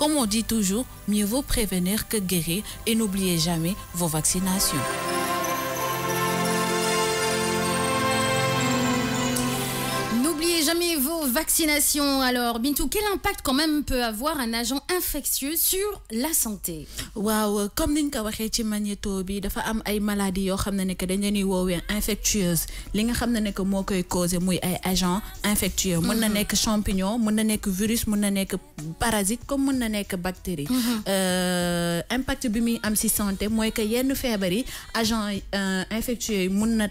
Comme on dit toujours, mieux vaut prévenir que guérir et n'oubliez jamais vos vaccinations. niveau vaccination, alors, Bintou, quel impact quand même peut avoir un agent infectieux sur la santé waaw comme niñ ko dit, ci magnéto bi dafa am ay maladies qui sont infectieuses. Ce que dañ leen di infectieuse que agent infectieux mën na a mm-hmm. champignon mën na virus mën parasites nekk parasite comme mën na nekk bactérie mm-hmm. euh, impact bi santé c'est que yenn feebar agent euh, infectieux ne mën na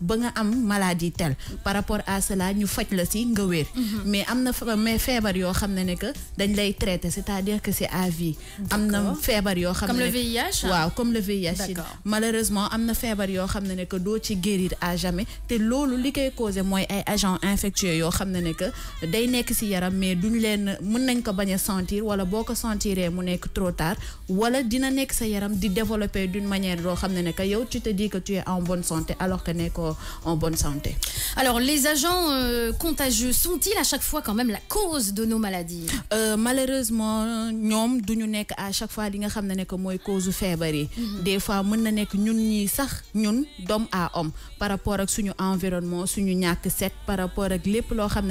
banga am maladie tel par rapport à cela ñu fajj la ci nga wër mhm. mais amna mais feebar yo xamné ne ne que dañ lay traiter c'est-à-dire que c'est à vie amna na yo xamné comme le VIH waaw comme le VIH malheureusement amna na yo xamné xam que do ci guérir à jamais té lolu li koy causer moy ay agents infectieux yo xamné ne ne que day nekk ci yaram mais duñ len mën nañ ko baña sentir wala boko sentiré mu nekk trop tard wala dina nekk sa yaram di développer d'une manière yoo xamné ne ne que yow tu te dis que tu es en bonne santé alors que nekkoo euh, en bonne santé. Alors, les agents euh, contagieux sont-ils à chaque fois quand même la cause de nos maladies euh, Malheureusement, nous sommes à chaque fois li nga de ne nekk cause mhm. des fois nous na nekk ñun sax ñun d'homme à homme par rapport à suñu environnement suñu ñàkk set par rapport à lépp loo xam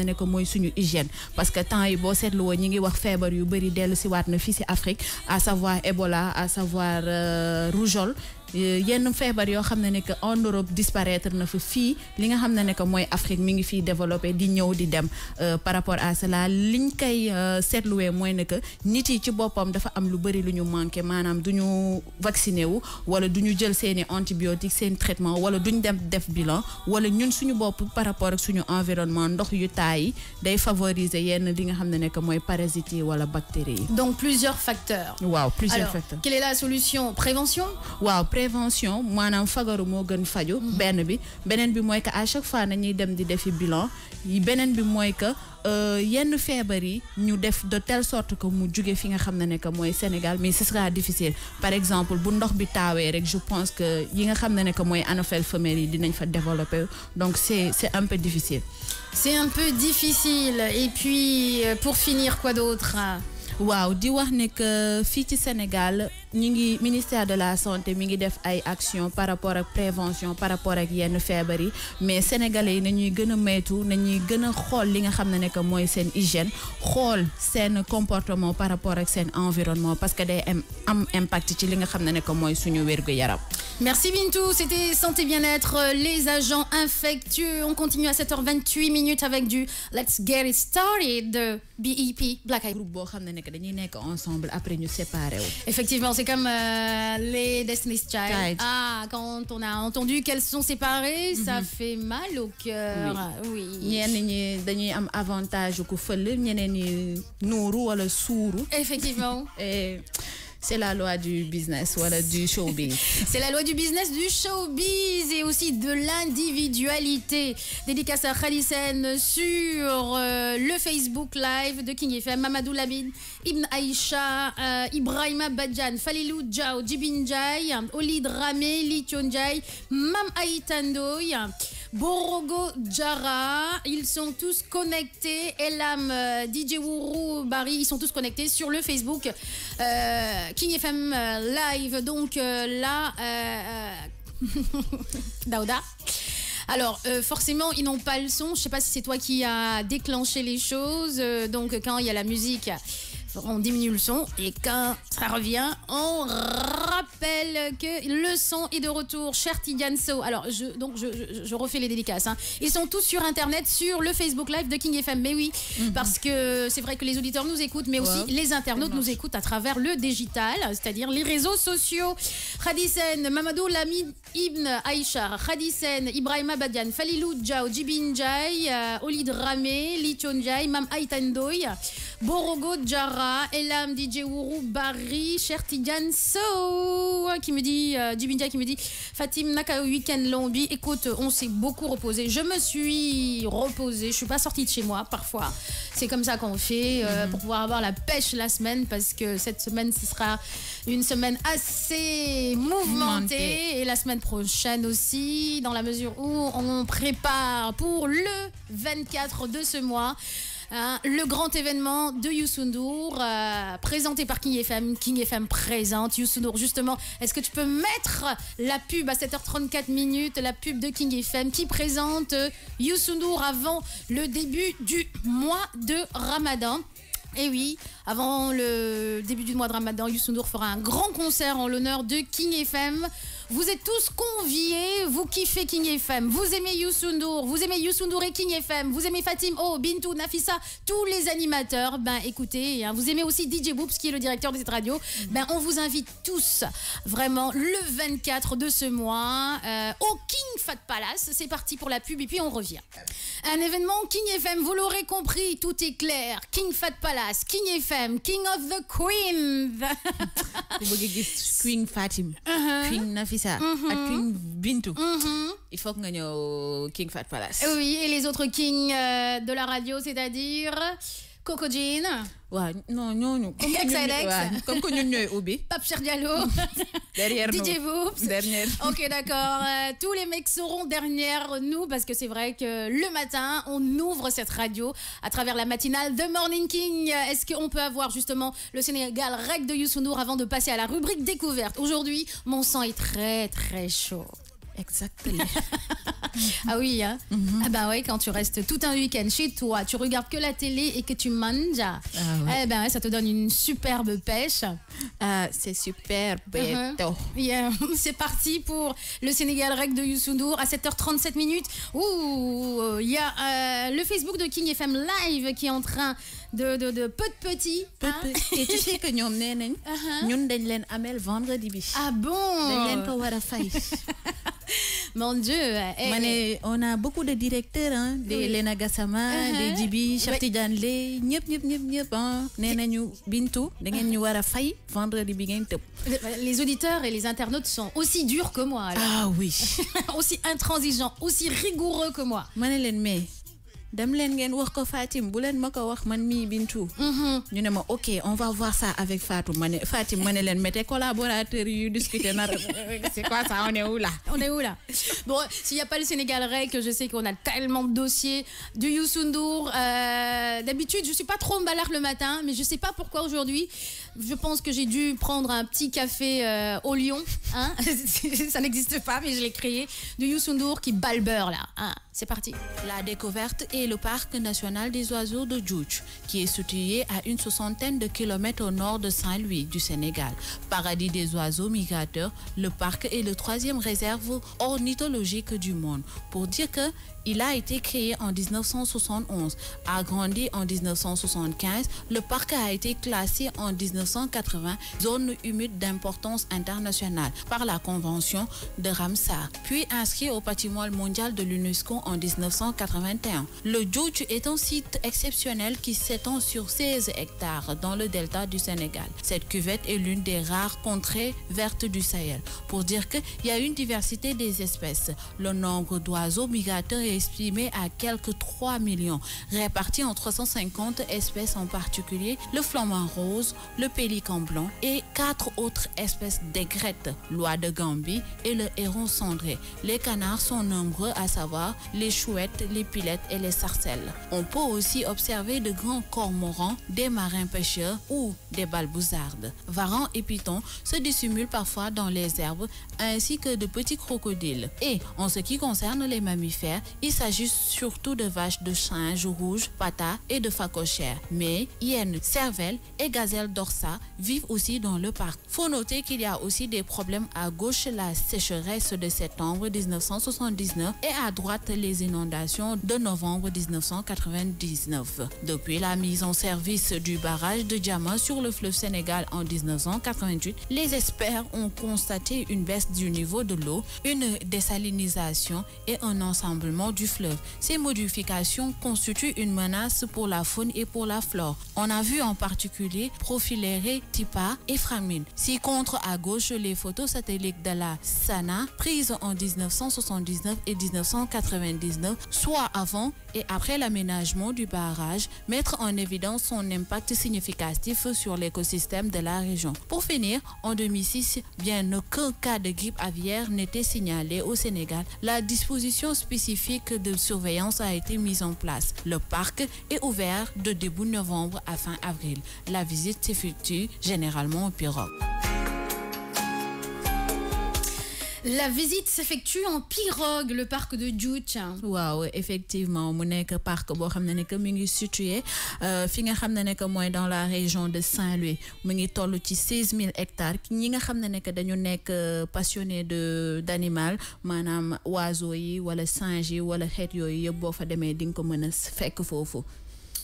hygiène parce que tant yi nous seetlu woon ñi ngi wax feebar yu bëri dellu si waat na Afrique à savoir Ebola à savoir euh, rougeole. Euh, yenn feebar yoo xam ne ne que en Europe disparaître na fa fii li nga xam ne ne que mooy Afrique mi ngi fii développé di ñëw di dem euh, par rapport à cela liñ koy euh, seetluwee mooy ne que nit yi ci boppam dafa am lu bëri lu ñu manqué maanaam duñu vacciné wu wala duñu ñu jël seeni antibiotiques seen traitement wala duñ dem def bilan wala ñun suñu bopp par rapport ak suñu environnement ndox yu taa yi day favoriser yenn li nga xam ne ne que mooy parasites yi wala bactéries yi. donc plusieurs facteurs. waaw plusieurs facteurs. quelle est la solution prévention waaw prévention manam fagaru mo gën faju ben bi benen bi moy que à chaque fois nañuy dem di défi bilan benen bi moy que euh, yenn fièvre yi ñu def de telle sorte que mu juggé fi nga xamné nek moy Sénégal mais ce sera difficile par exemple bu ndox bi tawé rek je pense que yi nga xamné nek moy que anophèle femelle yi dinañ fa développer donc c'est c'est un peu difficile c'est un peu difficile et puis euh, pour finir quoi d'autre waaw di wax ne que fii ci Sénégal ñi ministère de la santé mi ngi def ay action par rapport ak prévention par rapport ak yenn feebar yi mais sénégalais yi nañuy gën a nous nañuy gën a xool li nga xam ne nekk mooy hygiène xool seen comportement par rapport ak seen environnement parce que day am impact ci li nga xam ne nekk mooy suñu wérgu yaram. Merci Bintou, c'était Santé Bien-être, les agents infectieux. On continue à 7h28 minutes avec du Let's Get It Started de BEP Black Eye. Group. Nous sommes ensemble après nous séparer. Effectivement, c'est c'est comme euh, les Destiny's Child. Ah, quand on a entendu qu'elles sont séparées, ça mhm. fait mal au cœur. Oui. avantage Effectivement. C'est la loi du business, voilà, du showbiz. C'est la loi du business, du showbiz et aussi de l'individualité. Dédicace à Khalisen sur euh, le Facebook Live de King FM, Mamadou Labid, Ibn Aïcha, euh, Ibrahima Badjan, Falilou Djao, Jibinjai, Olid Rame, Jai, Mam Aïtandoy. Borogo Jara. Ils sont tous connectés. Elam, euh, DJ Wuru, Barry, ils sont tous connectés sur le Facebook euh, King FM euh, Live. Donc là, Dauda. Alors, forcément, ils n'ont pas le son. Je ne sais pas si c'est toi qui as déclenché les choses. donc, quand il y a la musique, on diminue le son et quand ça revient, on rappelle que le son est de retour, cher So Alors, je, donc je, refais les dédicaces. Hein. Ils sont tous sur Internet, sur le Facebook Live de King FM. Mais oui, mhm. parce que c'est vrai que les auditeurs nous écoutent, mais aussi les internautes nous écoutent à travers le digital, c'est-à-dire les réseaux sociaux. Khadisen, Mamadou Lamid Ibn Aïcha Khadisen, Ibrahima Badian, Falilou Djao, Jibin Jai, euh, Olid Lichon Jai, Mam Aitandoy, Borogo Djara, Elam, DJ Wuru, Barry, Cher Tigan So, hein, qui me dit, euh, qui me dit, Fatim Naka, Weekend Lombi. Écoute, on s'est beaucoup reposé. Je me suis reposée. Je suis pas sortie de chez moi parfois. C'est comme ça qu'on fait euh, mhm. pour pouvoir avoir la pêche la semaine parce que cette semaine, ce sera une semaine assez mouvementée. Et la semaine prochaine aussi, dans la mesure où on prépare pour le 24 de ce mois. Hein, le grand événement de Youssoundour, euh, présenté par King FM. King FM présente Youssoundour, justement. Est-ce que tu peux mettre la pub à 7h34 minutes, la pub de King FM qui présente euh, Youssundour avant le début du mois de Ramadan et eh oui, avant le début du mois de Ramadan, Youssoundour fera un grand concert en l'honneur de King FM. Vous êtes tous conviés, vous kiffez King FM, vous aimez Youssoundour, vous aimez Youssoundour et King FM, vous aimez Fatim, Oh, Bintou, Nafissa, tous les animateurs. Ben écoutez, hein, vous aimez aussi DJ Boops qui est le directeur de cette radio. Ben on vous invite tous vraiment le 24 de ce mois euh, au King Fat Palace. C'est parti pour la pub et puis on revient. Un événement King FM, vous l'aurez compris, tout est clair. King Fat Palace, King FM, King of the Queens. Queen Fatim, uh-huh. Queen Nafissa ça, mm King Bintou. Mm-hmm. Il faut que nous King Fat Palace. Oui, et les autres kings euh, de la radio, c'est-à-dire. Coco Jean. Ouais, non non. comme que ñun Pape Cher Diallo. derrière nous DJ Voops. dernière. ok d'accord euh, tous les mecs seront derrière nous parce que c'est vrai que le matin on ouvre cette radio à travers la matinale de Morning King. Est-ce qu'on peut avoir justement le Sénégal rec de Youssou Nour avant de passer à la rubrique découverte aujourd'hui mon sang est très très chaud. Exactement. ah oui, hein mhm. ah bah quand tu restes tout un week-end chez toi, tu regardes que la télé et que tu manges, ah eh ben ça te donne une superbe pêche. Ah, c'est superbe. Uh-huh. c'est parti pour le Sénégal Rec de Youssoudour à 7h37 minutes. Ouh, il y a euh, le Facebook de King FM Live qui est en train de, de, peu de petits. Hein. Et tu sais que uh-huh. vendredi. Ah bon? Mon Dieu. Euh, eh, Mané, eh. on a beaucoup de directeurs, hein, des Lena Gassama, uh -huh. des Djibi, Chapti Janle, ñep ñep ñep ñep hein. Né nañu Bintou, da ngeen ñu wara fay vendredi bi bah, Les auditeurs et les internautes sont aussi durs que moi alors. Ah oui. aussi intransigeants, aussi rigoureux que moi. Mané len dem leen ngeen wax ko Fatim bu len ma wax man bintou. Bintu. Mm-hmm. ñu ne ma ok on va voir ça avec Fatou mané Fatim mané len leen mais tes collaborateurs yu discuter c'est quoi ça on est où là. on est où là bon s'il n'y a pas le Sénégal que je sais qu'on a tellement de dossiers du Youssou euh, d'habitude je suis pas trop en le matin mais je sais pas pourquoi aujourd'hui je pense que j'ai dû prendre un petit café euh, au lion. Hein Ça n'existe pas, mais je l'ai créé. De Youssoundour qui balbeur là. Hein C'est parti. La découverte est le parc national des oiseaux de Djouj, qui est situé à une soixantaine de kilomètres au nord de Saint-Louis, du Sénégal. Paradis des oiseaux migrateurs, le parc est le troisième réserve ornithologique du monde. Pour dire que il a été créé en 1971, agrandi en 1975. Le parc a été classé en 1980 zone humide d'importance internationale par la Convention de Ramsar, puis inscrit au patrimoine mondial de l'UNESCO en 1981. Le Djoudj est un site exceptionnel qui s'étend sur 16 hectares dans le delta du Sénégal. Cette cuvette est l'une des rares contrées vertes du Sahel, pour dire qu'il y a une diversité des espèces. Le nombre d'oiseaux migrateurs et estimé à quelques 3 millions, répartis en 350 espèces en particulier, le flamand rose, le pélican blanc et quatre autres espèces d'aigrettes, l'oie de Gambie et le héron cendré. Les canards sont nombreux, à savoir les chouettes, les pilettes et les sarcelles. On peut aussi observer de grands cormorans, des marins pêcheurs ou des balbouzardes. Varans et pitons se dissimulent parfois dans les herbes ainsi que de petits crocodiles. Et en ce qui concerne les mammifères, il s'agit surtout de vaches de change rouge, pata et de facochères. Mais hyènes, cervelles et gazelles dorsa vivent aussi dans le parc. Faut noter qu'il y a aussi des problèmes à gauche, la sécheresse de septembre 1979 et à droite, les inondations de novembre 1999. Depuis la mise en service du barrage de Diamant sur le fleuve Sénégal en 1988, les experts ont constaté une baisse du niveau de l'eau, une désalinisation et un ensemblement fleuve. Ces modifications constituent une menace pour la faune et pour la flore. On a vu en particulier Profilere, Tipa et Framine. Si contre à gauche les photos satellites de la Sana prises en 1979 et 1999, soit avant et après l'aménagement du barrage, mettre en évidence son impact significatif sur l'écosystème de la région. Pour finir, en 2006, bien aucun cas de grippe aviaire n'était signalé au Sénégal. La disposition spécifique de surveillance a été mise en place. Le parc est ouvert de début novembre à fin avril. La visite s'effectue généralement au pirogue. La visite s'effectue en pirogue le parc de Djouc'h. Waouh, effectivement Mon parc boo situé euh, dans la région de Saint-Louis Mon ngi de ci hectares Qui nga xam que dañu euh, passionné de d'animal oiseaux les wala singe yi wala xeet yooyu yëpp boo fa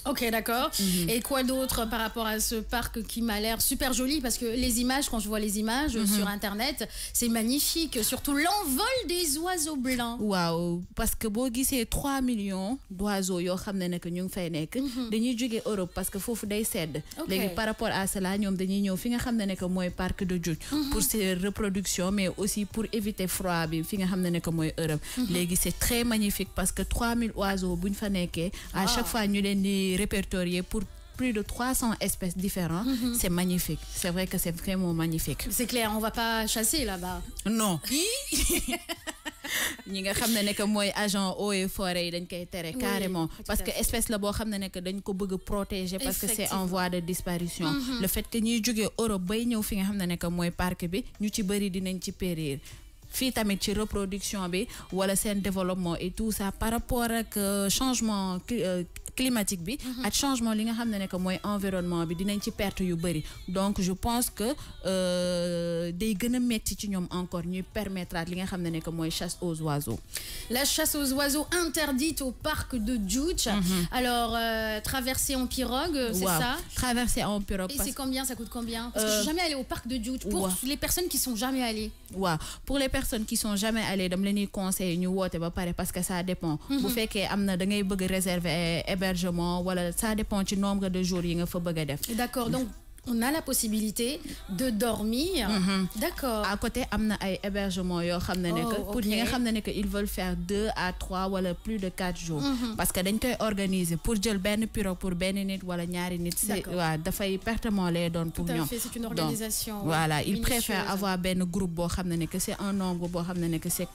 Ok, d'accord. Mhm. Et quoi d'autre par rapport à ce parc qui m'a l'air super joli Parce que les images, quand je vois les images mhm. sur Internet, c'est magnifique. Surtout l'envol des oiseaux blancs. Waouh Parce que Bogi, c'est 3 millions d'oiseaux. Yo, xamné que ñu fay nek mhm. dañuy Europe parce que fofu day par rapport à cela, ñom dañuy fait fi nga parc de Djouj pour ses reproductions mais aussi pour éviter le froid bi fi nga xamné nek moy Europe. c'est très magnifique parce que 3000 oiseaux buñ fa à ah. chaque fois ñu ni répertorié pour plus de 300 espèces différentes. Mhm. C'est magnifique. C'est vrai que c'est vraiment magnifique. C'est clair, on va pas chasser là-bas. Non. Nous nga que ne nekk agents agent et forêt carrément parce que espèce là-bas, xam ne nekk dañ ko bëgg protéger parce que c'est en voie de disparition mhm. le fait que nous nous Europe bay ñëw fi nga parc bi ñu ci dinañ périr fii tamit reproduction ou wala seen développement et tout ça par rapport au euh, changement euh, climatique bi à mm-hmm. changement li nga que environnement bi dinañ ci perte yu donc je pense que euh, day gën mettre metti encore ñuy permettre li nga xam ne ne chasse aux oiseaux la chasse aux oiseaux interdite au parc de Djoudj mm-hmm. alors traverser en pirogue c'est ça traverser en pirogue et c'est combien ça coûte combien parce que je suis jamais allée au parc de Djouch pour les personnes qui sont jamais allées waaw pour les personnes qui sont jamais allées dans les conseils ni ñu ba parce que ça dépend vous faites que vous da ngay bëgg réserver eh, hébergement wala ça dépend du nombre de jours yi nga fa bëgg d'accord donc on a la possibilité de dormir. Mm-hmm. D'accord. À côté, amna ay hébergement yo xam ne oh, pour ñi nga xam ne ils veulent faire deux à trois wala plus de quatre jours. Mm-hmm. parce que dañ koy organiser pour jël ben pirogue pour ben nit wala ñaari nit. da fay pertement les doon pour ñoom. c'est une organisation. voilà ils préfèrent avoir ben groupe bo xam ne c'est un nombre bo xam ne c'est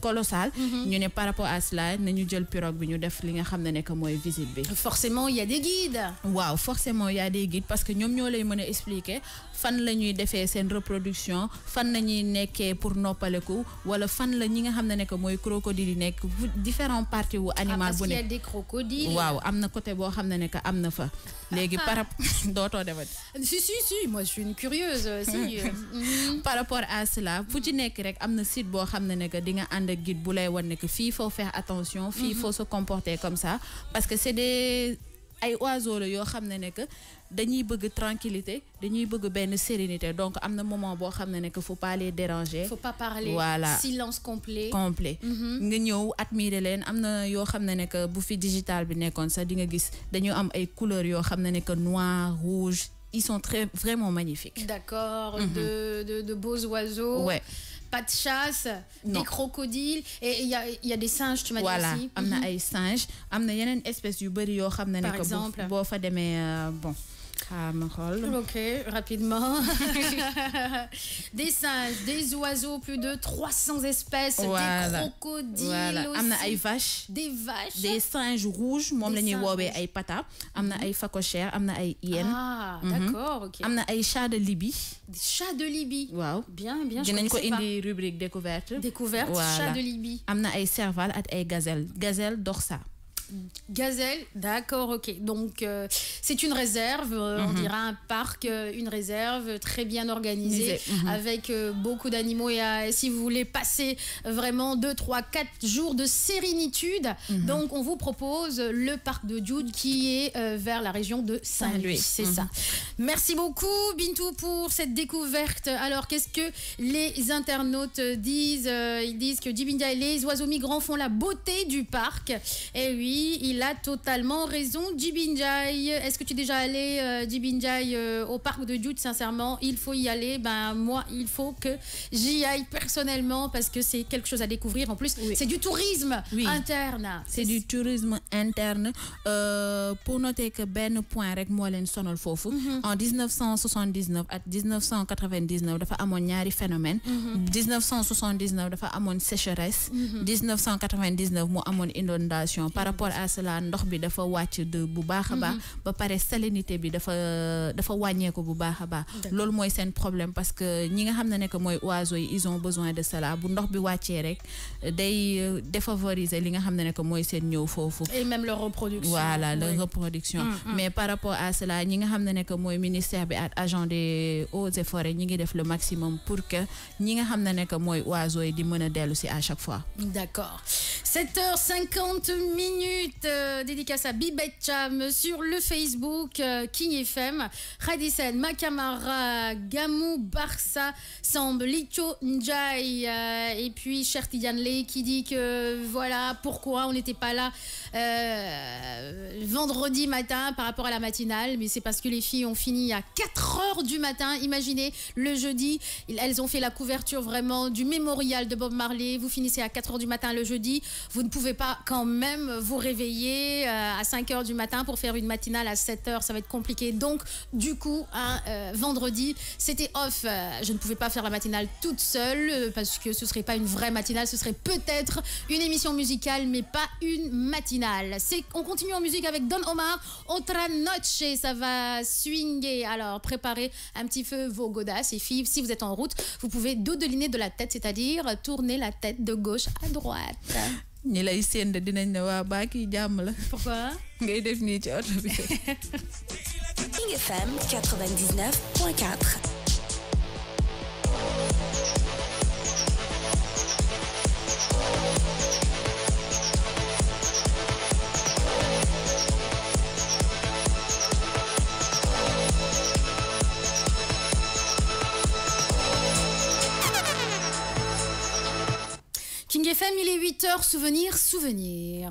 colossal. Mhm. Nous, sommes par rapport à cela nous jël pirogue bi ñu def li nga xamné nek moy visite bi. forcément il y a des guides. waaw forcément il y a des guides parce que nous, ñolay mëna expliquer fan lañuy défé sen reproduction fan la ñuy pour nopaleku wala fan la ñi nga xamné nek moy crocodile yi nekk parties wu ah, animal bu nekk des crocodiles waaw amna côté bo xamné nek amna fa légui par doto dootoo si si si moi je suis une curieuse euh, si euh, mm. par rapport à cela fu ci nekk rek amna site bo xamné nek di nga ànd ak guide bu lay wan nekk fi faut faire attention fi mm-hmm. faut se comporter comme ça parce que c'est des ay oiseaux la yoo xam dañuy bëgg tranquillité dañuy bëgg benn sérénité donc am moment ne faut pas les déranger. faut pas parler voilà silence complet. complet mhm. nga ñëw admirer que bu digital bi couleurs noir rouge ils sont très vraiment magnifiques. d'accord mhm. de de beaux oiseaux. pas de chasse, des crocodiles et il y, y a, des singes, tu m'as dit aussi. Voilà, il y a des singes, il y a une espèce de Par exemple. Euh, bon, Ok, rapidement. des singes, des oiseaux, plus de 300 espèces, des crocodiles aussi. Des vaches. Des singes rouges, mom ay pata. Amna mhm. ay facochère, amna ay Ah, mhm. d'accord, ok. Amna ay chats de Libye. Des chats de Libye. Wow. Bien, bien. J'ai une une rubrique découverte. Découverte, voilà. chats de Libye. Amna ay serval at ay gazelle. Gazelle dorsa. Gazelle, d'accord, ok. Donc euh, c'est une réserve, euh, on mhm. dira un parc, euh, une réserve très bien organisée mhm. avec beaucoup d'animaux et si vous voulez passer vraiment 2, 3, 4 jours de sérénitude, mhm. donc on vous propose le parc de Jude qui est vers la région de Saint-Louis, c'est ça. Merci beaucoup Bintou pour cette découverte. Alors qu'est-ce que les internautes disent Ils disent que Jibinda et les oiseaux migrants font la beauté du parc. Eh oui, il a totalement raison. Djibinjay est-ce que tu es déjà allé, euh, euh, au parc de Djout Sincèrement, il faut y aller. Ben, moi, il faut que j'y aille personnellement parce que c'est quelque chose à découvrir. En plus, c'est du tourisme interne. C'est du tourisme interne. Euh, pour noter que Ben Point avec Len Sonol Fofu, mhm. en 1979 à 1999, a amone ñaari phénomène. 1979 mhm. dafa amone sécheresse. 1999 mo amone inondation par rapport rapport à cela ndox bi dafa wàcc de bu baax a baax mhm. ba pare salinité bi dafa dafa wàññeeku bu baax a baax loolu mooy problème parce que ñi nga xam ne nekk mooy oiseaux ils ont besoin de cela bu ndox bi wàccee rek day défavoriser li nga xam ne nekk mooy seen ñëw et même leur reproduction voilà leur reproduction mm, mm. mais par rapport à cela ñi nga xam ne nekk mooy ministère bi ak agent des eaux et forêts ñi ngi def le maximum pour que ñi nga xam ne nekk mooy oiseaux yi di mën a dellu si à chaque fois d'accord 7h50 minutes euh, dédicace à Bibette Cham sur le Facebook euh, King FM. Radisson, Makamara, Gamou, Barça, Samb, Licho, Njai. Euh, et puis Cher Tidiane qui dit que voilà pourquoi on n'était pas là vendredi matin par rapport à la matinale. Mais c'est parce que les filles ont fini à 4 heures du matin. Imaginez le jeudi. Elles ont fait la couverture vraiment du mémorial de Bob Marley. Vous finissez à 4 h du matin le jeudi. Vous ne pouvez pas quand même vous réveiller euh, à 5 h du matin pour faire une matinale à 7 h Ça va être compliqué. Donc, du coup, euh, vendredi, c'était off. Euh, je ne pouvais pas faire la matinale toute seule parce que ce serait pas une vraie matinale. Ce serait peut-être une émission musicale, mais pas une matinale. C'est, on continue en musique avec Don Omar. Otra noche, ça va swinguer. Alors, préparez un petit feu vos godasses et filles. Si vous êtes en route, vous pouvez dodeliner de la tête, c'est-à-dire tourner la tête de gauche à droite ñi lay de dinañ ne waa baa kii jàmm la. pourquoi ngay def nii ci oto bi. King FM 99.4. souvenir, souvenir.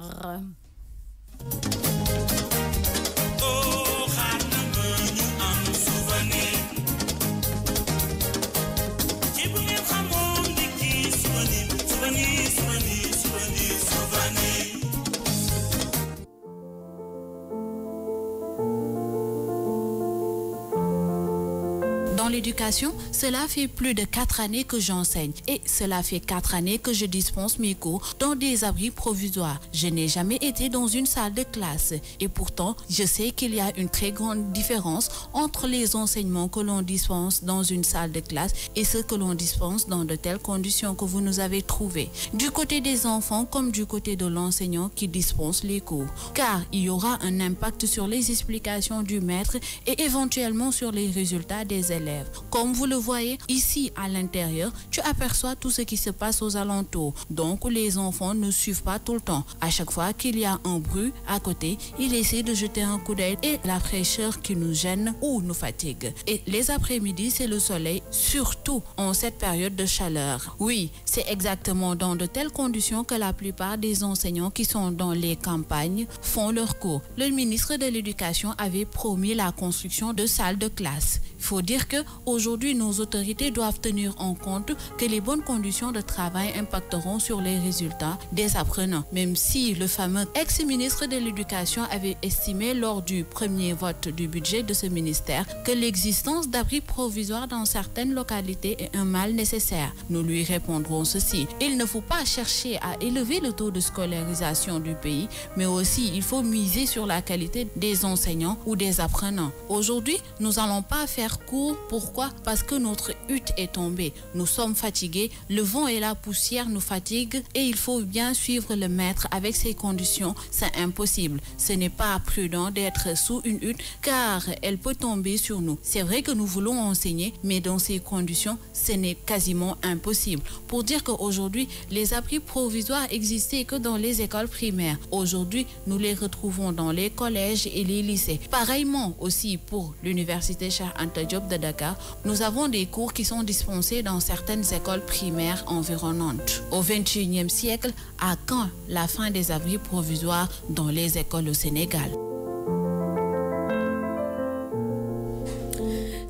cela fait plus de quatre années que j'enseigne et cela fait quatre années que je dispense mes cours dans des abris provisoires. Je n'ai jamais été dans une salle de classe et pourtant, je sais qu'il y a une très grande différence entre les enseignements que l'on dispense dans une salle de classe et ceux que l'on dispense dans de telles conditions que vous nous avez trouvées, du côté des enfants comme du côté de l'enseignant qui dispense les cours, car il y aura un impact sur les explications du maître et éventuellement sur les résultats des élèves. Comme vous le voyez ici à l'intérieur, tu aperçois tout ce qui se passe aux alentours. Donc les enfants ne suivent pas tout le temps. À chaque fois qu'il y a un bruit à côté, ils essaient de jeter un coup d'œil et la fraîcheur qui nous gêne ou nous fatigue. Et les après-midi, c'est le soleil, surtout en cette période de chaleur. Oui, c'est exactement dans de telles conditions que la plupart des enseignants qui sont dans les campagnes font leur cours. Le ministre de l'Éducation avait promis la construction de salles de classe. Il faut dire que aujourd'hui, Aujourd'hui, nos autorités doivent tenir en compte que les bonnes conditions de travail impacteront sur les résultats des apprenants, même si le fameux ex-ministre de l'Éducation avait estimé lors du premier vote du budget de ce ministère que l'existence d'abris provisoires dans certaines localités est un mal nécessaire. Nous lui répondrons ceci. Il ne faut pas chercher à élever le taux de scolarisation du pays, mais aussi il faut miser sur la qualité des enseignants ou des apprenants. Aujourd'hui, nous n'allons pas faire court pourquoi parce que notre hutte est tombée. Nous sommes fatigués, le vent et la poussière nous fatiguent et il faut bien suivre le maître avec ces conditions. C'est impossible. Ce n'est pas prudent d'être sous une hutte car elle peut tomber sur nous. C'est vrai que nous voulons enseigner, mais dans ces conditions, ce n'est quasiment impossible. Pour dire qu'aujourd'hui, les abris provisoires existaient que dans les écoles primaires. Aujourd'hui, nous les retrouvons dans les collèges et les lycées. Pareillement aussi pour l'université Charles Anta de Dakar, nous avons des cours qui sont dispensés dans certaines écoles primaires environnantes. Au 21e siècle, à quand la fin des abris provisoires dans les écoles au Sénégal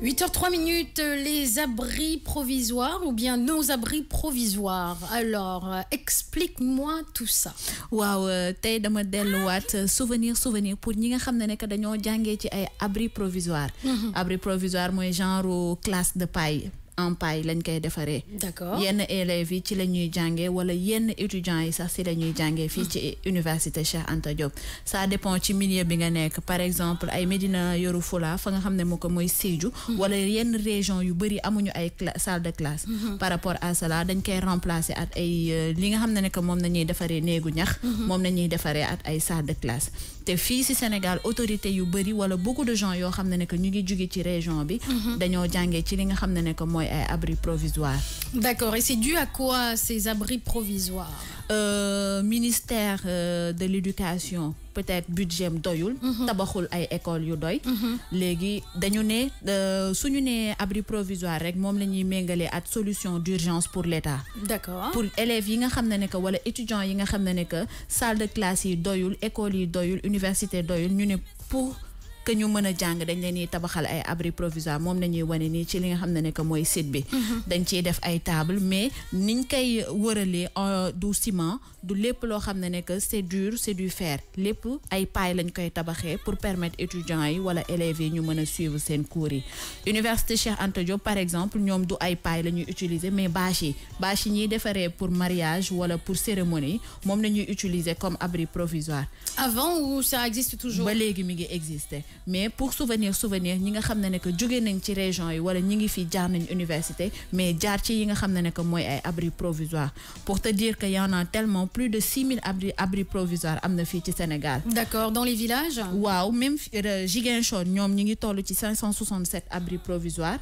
8h03 minutes, euh, les abris provisoires ou bien nos abris provisoires. Alors, euh, explique-moi tout ça. waaw euh, tay dama delluwaat souvenir souvenir pour ñi nga xam nous avons dañoo abris provisoires. Les abris provisoires. abri provisoire mooy genre classe de paille en paille lañ koy défaré d'accord yenn élèves ci lañuy jàngé wala yenn étudiants yi sax si la ñuy ci université Cheikh Anta Diop. ça dépend ci milieu bi nga nek par exemple ay Médina yoru Fula fa nga xamné moko moy ko hmm. wala yenn région yu bari amuñu ay salle de classe. Hmm. par rapport à cela dañ koy remplacer at ay euh, li nga xamné ne que moom la ñuy defaree néegu ñax. Hmm. moom at ay salle de classe. té fi ci Sénégal autorité yu bari wala beaucoup de gens yo xamné ne que ñu ngi jóge ci région bi. dañoo jàngé ci li nga xamné que abris abri provisoire. D'accord, et c'est dû à quoi ces abris provisoires euh, Ministère euh, de l'Éducation peut-être budget doyul. à mhm. ay école yu doy. Mhm. léegi dañu ne euh, suñu abri provisoire rek moom la at solution d'urgence pour l'État. d'accord pour élèves yi nga xam ou étudiants yi nga salle de classe yi doyul école yi doyul université doyul ñu pour que ñu mëna jang dañ leen ni tabaxal ay abri provisoire mom nañuy wone ni ci li nga xam nek moy site bi mm-hmm. dañ ci def ay table mais niñ koy wëralee euh, du ciment du lepp lo xam nek c'est dur c'est du fer lepp ay paille lañ koy tabaxé pour permettre étudiants yi wala élèves yi ñu mëna suivre sen cours yi université Cheikh Anta Diop par exemple ñom du ay paille lañuy utiliser mais bâche yi bâche yi ñuy pour mariage wala pour cérémonie mom nañuy utiliser comme abri provisoire avant ou ça existe toujours ba légui mi ngi exister mais pour souvenir souvenir ñi nga xamné nous que jóge nañ ci région yi wala ñi ngi fi jaar nañ université mais jaar ci yi nga xamné ne que ay abri provisoire pour te dire qu'il y en a tellement plus de 6000 abri abri provisoire le ci Sénégal. d'accord dans les villages. waaw même euh, Ziguinchor ñom ñi ngi tollu ci 567 abris provisoires.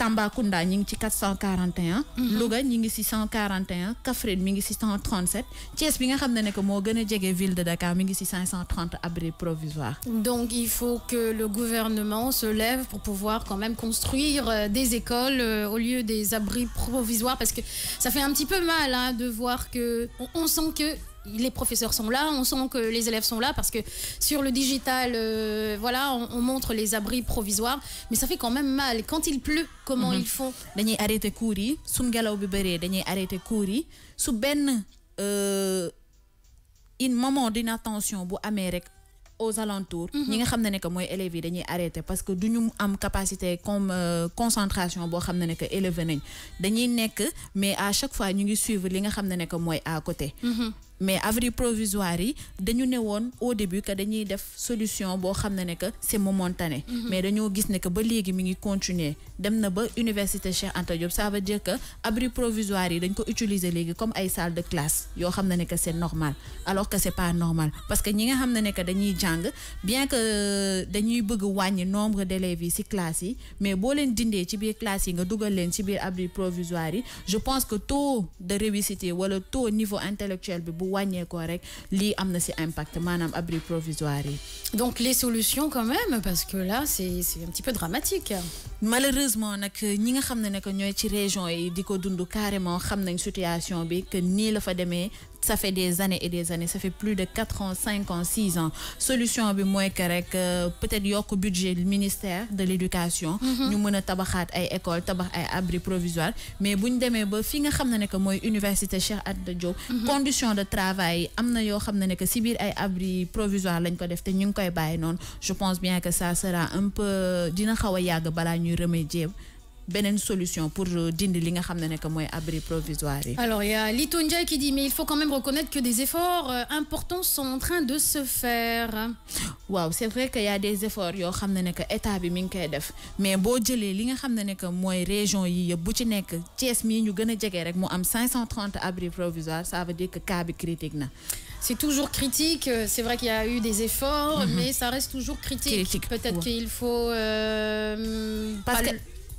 Tambacounda ñi ngi ci 441. Mhm. Louga ñi ngi ci 141 637. mi ngi ci 137 Thiès bi nga que a ville de Dakar mi ngi ci 530 abris provisoires. donc il faut que le gouvernement se lève pour pouvoir quand même construire euh, des écoles euh, au lieu des abris provisoires parce que ça fait un petit peu mal hein, de voir que on sent que les professeurs sont là, on sent que les élèves sont là parce que sur le digital, euh, voilà, on, montre les abris provisoires, mais ça fait quand même mal. Quand il pleut, comment mhm. ils font Dañuy arrêté cours yi, su ngelaw bi bëree dañuy arrêté cours yi ben euh une moment d'inattention bu amé rek aux alentours mhm. ñi nga xamné que moy élèves yi dañuy arrêté parce que du am capacité comme euh, concentration pour élever que élève nañ dañuy nekk mais à chaque fois ñu ngi suivre li nga xamné que moy à côté mhm mais abri provisoire dañu ne au début que dañuy def solution bo xamné ne que c'est momentané mhm. mais dañu gis ne que ba légui mi ngi continuer dem na ba université Cheikh Anta Diop ça veut dire que abri provisoire dañ ko utiliser légui comme ay salle de classe yo xamné ne que c'est normal alors que c'est pas normal parce que ñi nga xamné ne que dañuy jang bien que euh, dañuy bëgg wàññi nombre d'élèves ci classe yi mais bo leen dindé ci biir classe yi nga duggal leen ci biir abri provisoire je pense que taux de réussite wala taux niveau intellectuel bi wàññeekoo rek li amna ci impact manam abri provisoire donc les solutions quand même parce que là c'est c'est un petit peu dramatique. malheureusement nak ñi nga xamné ne ne que ci région yi diko dundu carrément xamnañ situation bi que ni la fa ça fait des années et des années ça fait plus de 4 ans 5 ans 6 ans solution est que euh, peut-être un budget du ministère de l'éducation nous avons des écoles, ay école tabax ay provisoire mais si nous avons ba fi nga xam que l'Université université Cheikh Anta mhm. conditions de travail nous avons yoo xam ne provisoire lañ ko def je pense bien que ça sera un peu dina xaw des à remédier une solution pour euh, dindi li nga xam ne abri provisoire alors il y a Lito qui dit mais il faut quand même reconnaître que des efforts euh, importants sont en train de se faire. waaw c'est vrai qu'il y a des efforts yoo xam ne nekk état bi mi def mais boo jëlee li nga xam ne région yi yëpp bu ci nekk Thiès mii ñu gën a rek am 530 abris provisoires ça veut dire que cas bi critique na. C'est toujours critique. Euh, c'est vrai qu'il y a eu des efforts, mhm. mais ça reste toujours critique. Peut-être qu'il faut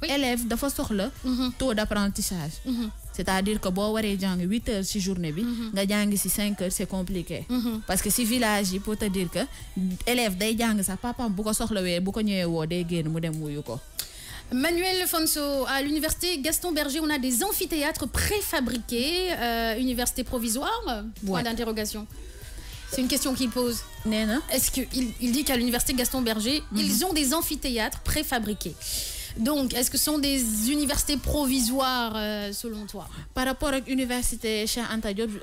élève dafa soxla mhm. taux d'apprentissage mhm. c'est-à-dire que boo waree jàng 8 heures ci journée bi mhm. nga jàng ci 5 heures c'est compliqué parce que si village yi pour te dire que élève day jàng sax pas bu ko soxlawee bu ko ñëwee woo day génn mu dem ko Manuel Fonso, à l'université Gaston Berger, on a des amphithéâtres préfabriqués, euh, université provisoire Point d'interrogation. C'est une question qu'il pose. Est-ce qu'il il dit qu'à l'université Gaston Berger, ils ont des amphithéâtres préfabriqués donc, est-ce que ce sont des universités provisoires euh, selon toi Par rapport à l'université Cheikh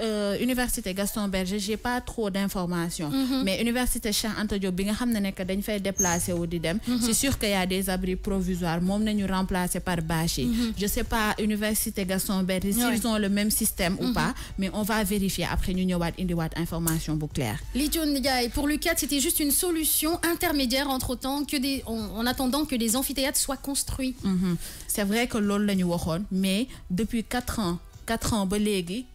euh, université Gaston Berger, j'ai pas trop d'informations. Mhm. Mais l'Université Cheikh Anta déplacer au Didem, mhm. c'est sûr qu'il y a des abris provisoires. Je ne remplacer par mhm. Je sais pas université Gaston Berger s'ils ont le même système ou pas, mais on va vérifier après nous ñëwaat indi information bu claire. et pour Lucas, c'était juste une solution intermédiaire entre temps que des en, attendant que les amphithéâtres soient construits construit. Mm-hmm. C'est vrai que l'on l'a mais depuis 4 ans, 4 ans,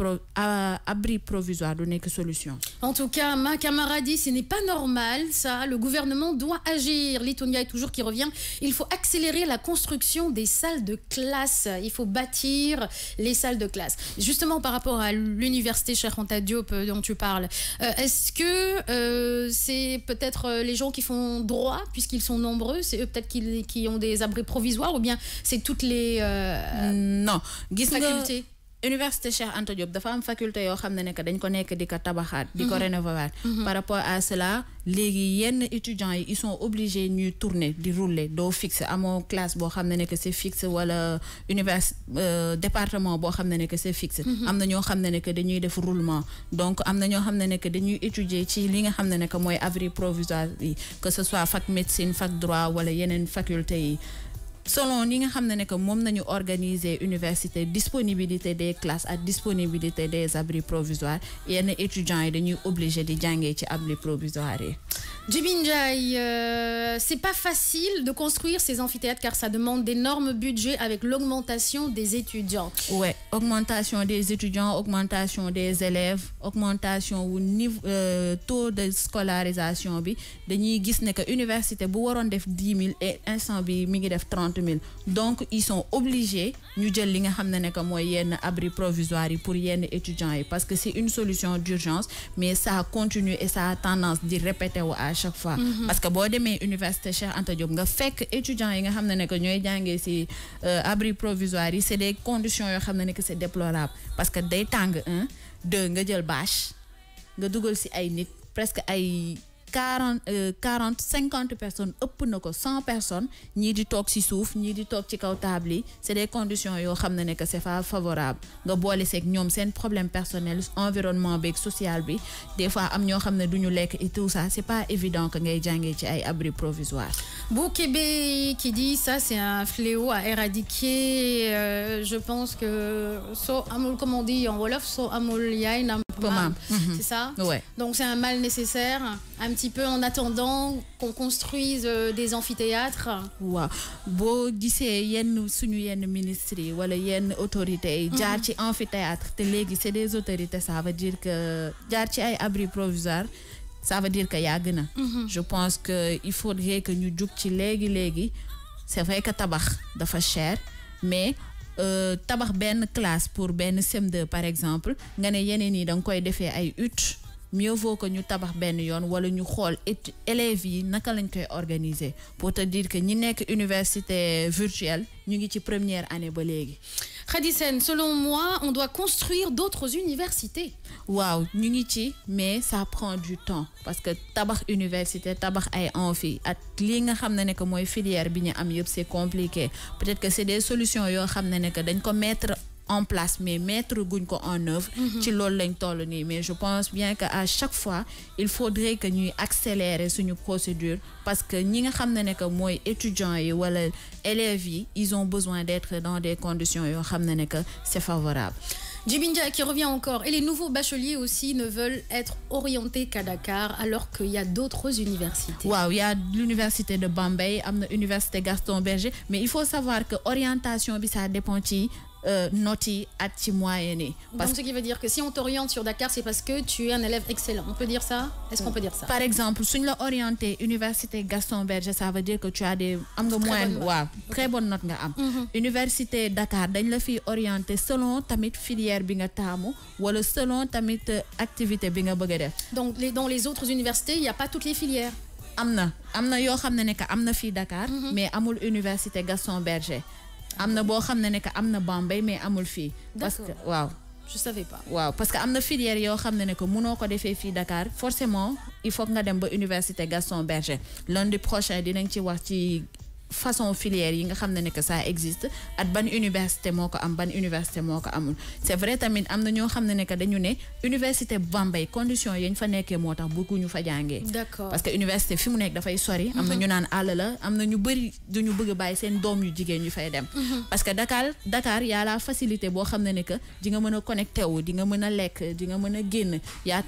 abris à, abri provisoire de que solution. En tout cas, ma camarade, dit ce n'est pas normal, ça. Le gouvernement doit agir. Litonia est toujours qui revient. Il faut accélérer la construction des salles de classe. Il faut bâtir les salles de classe. Justement, par rapport à l'université cher Diop euh, dont tu parles, euh, est-ce que euh, c'est peut-être les gens qui font droit, puisqu'ils sont nombreux, c'est eux peut-être qui, qui, ont des abris provisoires, ou bien c'est toutes les non. facultés université Cheikh Anta Diop dafa am faculté yo xam ne dañ ko nek di ko tabaxaat. di ko mhm. rénover mhm. par rapport à cela légui yenn étudiants ils sont obligés ñuy tourner di rouler do fixe amo classe bo xam ne c'est fixe wala univers euh, département bo xam ne c'est fixe. Mhm. amna ño ñoo xam ne dañuy def roulement donc amna ño ñoo xam ne dañuy étudier ci li nga xam ne moy mooy abri provisoire que ce soit fac médecine fac droit wala yenen faculté yi selon nous, nga avons ne que organiser université disponibilité des classes à disponibilité des abris provisoires les étudiants yi dañuy obligé di jangé ci abris provisoires Djibinjay, euh, c'est pas facile de construire ces amphithéâtres car ça demande d'énormes budgets avec l'augmentation des étudiants. Oui, augmentation des étudiants, augmentation des élèves, augmentation du euh, taux de scolarisation bi dañuy vu que université bu et instant bi mi ngi donc ils sont obligés ñu jël li nga xam abri provisoire pour les étudiants parce que c'est une solution d'urgence mais ça continue et ça a tendance di répéter à chaque fois. Mm-hmm. parce que boo demee université Cheikh Anta Diop nga fekk étudiants yi nga xam ne ci euh, abri provisoire c'est des conditions qui sont déplorables. c'est déplorable parce que day temps un deux nga jël bâche nga dugal ci ay nit presque 40, 50 euh, personnes ëpp na 100 personnes ni di toog ci suuf ñi di toog ci kaw c'est des conditions yoo xam ne ne que c'est pas favorable nga boole seeg ñoom seen problème personnel environnement beeg social bi des fois am ñoo xam ne du ñu et tout ça c'est pas évident que ngay jàngee ci ay abri provisoire bi qui dit ça c'est un fléau à éradiquer euh, je pense que comme on dit en wolof so amul yaay na c'est ça donc c'est un mal nécessaire un petit peu en attendant qu'on construise euh, des amphithéâtres Oui, boo gisee yenn suñu yenn ministres wala yenn autorités mhm. amphithéâtre c'est des autorités ça veut dire que les ci ay abri provisoire ça veut dire que yàgg mhm. je pense que il faudrait que ñu jug ci légui c'est vrai que tabac, dafa cher mais euh, tabax ben classe pour ben sm 2 par exemple ngane yenen ni dang koy défé ay hutte mieux vaut que nous, tabax ben yoon wala ñu xol élèves yi naka lañ koy organiser pour te dire que ñi une université virtuelle ñu ngi ci première année ba légui Khadisen, selon moi on doit construire d'autres universités. Wow, nous ngi ci mais ça prend du temps parce que tabax université tabax ay amphi ak lii nga xam ne que filière bi ñu am c'est compliqué peut-être que c'est des solutions yoo nous ne que dañ ko mettre en place mais mettre guñ en œuvre mhm. ci lañ mais je pense bien que à chaque fois il faudrait que nous accélérer suñu procédure parce que ñi nga xamné ne que moy étudiants et wala élèves ils ont besoin d'être dans des conditions yo xamné ne que c'est favorable Djibinja qui revient encore et les nouveaux bacheliers aussi ne veulent être orientés qu'à Dakar alors qu'il y a d'autres universités. Waouh, il y a l'université de Bombay, l'université Gaston Berger, mais il faut savoir que orientation ça dépend euh, noti Parce... Donc, ce qui veut dire que si on t'oriente sur Dakar, c'est parce que tu es un élève excellent. On peut dire ça Est-ce qu'on euh, peut dire ça Par exemple, si on l'a orienté Université Gaston Berger, ça veut dire que tu as des très bonne note nga mhm. Université Dakar, dañ la fi orienté selon ta filière bi nga tamu wala selon tamit euh, activité bi Donc dans les autres universités, il n'y a pas toutes les filières. Amna, amna yo xamné nek amna fi Dakar, mhm. mais amul Université Gaston Berger amna bo boo nek amna bambay mais amul fi parce que waaw. je savais pas. waaw parce que amna filière yo xam nek ne que mënoo ko defee fii Dakar forcément il faut nga dem ba université Gaston Berger lundi prochain dinañ ci wax ci façon filière yi nga que ça existe at ban université moko am ban université moko amul c'est vrai que dañu université condition fa motax ñu d'accord parce que université fi mu da fay sori amna mhm. ñu la ñu duñu bëgg a yu ñu mhm. parce que Dakar Dakar la facilité bo xamné que di connecté wu di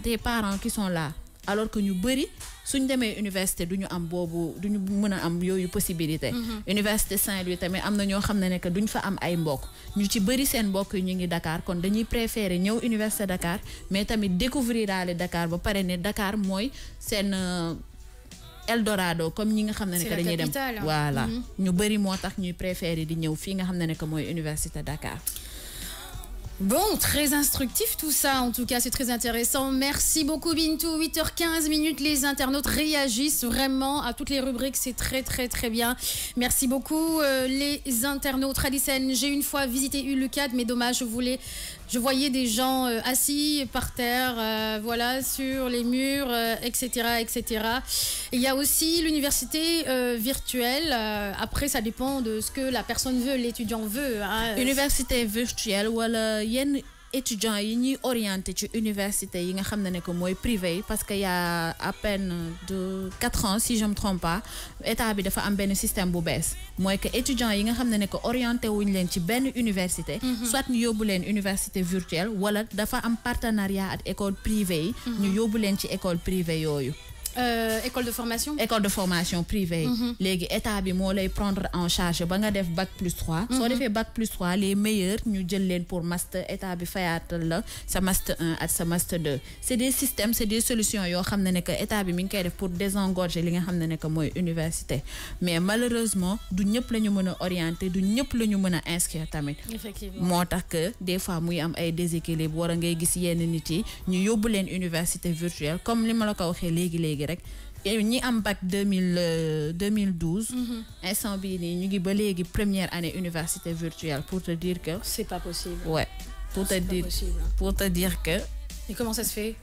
tes parents qui sont là alors que ñu bari, suñ démé université duñu am bobu duñu mëna am yoyu possibilité. Mhm. université Saint-Louis tamit amna ño xamné nek duñ fa am ay mbokk ñu ci bëri seen mbokk ñu ngi Dakar kon dañuy préférer ñew université Dakar mais tamit découvrir daale Dakar ba paré né Dakar mooy seen. Euh, Eldorado comme ñi nga xamné ne que dañuy dem hein. voilà mhm. ñu bari motax ñuy préférer di ñew fi nga xamné ne que université Dakar. Bon, très instructif tout ça, en tout cas, c'est très intéressant. Merci beaucoup Bintou, 8h15 minutes, les internautes réagissent vraiment à toutes les rubriques, c'est très très très bien. Merci beaucoup euh, les internautes. Radicen, j'ai une fois visité Ulucad, mais dommage, je voulais je voyais des gens euh, assis par terre, euh, voilà, sur les murs, etc., euh, etc. il y a aussi l'université virtuelle. après, ça dépend de ce que la personne veut, l'étudiant veut. Hein. Université virtuelle, voilà, il étudiants yi ñuy orienté ci université yi nga que mooy privé parce qu'il y a à peine de ans si je me trompe pas état bi dafa am système bu bees mooy que étudiants yi nga xam ne orienté wuñ ci université mhm. soit ñu yóbbu leen université virtuelle wala dafa am partenariat avec école privée yi mhm. ñu yóbbu leen privée euh, école de formation. école de formation privée. Mhm. les état bi moo lay prendre en charge ba nga def bac plus 3. so defé bac plus 3 les meilleurs ñu jël len pour master état bi la master 1 et sa master 2. c'est des systèmes c'est des solutions yo xamné état bi def pour désengorger li nga université mais malheureusement du ne lañu pas orienter du ñëpp lañu mëna inscrire tamit. effectivement que des fois muy am ay déséquilibre wara a ngay gis yenn nit yi ñu yobul len université virtuelle comme li ma la ko et rek ñi am bac 2012 mille nous euh, mhm. première année université virtuelle pour te dire que. c'est pas possible. ouais pour te dire pour te dire que. et comment ça se fait.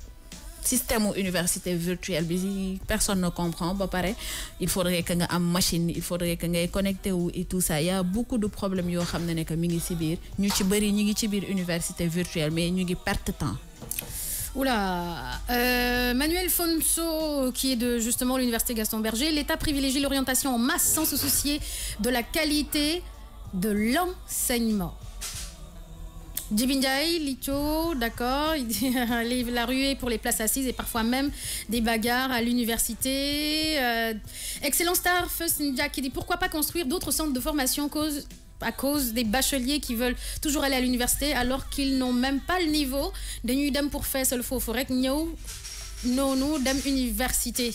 système université virtuelle bi personne ne comprend ba pareil, il faudrait que nga une machine il faudrait que ait connecté ou et tout ça Il y a beaucoup de problèmes yo xam nek mi ngi ci ñu ci université virtuelle mais ñu ngi perte temps. Oula euh, Manuel Fonso, qui est de justement l'université Gaston Berger, l'État privilégie l'orientation en masse sans se soucier de la qualité de l'enseignement. Djibindiaï, Lito, d'accord, il dit la ruée pour les places assises et parfois même des bagarres à l'université. Euh, excellent star, First qui dit pourquoi pas construire d'autres centres de formation cause à cause des bacheliers qui veulent toujours aller à l'université alors qu'ils n'ont même pas le niveau de dem pour faire, faut que rek non nous dem université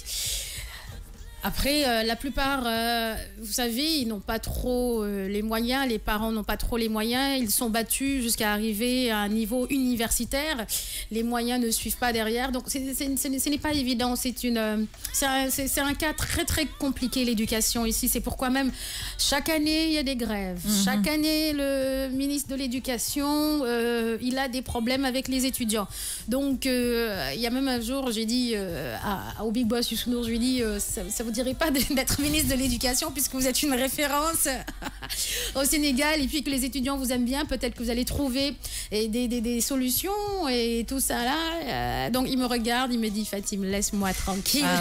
après, euh, la plupart, euh, vous savez, ils n'ont pas trop euh, les moyens, les parents n'ont pas trop les moyens, ils sont battus jusqu'à arriver à un niveau universitaire, les moyens ne suivent pas derrière, donc ce n'est pas évident, c'est, une, c'est, un, cas très très compliqué l'éducation ici, c'est pourquoi même chaque année il y a des grèves, mhm. chaque année le ministre de l'Éducation, il a des problèmes avec les étudiants. Donc il y a même un jour, j'ai dit à, au Big Boss je lui ai dit, ça, ça vous dirait pas d'être ministre de l'Éducation puisque vous êtes une référence au Sénégal et puis que les étudiants vous aiment bien. Peut-être que vous allez trouver eh, des, des, solutions et tout ça là. Euh, donc il me regarde, il me dit Fatim, laisse-moi tranquille. Ah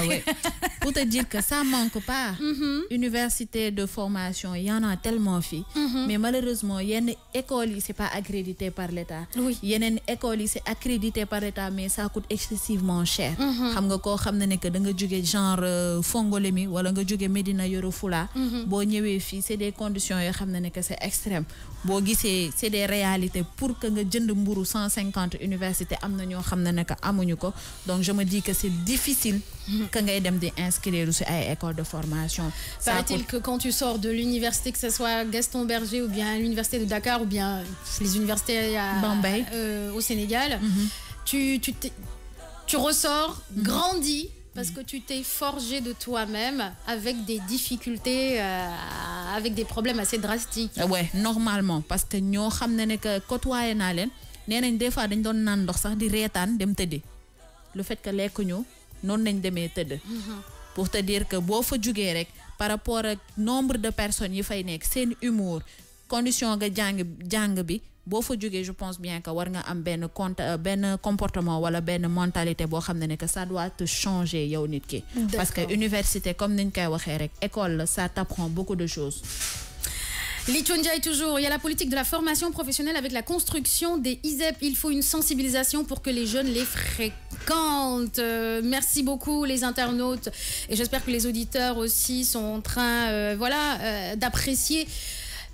Pour te dire que ça manque pas. Mhm. Université de formation, il y en a tellement fait. Mhm. Mais malheureusement, il y a une école, n'est pas accréditée par l'État. Oui. Il y a une école, est accréditée par l'État, mais ça coûte excessivement cher. Mm -hmm. Ngolemi wala nga jóge Medina Yoro Fula mhm. bo ñëwé fi c'est des conditions yo xam ne que c'est extrême bo gissé c'est des réalités pour que nga jënd mburu 150 cinquante université am na ñoo que amuñu ko donc je me dis que c'est difficile mhm. que ngay dem di inscrire si ay école de formation paraît-il que quand tu sors de l'université que ce soit Gaston Berger ou bien l'université de Dakar ou bien les universités à Bombay euh, au Sénégal mhm. tu tu tu ressors grandi parce que tu t'es forgé de toi-même avec des difficultés, euh, avec des problèmes assez drastiques. Ouais, normalement, parce que nous savons que quand que côtoyé naa leen nee des fois dañ doon naan ndox sax di reetaan dem le fait que ne nous nañ pas tëdd. Mhm. pour te dire que si fa jugee par rapport au nombre de personnes yi fay une humour condition de jàng jàng fa je pense bien que war am compte euh, ben comportement wala mentalité que ça doit te changer parce que université comme niñ école ça t'apprend beaucoup de choses est toujours. Il y a la politique de la formation professionnelle avec la construction des ISEP. Il faut une sensibilisation pour que les jeunes les fréquentent. Euh, merci beaucoup les internautes et j'espère que les auditeurs aussi sont en train, euh, voilà, d'apprécier.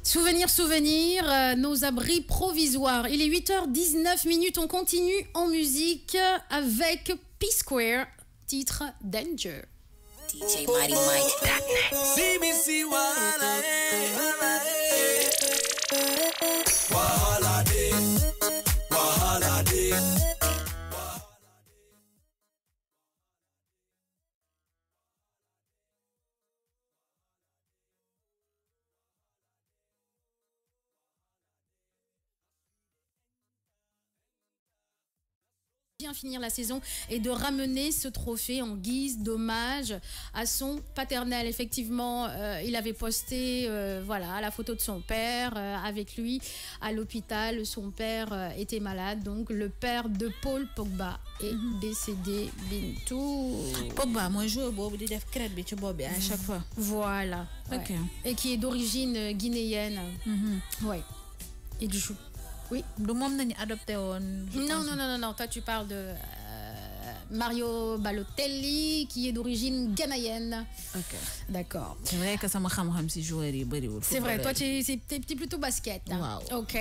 Souvenir, souvenir, euh, nos abris provisoires. Il est 8h19 minutes. On continue en musique avec Peace square titre Danger. DJ Mighty Mike. that next. finir la saison et de ramener ce trophée en guise d'hommage à son paternel. Effectivement, euh, il avait posté euh, voilà la photo de son père euh, avec lui à l'hôpital. Son père était malade, donc le père de Paul Pogba est mhm. décédé bientôt. Pogba, moi je à mhm. chaque fois. Voilà. Ok. Et qui est d'origine guinéenne. Oui. Il joue oui. Le monde adopté. Non, non, non, non, non. Toi, tu parles de euh, Mario Balotelli, qui est d'origine ghanéenne. Ok. D'accord. C'est vrai que ça m'a si C'est vrai. Toi, tu es, plutôt basket. Wow. Ok.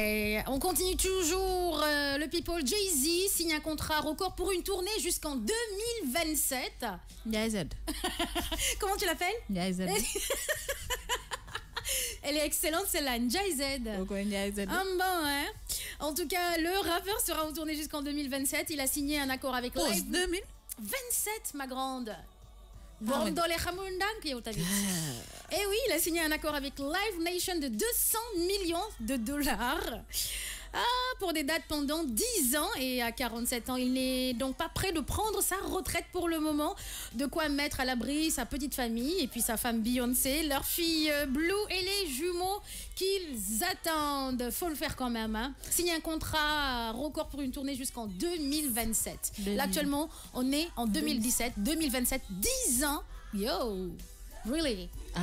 On continue toujours. Euh, le People Jay-Z signe un contrat record pour une tournée jusqu'en 2027. jay Comment tu l'appelles jay Elle est excellente, celle-là, NJZ. Ah, bon, hein En tout cas, le rappeur sera en tournée jusqu'en 2027. Il a signé un accord avec Live. 2027, ma grande. Ah, Et ah. eh oui, il a signé un accord avec Live Nation de 200 millions de dollars. Ah, pour des dates pendant 10 ans et à 47 ans. Il n'est donc pas prêt de prendre sa retraite pour le moment. De quoi mettre à l'abri sa petite famille et puis sa femme Beyoncé, leur fille euh, Blue et les jumeaux qu'ils attendent. Faut le faire quand même. Hein. Signer un contrat record pour une tournée jusqu'en 2027. Là, actuellement, on est en 2017. 2027, 10 ans. Yo! Really? Ah.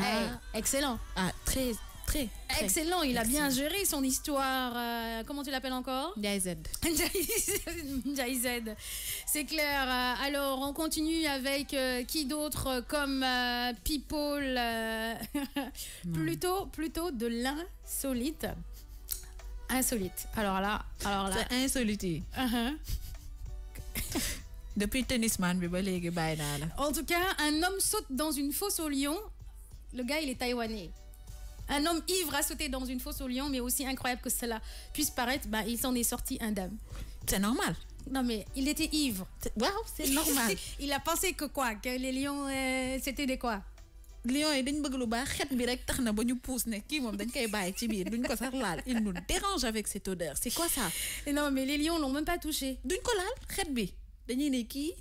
Eh, excellent. Ah, très, Excellent, il a bien géré son histoire. Euh, comment tu l'appelles encore Jay-Z. C'est clair. Euh, alors, on continue avec euh, qui d'autre comme People Plutôt, plutôt de l'insolite. Insolite. Alors là, alors là. C'est insolité. Uh -huh. Depuis tennisman, En tout cas, un homme saute dans une fosse au lion. Le gars, il est taïwanais. Un homme ivre a sauté dans une fosse au lion, mais aussi incroyable que cela puisse paraître, bah, il s'en est sorti indemne. C'est normal. Non, mais il était ivre. Waouh, c'est normal. il a pensé que quoi Que les lions, euh, c'était des quoi lions yi dañ lu xet bi rek ne dañ ci duñ ko il nous dérange avec cette odeur c'est quoi ça non mais les lions l'ont même pas touché duñ ko laal xet bi dañuy ne kii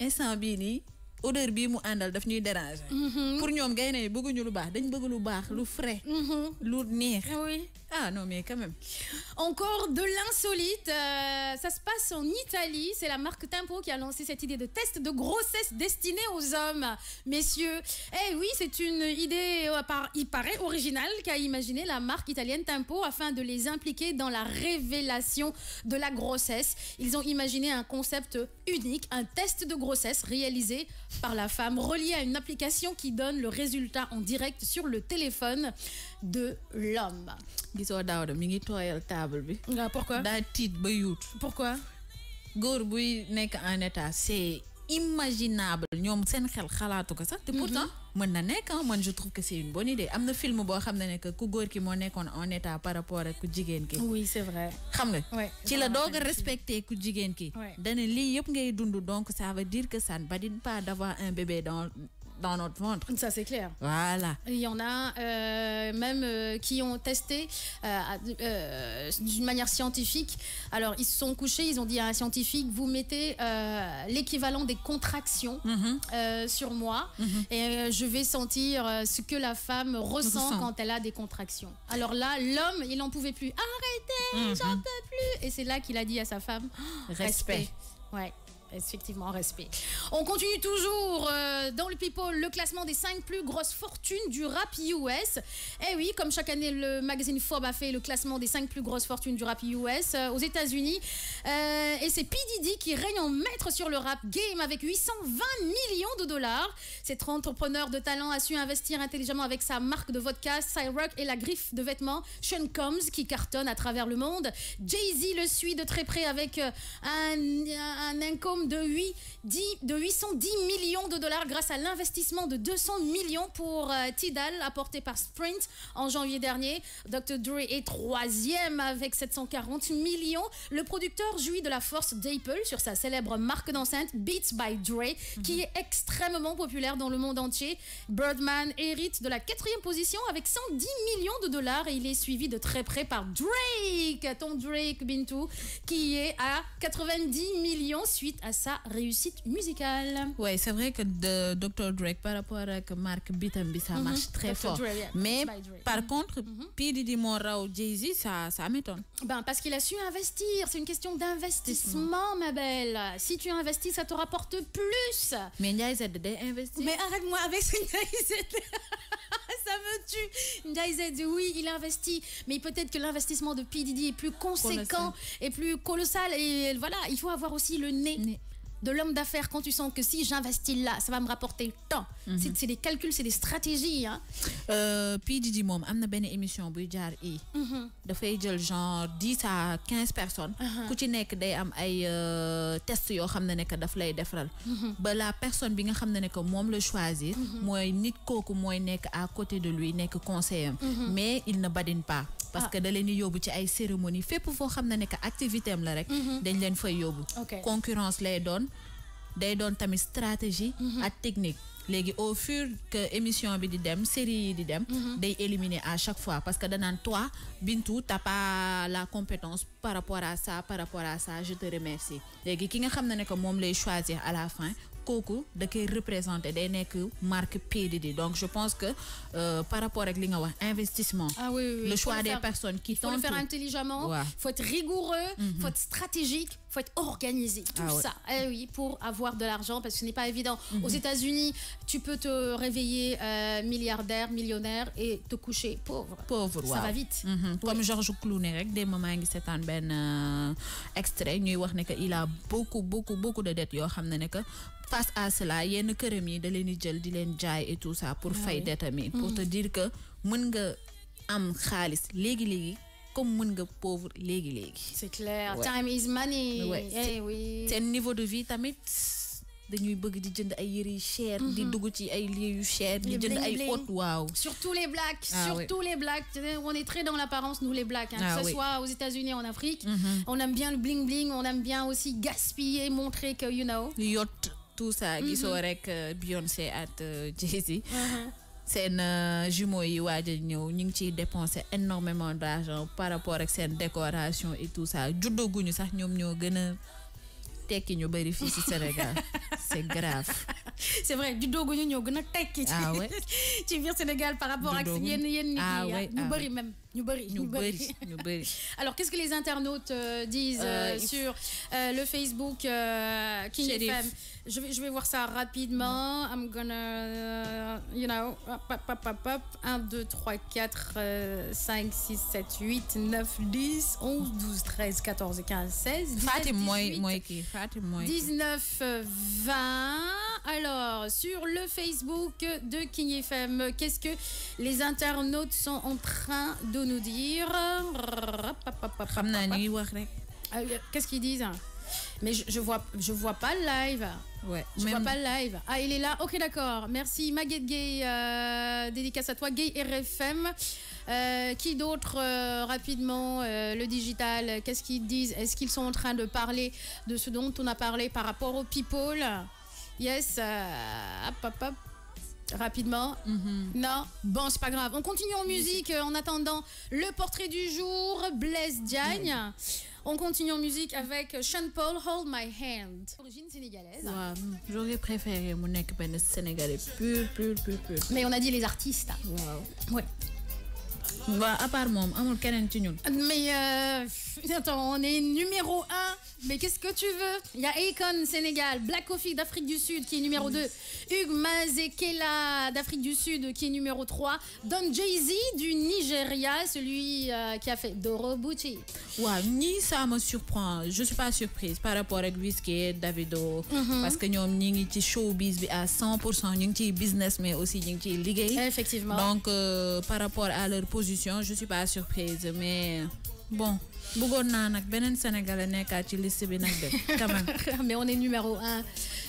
instant odeur bi mu andal daf mhm. pour ñom on bëgguñu lu baax lu baax lu frais. Mhm. lu ah non mais quand même. encore de l'insolite euh, ça se passe en Italie c'est la marque Tempo qui a lancé cette idée de test de grossesse destiné aux hommes messieurs eh oui c'est une idée euh, il paraît originale qu'a imaginé la marque italienne Tempo afin de les impliquer dans la révélation de la grossesse ils ont imaginé un concept unique un test de grossesse réalisé par la femme reliée à une application qui donne le résultat en direct sur le téléphone de l'homme. Ah, pourquoi pourquoi imaginable ñom seen xel xalaatu ko sax te mhm. pourtant mën na nekk ah, man je trouve que c'est une bonne idée am na film boo xam ne que ku góor ki moo nekkoon en état par rapport ak ku jigéen ki oui c'est vrai xam nga ci la doog a respecter ku jigéen ki dana lii yëpp ngay dund donc ça veut dire que ça ne badine pas d'avoir un bébé dans dans notre ventre. Ça, c'est clair. Voilà. Il y en a euh, même euh, qui ont testé euh, d'une manière scientifique. Alors, ils se sont couchés, ils ont dit à un scientifique, vous mettez l'équivalent des contractions mhm. sur moi mhm. et je vais sentir ce que la femme ressent quand elle a des contractions. Alors là, l'homme, il n'en pouvait plus. Arrêtez, j'en mhm. peux plus. Et c'est là qu'il a dit à sa femme, respect. respect. Ouais effectivement, respect. On continue toujours euh, dans le People, le classement des 5 plus grosses fortunes du rap US. Eh oui, comme chaque année, le magazine Forbes a fait le classement des 5 plus grosses fortunes du rap US euh, aux États-Unis. Euh, et c'est P. Diddy qui règne en maître sur le rap game avec 820 millions de dollars. Cet entrepreneur de talent a su investir intelligemment avec sa marque de vodka, Cyrock et la griffe de vêtements Sean Combs qui cartonne à travers le monde. Jay-Z le suit de très près avec un, un, de, de 810 millions de dollars grâce à l'investissement de 200 millions pour euh, Tidal apporté par Sprint en janvier dernier. Dr. Dre est troisième avec 740 millions. Le producteur jouit de la force d'Apple sur sa célèbre marque d'enceinte Beats by Dre, qui mhm. est extrêmement populaire dans le monde entier. Birdman hérite de la quatrième position avec 110 millions de dollars et il est suivi de très près par Drake, ton Drake Bintou, qui est à 90 millions suite sa réussite musicale. Oui, c'est vrai que de Dr. Drake, par rapport à Mark Bittenby, ça mhm. marche très fort. Mais par contre, mhm. Mhm. P Diddy ou Jay-Z, ça, ça m'étonne. Ben, parce qu'il a su investir. C'est une question d'investissement, ma belle. Si tu investis, ça te rapporte plus. Mais Nia Z, investir. Mais arrête-moi avec Ndiaye Z. ça me tue. jay oui, il investit, mais peut-être que l'investissement de P. Didi est plus conséquent et plus colossal. Et voilà, il faut avoir aussi le nez de l'homme d'affaires quand tu sens que si j'investis là, ça va me rapporter tant. Mhm. C'est des calculs, c'est des stratégies. Hein. Euh, puis Didi Mom, il y a une émission qui a été genre 10 à 15 personnes. Qui ont fait des tests qui ont fait des tests. La personne qui a fait que le choisir, mhm. moi, nit à côté de lui nek conseiller mhm. mais il ne badine pas parce ah. que dans les di ci cérémonie fépp pour voir ne activité am la rek dañ concurrence les donne day doon tamit stratégie ak mhm. technique légui au fur que émission bi di dem série yi di dem mhm. day éliminer à chaque fois parce que nan toi Bintou t'as pas la compétence par rapport à ça par rapport à ça je te remercie légui ki nga xamné que mom lay choisir à la fin qui da représente des des marque PDD donc je pense que euh, par rapport à l'investissement, investissement. Ah le choix des personnes qui font faut le faire intelligemment. faut être rigoureux. Mhm. faut être stratégique. faut être organisé. Ah Tout ça, eh oui, pour avoir de l'argent, parce que ce n'est pas évident. Mhm. Aux États-Unis, tu peux te réveiller euh, milliardaire, millionnaire et te coucher pauvre. Pauvre, Ça va vite. Mhm. Comme -hmm. oui. Comme George des moments c'est un ben euh, extrait, il a beaucoup, beaucoup, beaucoup de dettes face à cela yenn y yi da leen di jël di leen jaay et tout ça pour ah fay des pour hmm. te dire que mën nga am xaalis léegi léegi comme mën nga pauvre léegi léegi. c'est clair time is money. Eh oui c'est un niveau de vie tamit. dañuy bëgg di jënd ay yëre cher. di mhm. dugg ci ay des yu cher. di jënd ay haute waaw. surtout les blacks. Ah surtout les blacks on est très dans l'apparence nous les blacks. Hein. Ah que ce soit aux États-Unis en Afrique. Mhm. on aime bien le bling bling on aime bien aussi gaspiller montrer que you know. yachts tout ça mhm. gisoo rek euh, Beyoncé at euh, Jay-Z mhm. seen euh, jumeaux yi waaj a ñëw ñu ngi ciy dépenser énormément d'argent par rapport ak seen décoration et tout ça guñu sax ñom ñoo gëna tekki ñu bari fi ci Sénégal c'est grave c'est vrai juddaguñu ñoo gën a tekki ah ci biir Sénégal par rapport ak yenn yenn nit yi ah ñu ah bari même alors qu'est-ce que les internautes euh, disent euh, euh, sur le Facebook King FM je vais, je vais voir ça rapidement mm. I'm gonna you know 1 2 3 4 5 6 7 8 9 10 11 12 13 14 15 16 17 18 19 20 alors sur le Facebook de King FM qu'est-ce que les internautes sont en train de nous dire. Ah, euh, qu'est-ce qu'ils disent hein? mais je, je, vois je vois pas le live. Ouais. Je vois pas le live. Ah, il est là. Ok, d'accord. Merci. Maguette Gay, euh, dédicace à toi. Gay RFM. Euh, qui d'autre rapidement le digital Qu'est-ce qu'ils disent Est-ce qu'ils sont en train de parler de ce dont on a parlé par rapport aux people Yes rapidement. Mhm. Non, bon, c'est pas grave. On continue en musique euh, en attendant le portrait du jour, Blaise Diagne. On continue en musique avec Sean Paul, Hold My Hand. Origine sénégalaise. J'aurais préféré mon équipe sénégalais pur, Mais on a dit les artistes. Ouais wa bah, à part moi. mais euh, attends on est numéro un mais qu'est-ce que tu veux il y a Akon Sénégal Black Coffee d'Afrique du Sud qui est numéro 2 Hugues Mazekela d'Afrique du Sud qui est numéro 3 Don Jay-Z du Nigeria celui euh, qui a fait Doro Bucci. wa ni ça me surprend je suis pas surprise par rapport à Wizkid Davido. Mm-hmm. parce que nous, sommes ngi ci showbiz à 100 Nous business mais aussi nous ngi effectivement donc euh, par rapport à leur position. Je je suis pas surprise mais bon Bougonna on a beneen sénégalais nekkaat a liste bi nag de mais on est numéro un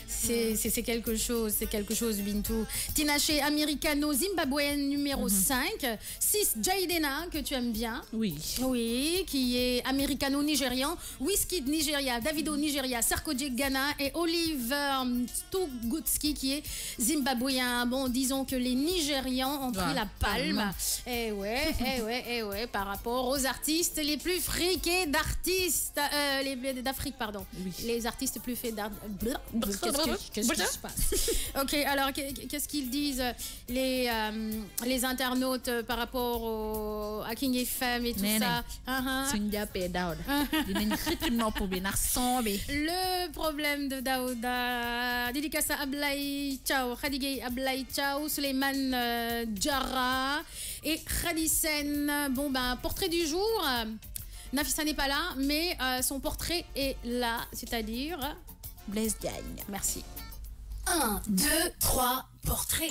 c'est quelque chose, c'est quelque chose, Bintou. tinache Americano, zimbabwéen numéro 5. Mhm. 6, Jaidena, que tu aimes bien. Oui. Oui, qui est Americano-Nigérian. Whiskey Nigeria, Davido mhm. Nigeria, Sarkozy Ghana et Oliver Stugutski, qui est Zimbabwéen. Bon, disons que les Nigérians ont pris ah, la palme. et Eh ouais, eh ouais, eh ouais, par rapport aux artistes les plus friqués d'artistes, euh, d'Afrique, pardon. Les artistes plus faits d'artistes Qu'est-ce qui se passe Ok, alors qu'est-ce qu'ils disent euh, les, euh, les internautes euh, par rapport au, à King FM et tout ça Le problème de Daouda. Dédicace à Ablaï Chao, Khadige Ablaï Chao, Suleiman Jara et Khadisen. Bon, ben, portrait du jour. Nafisa n'est pas là, mais son portrait est là, c'est-à-dire Blaise Gagne. Merci. 1, 2, 3, portrait.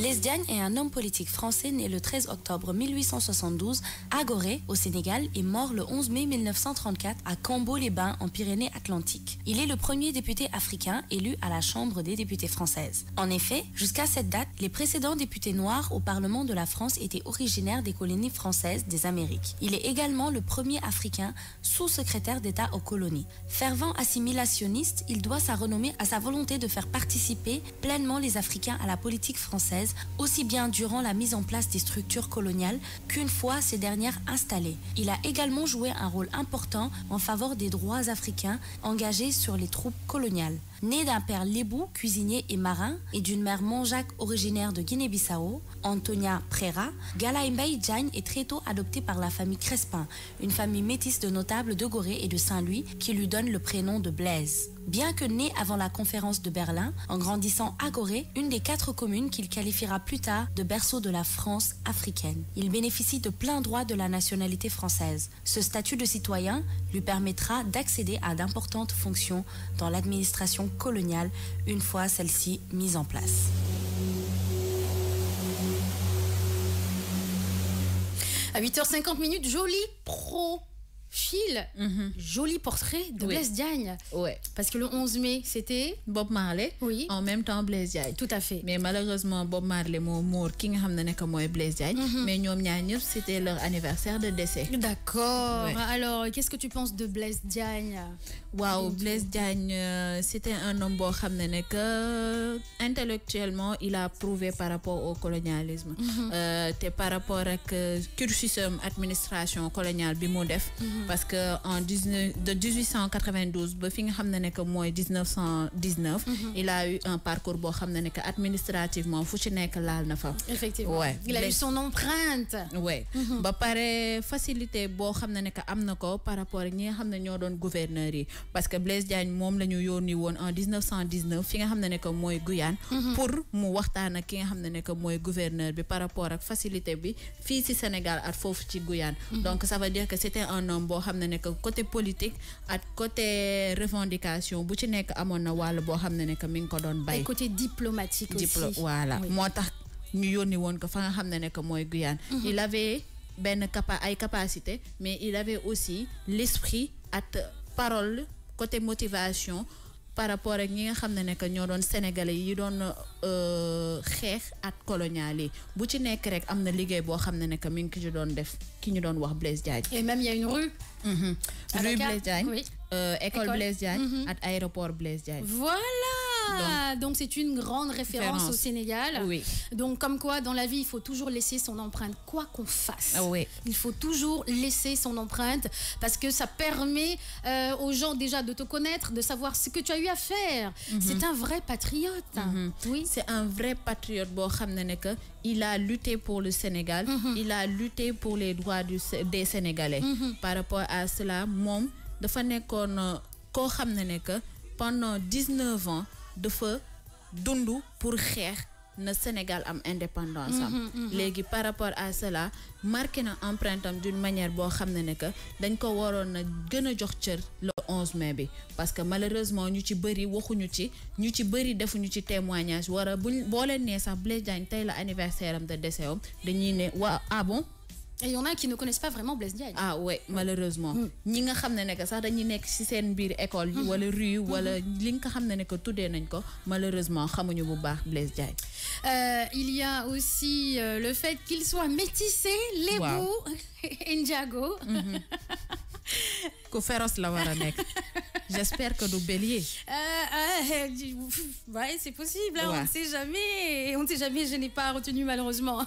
Lesdian est un homme politique français né le 13 octobre 1872 à Gorée, au Sénégal, et mort le 11 mai 1934 à Cambo-les-Bains, en Pyrénées-Atlantiques. Il est le premier député africain élu à la Chambre des députés françaises. En effet, jusqu'à cette date, les précédents députés noirs au Parlement de la France étaient originaires des colonies françaises des Amériques. Il est également le premier africain sous-secrétaire d'État aux colonies. Fervent assimilationniste, il doit sa renommée à sa volonté de faire participer pleinement les Africains à la politique française aussi bien durant la mise en place des structures coloniales qu'une fois ces dernières installées. Il a également joué un rôle important en faveur des droits africains engagés sur les troupes coloniales. Né d'un père lébou, cuisinier et marin, et d'une mère monjac originaire de Guinée-Bissau, Antonia Prera, Gala Mbaye est très tôt adopté par la famille Crespin, une famille métisse de notables de Gorée et de Saint-Louis qui lui donne le prénom de Blaise. Bien que né avant la conférence de Berlin, en grandissant à Gorée, une des quatre communes qu'il qualifiera plus tard de berceau de la France africaine. Il bénéficie de plein droit de la nationalité française. Ce statut de citoyen lui permettra d'accéder à d'importantes fonctions dans l'administration coloniale une fois celle-ci mise en place. À 8h50 minutes, pro fil, mhm. joli portrait de Blaise Diagne. Ouais. Parce que le 11 mai, c'était Bob Marley. Oui. En même temps, Blaise Diagne. Tout à fait. Mais malheureusement, Bob Marley mon mort King n'a moi, Blaise Diagne. Mhm. mais Nyom c'était leur anniversaire de décès. d'accord alors qu'est-ce que tu penses de Blaise Diagne. Waouh, Blaise Diagne euh, c'était un homme qui, euh, intellectuellement il a prouvé par rapport au colonialisme. Mhm. Euh, par rapport que cursus administration coloniale bi Mm. parce que en 19, de 1892 ba fi nga xamné ne ne que 1919. Mm-hmm. il a eu un parcours bo xamné nek administrativement fu ci nekk laal na fa. effectivement il a eu son empreinte. Ouais. Mm-hmm. ba paré facilité bo xamné nek amna ko par rapport ak ñi nga xamné ne ñoo doon gouverneur yi parce que Blaise Diagne mom lañu yoni won en 1919 fi nga xamné nek moy Guyane. Mm-hmm. pour mu waxtaan ak ki nga xamné nek moy gouverneur bi par rapport ak facilité bi fi ci Sénégal ak fofu ci Guyane. donc ça veut dire que c'était un homme bo xam nek côté politique at côté revendication bu ci nek amoon na wàll boo xam ne mi ngi ko don bay. côté diplomatique Diplo aussi voilà moo tax ñu yoni won ko fa nga xam nek moy que mooy Guyane. Mhm. il avait ben capa ay capacité mais il avait aussi l'esprit at parole côté motivation par rapport ak ñi nga xam ne nekk ñoo doon sénégalais yi doon euh, xeex ak colonial yi bu ci nekk rek am na liggéey boo xam ne nekk mi ngi ci doon def ki ñu doon wax Blaise Diagne. et même il y a une rue. Mm-hmm. rue Blaise Diagne euh, école Blaise Diagne. Mm-hmm. at aéroport Blaise Diagne. voilà. Ah, donc c'est une grande référence, au Sénégal. Donc comme quoi, dans la vie, il faut toujours laisser son empreinte, quoi qu'on fasse. Ah il faut toujours laisser son empreinte parce que ça permet euh, aux gens déjà de te connaître, de savoir ce que tu as eu à faire. Mhm. C'est un vrai patriote. Mhm. Oui. C'est un vrai patriote. Il a lutté pour le Sénégal. Mhm. Il a lutté pour les droits des Sénégalais. Par rapport à cela, mon de euh, pendant 19 ans, de dafa dundu pour xex na Sénégal am indépendance am mm-hmm, mm-hmm. légui par rapport à cela marqué na empreinte d'une manière bo xamné ne que dañ ko waroon na jox le 11 mai bi parce que malheureusement ñu ci bëri ñu ci ñu ci bëri ñu ci témoignage wara bo buñ né sax Blaise Diagne tay la anniversaire am de décès am dañuy né wa ah et il y en a qui ne connaissent pas vraiment Blaise Diagne. ah ouais malheureusement. Mm. ñi nga xamné nek sax dañuy nek ci seen biir école yi. Mm-hmm. wala rue mm-hmm. wala li nga xam ne ne nañ ko malheureusement xamuñu bu baax Blaise Diagne. Euh, il y a aussi euh, le fait qu'il soit métissé. les lébu Ndiago. Mm-hmm. féroce la j'espère que nous bélier. Euh, euh, euh, ouais c'est possible hein, on ne sait jamais on sait jamais je n'ai pas retenu malheureusement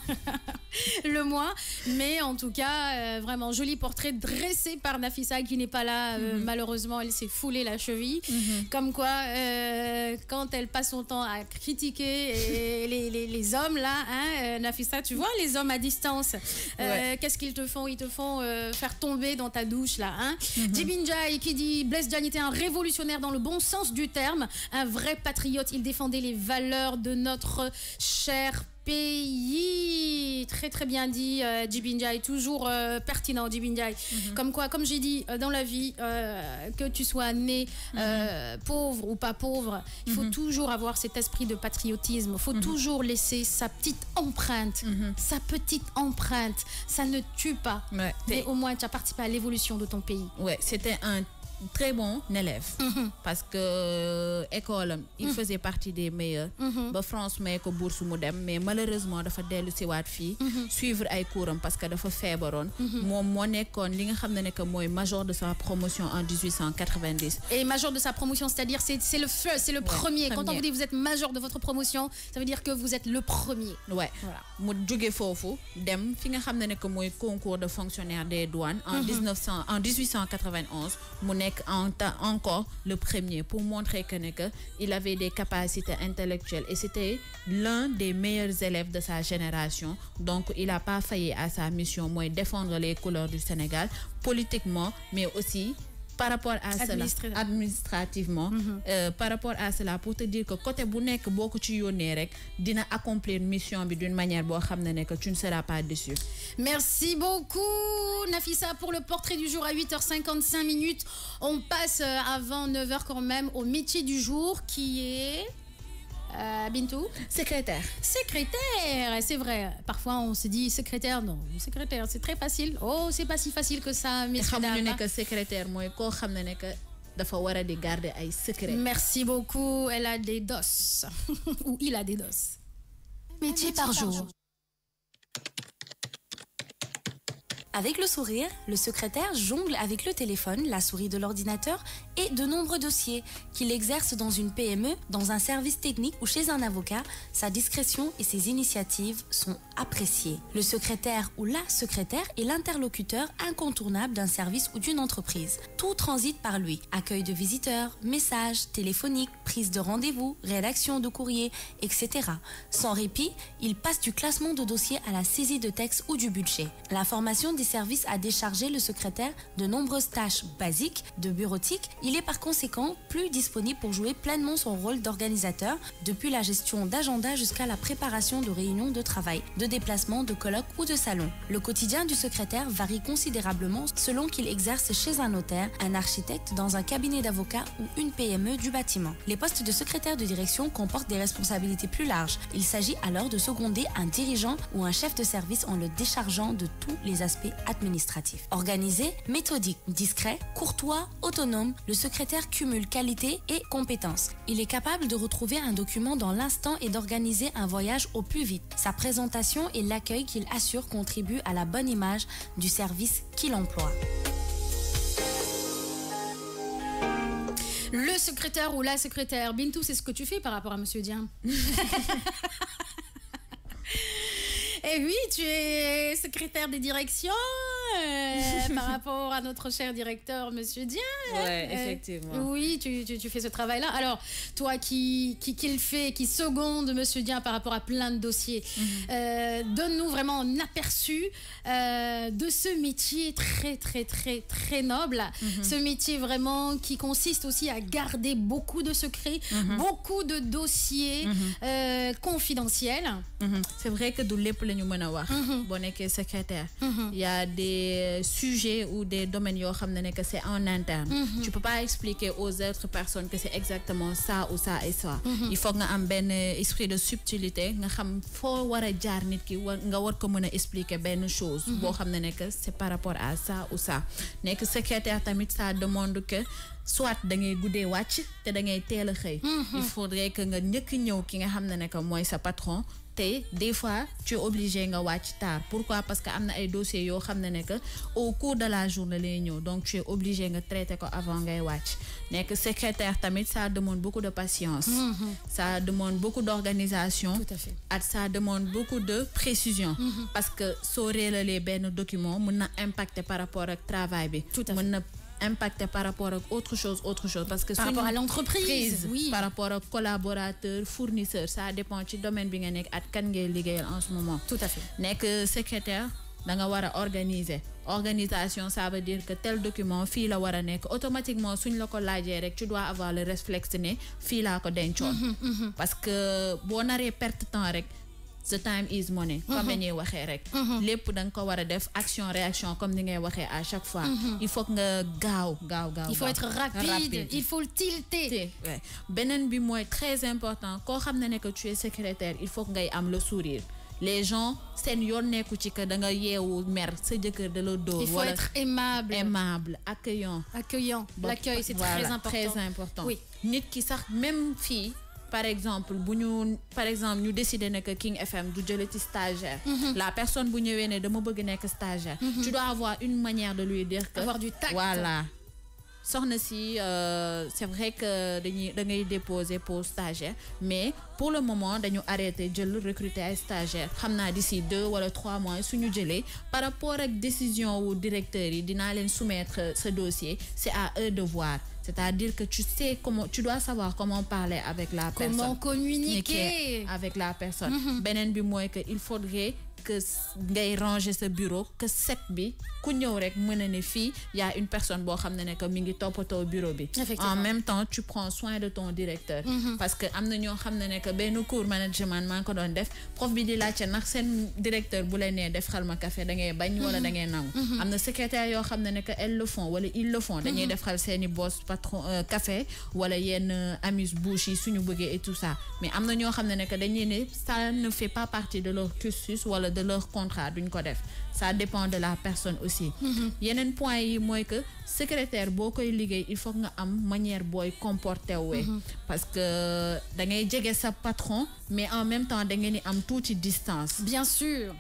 le mois mais en tout cas vraiment joli portrait dressé par Nafissa qui n'est pas là mhm. malheureusement elle s'est foulée la cheville mhm. comme quoi quand elle passe son temps à critiquer les, hommes là hein, Nafissa tu vois les hommes à distance qu'est-ce qu'ils te font ils te font faire tomber dans ta douche là hein mhm. Jai qui dit Blaise Jan était un révolutionnaire dans le bon sens du terme, un vrai patriote. Il défendait les valeurs de notre cher pays. Très très bien dit, euh, Jibinjai, toujours euh, pertinent, Jibinjai. Mhm. Comme quoi, comme j'ai dit, euh, dans la vie, euh, que tu sois né mhm. pauvre ou pas pauvre, il faut mhm. toujours avoir cet esprit de patriotisme. Il faut toujours laisser sa petite empreinte, sa petite empreinte. Ça ne tue pas, mais au moins tu as participé à l'évolution de ton pays. Ouais, c'était un très bon élève. Mm-hmm. Parce que euh, école, il mm-hmm. faisait partie des meilleurs. En mm-hmm. France mais ko bourse mu mais malheureusement il a si waat fii. suivre ay cours parce que dafa feebaroon. moom moo mon li nga moi que major de sa promotion en 1890. et major de sa promotion c'est-à-dire c'est c'est le feu c'est le premier quand on vous dit vous êtes major de votre promotion ça veut dire que vous êtes le premier. ouais mu jóge fofu dem fi que moi concours de fonctionnaire des douanes. en 1900 en 1891 mon encore le premier pour montrer que il avait des capacités intellectuelles et c'était l'un des meilleurs élèves de sa génération donc il n'a pas failli à sa mission moins défendre les couleurs du Sénégal politiquement mais aussi par rapport à cela administrativement mhm. euh, par rapport à cela pour te dire que côté bu nekk ci yone rek dina accomplir mission bi d'une manière que tu ne seras pas déçu merci beaucoup Nafissa pour le portrait du jour à 8h55 minutes on passe euh, avant 9h quand même au métier du jour qui est euh, Bintou Secrétaire. Secrétaire, c'est vrai. Parfois, on se dit secrétaire. Non, secrétaire, c'est très facile. Oh, c'est pas si facile que ça, mais secrétaire, moi, secret. merci beaucoup elle a des doses ou il a des doses. métier par jour. Avec le sourire, le secrétaire jongle avec le téléphone, la souris de l'ordinateur et de nombreux dossiers. Qu'il exerce dans une PME, dans un service technique ou chez un avocat, sa discrétion et ses initiatives sont appréciées. Le secrétaire ou la secrétaire est l'interlocuteur incontournable d'un service ou d'une entreprise. Tout transite par lui. Accueil de visiteurs, messages téléphoniques, prise de rendez-vous, rédaction de courrier, etc. Sans répit, il passe du classement de dossiers à la saisie de textes ou du budget. La formation des services a déchargé le secrétaire de nombreuses tâches basiques de bureautique il est par conséquent plus disponible pour jouer pleinement son rôle d'organisateur, depuis la gestion d'agenda jusqu'à la préparation de réunions de travail, de déplacements, de colloques ou de salons. Le quotidien du secrétaire varie considérablement selon qu'il exerce chez un notaire, un architecte, dans un cabinet d'avocats ou une PME du bâtiment. Les postes de secrétaire de direction comportent des responsabilités plus larges. Il s'agit alors de seconder un dirigeant ou un chef de service en le déchargeant de tous les aspects administratifs. Organisé, méthodique, discret, courtois, autonome, le secrétaire cumule qualité et compétences. Il est capable de retrouver un document dans l'instant et d'organiser un voyage au plus vite. Sa présentation et l'accueil qu'il assure contribuent à la bonne image du service qu'il emploie. Le secrétaire ou la secrétaire, Bintou, c'est ce que tu fais par rapport à Monsieur Dien. Et eh oui, tu es secrétaire des directions euh, par rapport à notre cher directeur, Monsieur Dien. Ouais, euh, effectivement. oui, tu, fais ce travail-là. Alors, toi qui, le fait, qui seconde Monsieur Dien par rapport à plein de dossiers, mhm. euh, donne-nous vraiment un aperçu de ce métier très, très, très, très noble. Mhm. Ce métier vraiment qui consiste aussi à garder beaucoup de secrets, mhm. beaucoup de dossiers confidentiels. C'est vrai que de les Mm-hmm. Il mm-hmm. y a des sujets ou des domaines qui sont que c'est en interne mm-hmm. tu peux pas expliquer aux autres personnes que c'est exactement ça ou ça et ça il faut nga am esprit de subtilité nga xam a jaar nit ki nga war ko expliquer ben chose c'est par rapport à ça ou ça nek secrétaire ça demande que soit da ngay goudé te da ngay il faudrait que nga ñëk ñëw ki nga patron des fois tu es obligé nga watch tard pourquoi parce que am ay dossiers au cours de la journée donc tu es obligé nga traiter avant de ngay wàcc nekk secrétaire tamit ça demande beaucoup de patience. Mm-hmm. ça demande beaucoup d'organisation. ça demande beaucoup de précision. Mm-hmm. parce que soo réelalee benn document mën na impacter par rapport au travail bi. tout à impacté par rapport à autre chose autre chose parce que par rapport à l'entreprise oui par rapport aux collaborateurs, fournisseurs, ça dépend du domaine bi nga en ce moment tout à fait que euh, secrétaire da nga organiser organisation ça veut dire que tel document fil la wara automatiquement si le ko tu dois avoir le réflexe ne fii à ko mhm, mhm. parce que bon arrêt perte temps rek the time is money. comme uh-huh. ni ñuy waxee rek. Uh-huh. lépp da nga ko wara def action réaction comme ni ngay waxee à chaque fois. Uh-huh. il faut que nga gaaw gaaw gaaw. il faut être rapide il faut le tilter. Benen bi moy très important Quand xamné ne que tu es secrétaire il faut que ngay am le sourire. les gens sen yoon nekku ci que da nga yeewu mer sa jëkkër de la dóor. il faut être aimable aimable accueillant. accueillant l'accueil c'est très important très important. oui nit ki sax même fille par exemple nous décidons par exemple que King FM du jëlati stagiaire. Mhm. la personne bu ñëwé ne dama bëgg un stagiaire. Mhm. tu dois avoir une manière de lui dire que. avoir du voilà si euh, c'est vrai que dañuy da déposer pour stagiaire mais pour le moment dañu arrêté jël recruter ay stagiaire xamna d'ici deux wala trois mois suñu par rapport la décision au directeur yi dina soumettre ce dossier c'est à eux de voir c'est-à-dire que tu sais comment tu dois savoir comment parler avec la personne comment communiquer avec la personne mm-hmm. que il faudrait que ngay ranger ce bureau que set bi ku ñëw rek mëna né fi fii y a une personne bo xamné ne que mi ngi toppatoo bureau bi en même temps tu prends soin de ton directeur mm-hmm. parce que amna na ñoo xam ne que benn cours management man ko doon def prof bi di laajte ndax seen directeur bu lay né def xal ma café da ngay bañ wala mm-hmm. da ngay nangu mm-hmm. amna secrétaire yo xamné ne que elles le font wala ils le font dañuy def xal seeni boss patron euh, café wala yenn euh, amuse bouche yi suñu bëggé et tout ça mais amna na ñoo xam ne que dañuy né ça ne fait pas partie de leur cursus wala de leur contrat d'une ko ça dépend de la personne aussi mm-hmm. y un point yi est que secrétaire liguey il faut nga am manière de comporté wé mm-hmm. parce que da ngay sa patron mais en même temps da ngay ni am distance bien sûr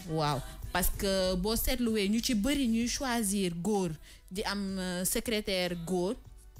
parce que si nous ñu ci ñuy choisir euh, secrétaire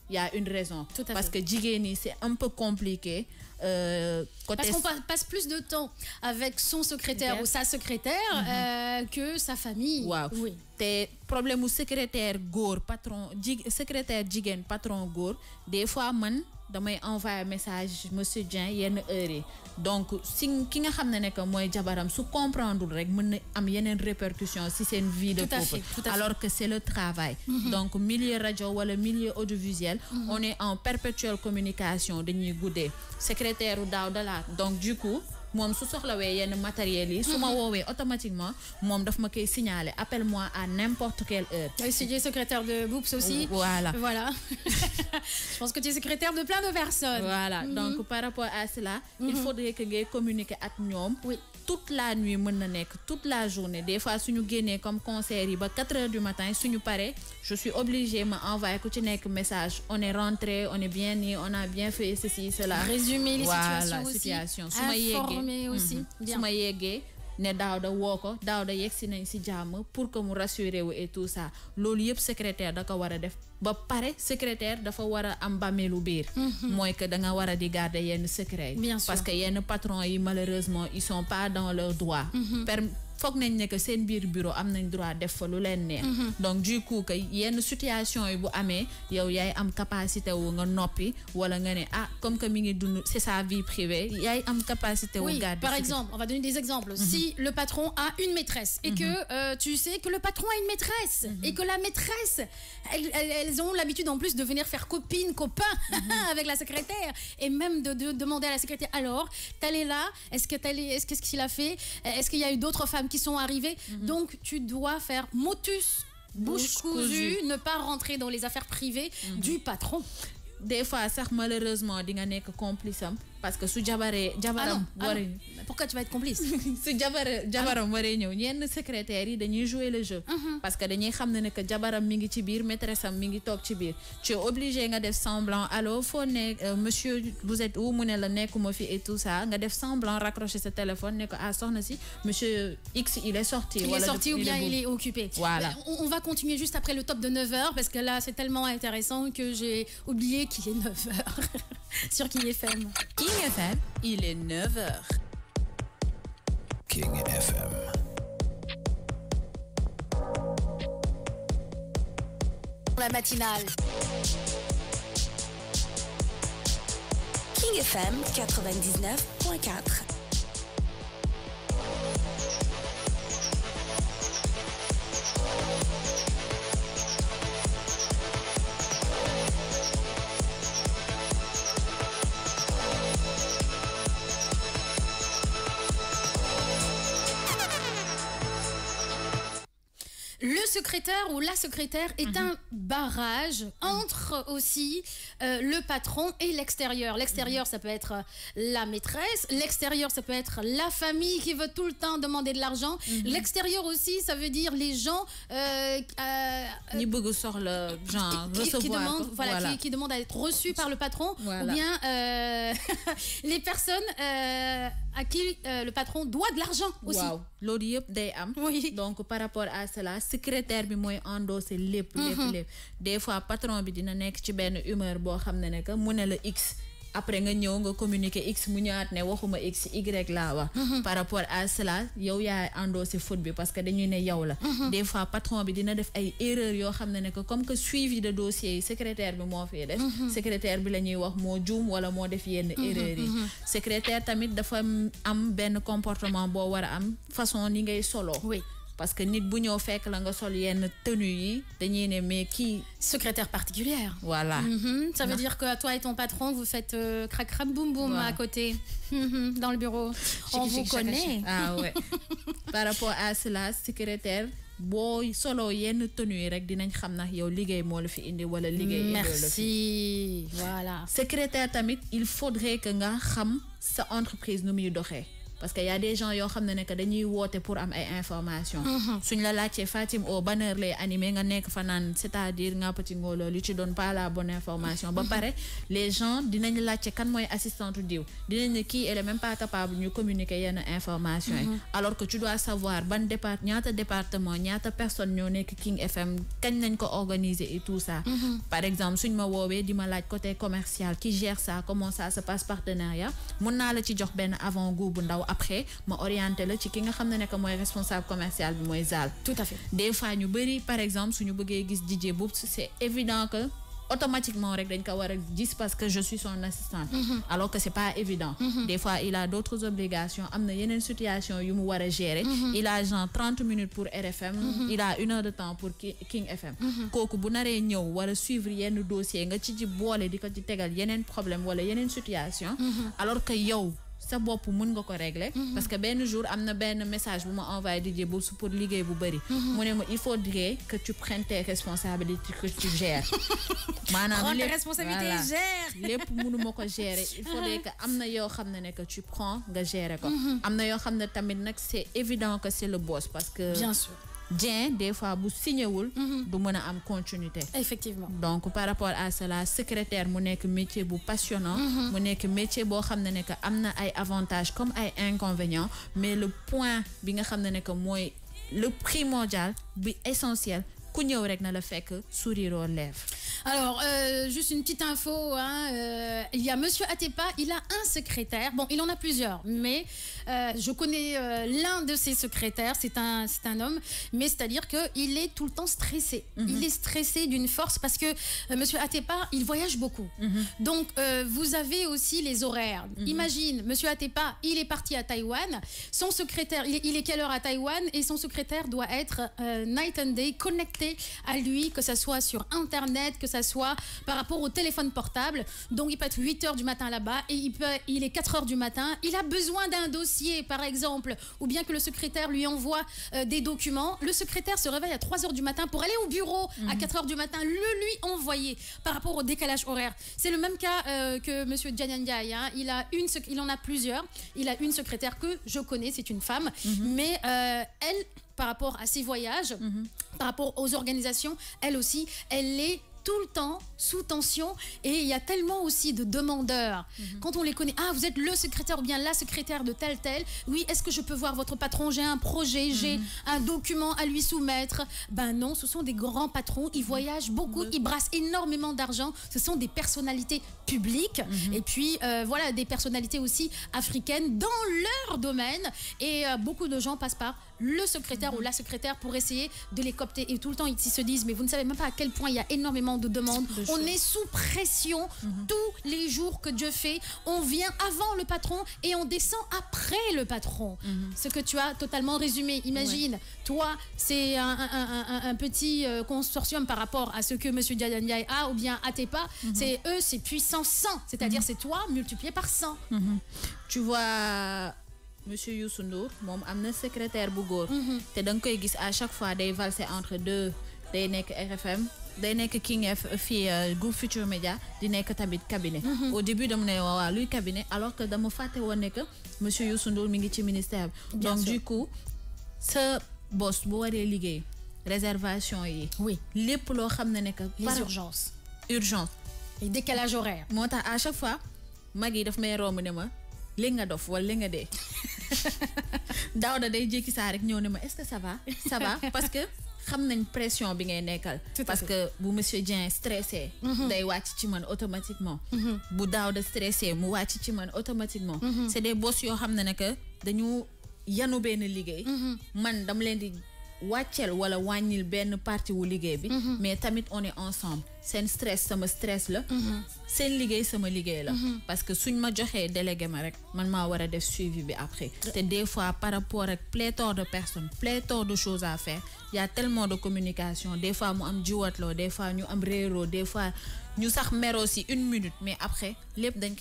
il y a une raison parce que djigéni c'est un peu compliqué euh, quand Parce qu'on passe plus de temps avec son secrétaire ou sa secrétaire mm-hmm. euh, que sa famille. Wow. Oui. T'es problème ou secrétaire gore patron secrétaire Jigen, patron gore. des fois man damay envoyer message monsieur Jean, il heure donc si ki nga que ne suis jabaram su comprendre rek il y am une répercussion si c'est une vie de couple alors que c'est le travail mm-hmm. donc milieu radio wala milieu audiovisuel mm-hmm. on est en perpétuelle communication dañuy goudé secrétaire ou daaw donc du coup il y a un matériel yi. ma mhm. automatiquement il daf ma signaler appelle moi à n'importe quelle heure. Ah tu es secrétaire de Boops aussi. voilà voilà je pense que tu es secrétaire de plein de personnes. voilà mhm. donc par rapport à cela. il mhm. faudrait que je communique avec nous. oui toute la nuit toute la journée des fois nous gagnons comme concert yi ba 4 heures du matin si nous paraît je suis obligée de m'envoyer un un message on est rentré on est bien né, on a bien fait ceci cela. résumer les situations aussi situation ne Daouda woo ko Daouda yegsi nañ si jàmm pour que mu rassuré wu et tout ça loolu yëpp secrétaire da ko war a def ba pare secrétaire dafa war a am bàmmeelu biir. Mhm. mooy que da nga war a di garder yenn secret yi. parce que yenn patron yi malheureusement ils sont pas dans leur droit. Mhm que bureau droit de fa mhm. donc du coup a une situation où bu y yow une capacité wu nga nopi, ah, comme c'est sa vie privée a une capacité wu. garder. par exemple on va donner des exemples. Mhm. si le patron a une maîtresse. et que mhm. euh, tu sais que le patron a une maîtresse. et que la maîtresse elles ont l'habitude en plus de venir faire copine copain. avec la secrétaire et même de demander à la secrétaire alors t'allais là est-ce que est-ce qu'est-ce qu'il a fait est-ce qu'il y a eu d'autres femmes qui sont arrivés. Mhm. Donc, tu dois faire motus, bouche, cousue, ne pas rentrer dans les affaires privées mhm. du patron. Des fois, ça, malheureusement, dinga que complice parce que su Jabaré, jabaram ah ah waree pourquoi tu vas être complice su Jabaré, jabaram waree ñëw ñenn un yi dañuy jouer le jeu uh-huh. parce que dañuy xamné que jabaram mingi ci bir, maîtresse am mi ci tu es obligé nga def semblant allô foo ne euh, monsieur vous êtes où Mon ne la nekkuma fi et tout ça nga def semblant raccrocher ce téléphone né ko ah soxna monsieur X il est sorti il est sorti ou bien il est occupé voilà on va continuer juste après le top de 9h parce que là c'est tellement intéressant que j'ai oublié qu'il est 9h sur ferme King FM, il est 9h. King FM. La matinale. King FM 99.4. le secrétaire ou la secrétaire est mhm. un barrage entre aussi euh, le patron et l'extérieur. L'extérieur, ça peut être la maîtresse, l'extérieur, ça peut être la famille qui veut tout le temps demander de l'argent, mhm. l'extérieur aussi, ça veut dire les gens qui, demandent, à être reçus par le patron ou bien euh, les personnes euh, à qui le patron doit de l'argent aussi. Wow. Oui. Donc par rapport à cela, secrétaire bi moy endosser lepp lepp mm-hmm. lépp des fois patron bi dina nek ci ben humeur bo xam nek ne la x. après nga ñëw nga communiquer x mu ñëwaat ne waxuma x y la wax. Mm-hmm. par rapport à cela yow ya endossé faute bi parce que dañuy ne yow la. Mm-hmm. des fois patron bi dina def ay erreurs yo xam ne que comme que suivi de dossier secrétaire bi mo fi def. secrétaire bi lañuy wax mo joom wala mo def yenn erreurs yi. secrétaire tamit dafa am ben comportement bo wara am façon ni ngay solo parce que nit vous avez fekk la nga sol yenn tenue yi dañuy né mais qui secrétaire particulière. voilà. Mm-hmm. ça veut dire que toi et ton patron vous faites euh, crac crac boum boum à côté mm-hmm. dans le bureau. on vous connaît. ah ouais par rapport à cela secrétaire. vous solo yenn tenue rek dinañ xam yow liguey mo la fi indi wala merci voilà secrétaire tamit il faudrait que nga xam sa entreprise qui muy doxee parce qu'il y a des gens yoo ont que dañuy woote pour am ay information mhm. suñ la laajtee Fatim au oh, banner les animé nga nekk fa c'est-à-dire nga petit ngolo li ci donne pas la bonne information ba mhm. pare les gens dinañ laajte kan moy assistante diw dinañ ne kii elle est même pas capable ñu communiquer yenn information mhm. alors que tu dois savoir ban département, ñaata département ñaata personne ñoo nek King FM kañ nañ ko organiser et tout ça par exemple suñ ma woowee di ma laaj côté commercial qui gère ça comment ça se passe partenariat mun na la ci jox ben avant goût bu ndaw après ma orienté la ci ki nga xamné ne moy responsable commercial bi moy Zal. tout à fait des fois ñu bari par exemple suñu bëggé gis DJ Boubs c'est évident que. automatiquement rek dañ ko wara gis parce que je suis son assistante mm -hmm. alors que c'est pas évident mm -hmm. des fois il a d'autres obligations amna yenen situation yu mu gérer mm-hmm. il a genre 30 minutes pour RFM mm -hmm. il a une heure de temps pour King FM mm-hmm. kooku bu naree ñëw wara suivre yenn dossier nga ci ci bolé di ko ci tégal yenen problème wala yenen situation mm-hmm. alors que yow sa bopp mun nga ko régler mhm. parce que ben jour amna ben message bu ma envoyé DJ Boubs pour liguey bu bari mhm. mu ne ma il faudrait que tu prennes tes responsabilités que tu gères les responsabilités gère lépp munu ma ko gérer il faudrait mhm. que amna yo yoo ne que tu prends nga gérer ko amna yo yoo tamit nak c'est évident que c'est le boss parce que bien sûr bien des fois bu vous mhm. du vous am continuité effectivement donc par rapport à cela secrétaire mu un métier bu passionnant mhm. mu un métier qui a nek avantages comme ay inconvénients mais le point bi nga nek le primordial bi essentiel alors, euh, juste une petite info, hein, euh, il y a Monsieur Atepa, il a un secrétaire, bon, il en a plusieurs, mais euh, je connais l'un de ses secrétaires, c'est un, un homme, mais c'est-à-dire qu'il est tout le temps stressé. Mhm. Il est stressé d'une force parce que Monsieur Atepa, il voyage beaucoup. Mhm. Donc, vous avez aussi les horaires. Mhm. Imagine, Monsieur Atepa, il est parti à Taïwan, son secrétaire, il est, quelle heure à Taïwan, et son secrétaire doit être night and day connecté à lui, que ce soit sur Internet, que ce soit par rapport au téléphone portable. Donc il peut être 8 heures du matin là-bas et il, peut, il est 4 heures du matin. Il a besoin d'un dossier, par exemple, ou bien que le secrétaire lui envoie euh, des documents. Le secrétaire se réveille à 3 heures du matin pour aller au bureau mhm. à 4 heures du matin, le lui envoyer par rapport au décalage horaire. C'est le même cas euh, que M. Djanandiaï. Hein. Il, a une, il en a plusieurs. Il a une secrétaire que je connais, c'est une femme, mhm. mais euh, elle par rapport à ses voyages, mhm. par rapport aux organisations, elle aussi, elle est tout le temps sous tension et il y a tellement aussi de demandeurs. Mhm. Quand on les connaît, ah, vous êtes le secrétaire ou bien la secrétaire de tel tel. Oui, est-ce que je peux voir votre patron J'ai un projet, mhm. j'ai un document à lui soumettre. Ben non, ce sont des grands patrons, ils voyagent beaucoup, ils brassent énormément d'argent. Ce sont des personnalités publiques et puis euh, voilà, des personnalités aussi africaines dans leur domaine et euh, beaucoup de gens passent par le secrétaire ou la secrétaire pour essayer de les copter. Et tout le temps, ils se disent, mais vous ne savez même pas à quel point il y a énormément de demandes. on est sous pression mhm. tous les jours que Dieu fait. On vient avant le patron et on descend après le patron. Mhm. Ce que tu as totalement résumé. Imagine, toi, c'est un, petit euh, consortium par rapport à ce que M. ya a ou bien pas. Mhm. C'est eux, c'est puissant 100. C'est-à-dire, c'est toi multiplié par 100. Tu vois monsieur Youssou Ndour moom am secrétaire bu góor. Mhm. te da koy gis à chaque fois day valser entre deux day nek RFM day nek King F fii euh, groupe Future Media di nek tabit cabinet. Mhm. au début dama ne wa lui cabinet alors que dama faté woné que monsieur Youssou Ndour mi ngi ci ministère donc du coup ce boss bu waree liggéey réservation yi. oui lépp loo xam ne par urgence urgence. décalage horaire. moo à chaque fois mag daf may romb ma li nga dof wala li nga dé da day jékki saa rek ñëw ne ma est-ce que ça va parce que xam nañ pression bi ngay nekkal. parce que bu monsieur Dieng stressé. Mhm. day wàcc ci man automatiquement. Mhm. bu Daouda stressé mu wàcc ci man automatiquement. Mhm. c'est des boss yoo xam ne ne que dañu yanu benn liggéey. man dam leen di wàcceel wala wàññil benn partie wu liggéey bi. mais tamit on est ensemble. un stress sama stress la. un mhm. liggéey sama liggéey la. Mhm. parce que suñ je joxee délégué ma rek man maa def suivi après. c'est des fois par rapport à plein de personnes pléthore de choses à faire il y a tellement de communication des fois mu am jiwatloo des fois ñu am réeroo des fois ñu sax meroo aussi une minute mais après lépp dañ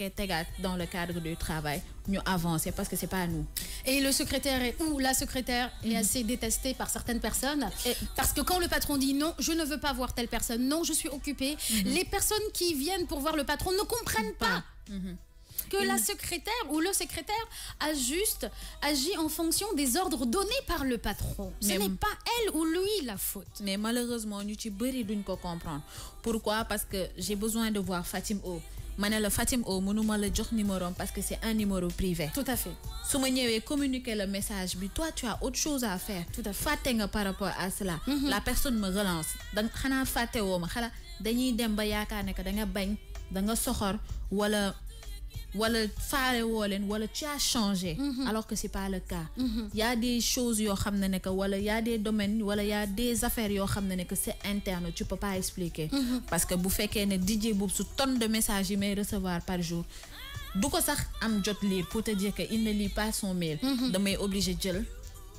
dans le cadre du travail ñu avancer parce que c'est pas à nous. Et le secrétaire est, ou la secrétaire est mhm. assez détestée par certaines personnes. parce que quand le patron dit non, je ne veux pas voir telle personne, non, je suis occupée Mhm. Les personnes qui viennent pour voir le patron ne comprennent pas. Mhm. que la secrétaire ou le secrétaire a juste agi en fonction des ordres donnés par le patron. Ce n'est pas elle ou lui la faute. Mais malheureusement, youtube ci comprendre. Pourquoi Parce que j'ai besoin de voir Fatim O. manel Fatim O mënuma le jox numéro parce que c'est un numéro privé. tout à fait su et communiquer le message Mais toi tu as autre chose à faire. tout à fait par rapport à cela. Mhm. la personne me relance. donc dañuy dem ba yaakaar ne que da nga bañ da nga soxor wala wala faare woo leen wala tu as changé. Mhm. alors que c'est pas le cas. Mhm. y a des choses yoo xam ne ne que wala y a des domaines wala y a des affaires yoo xam ne ne que c'est interne tu peux pas expliquer. Mhm. parce que bu fekkee ne DJ boobu su tonne de messages yi may recevoir par jour. du ko sax am jot lire pour te dire que il ne lit pas son mail. damay obligé jël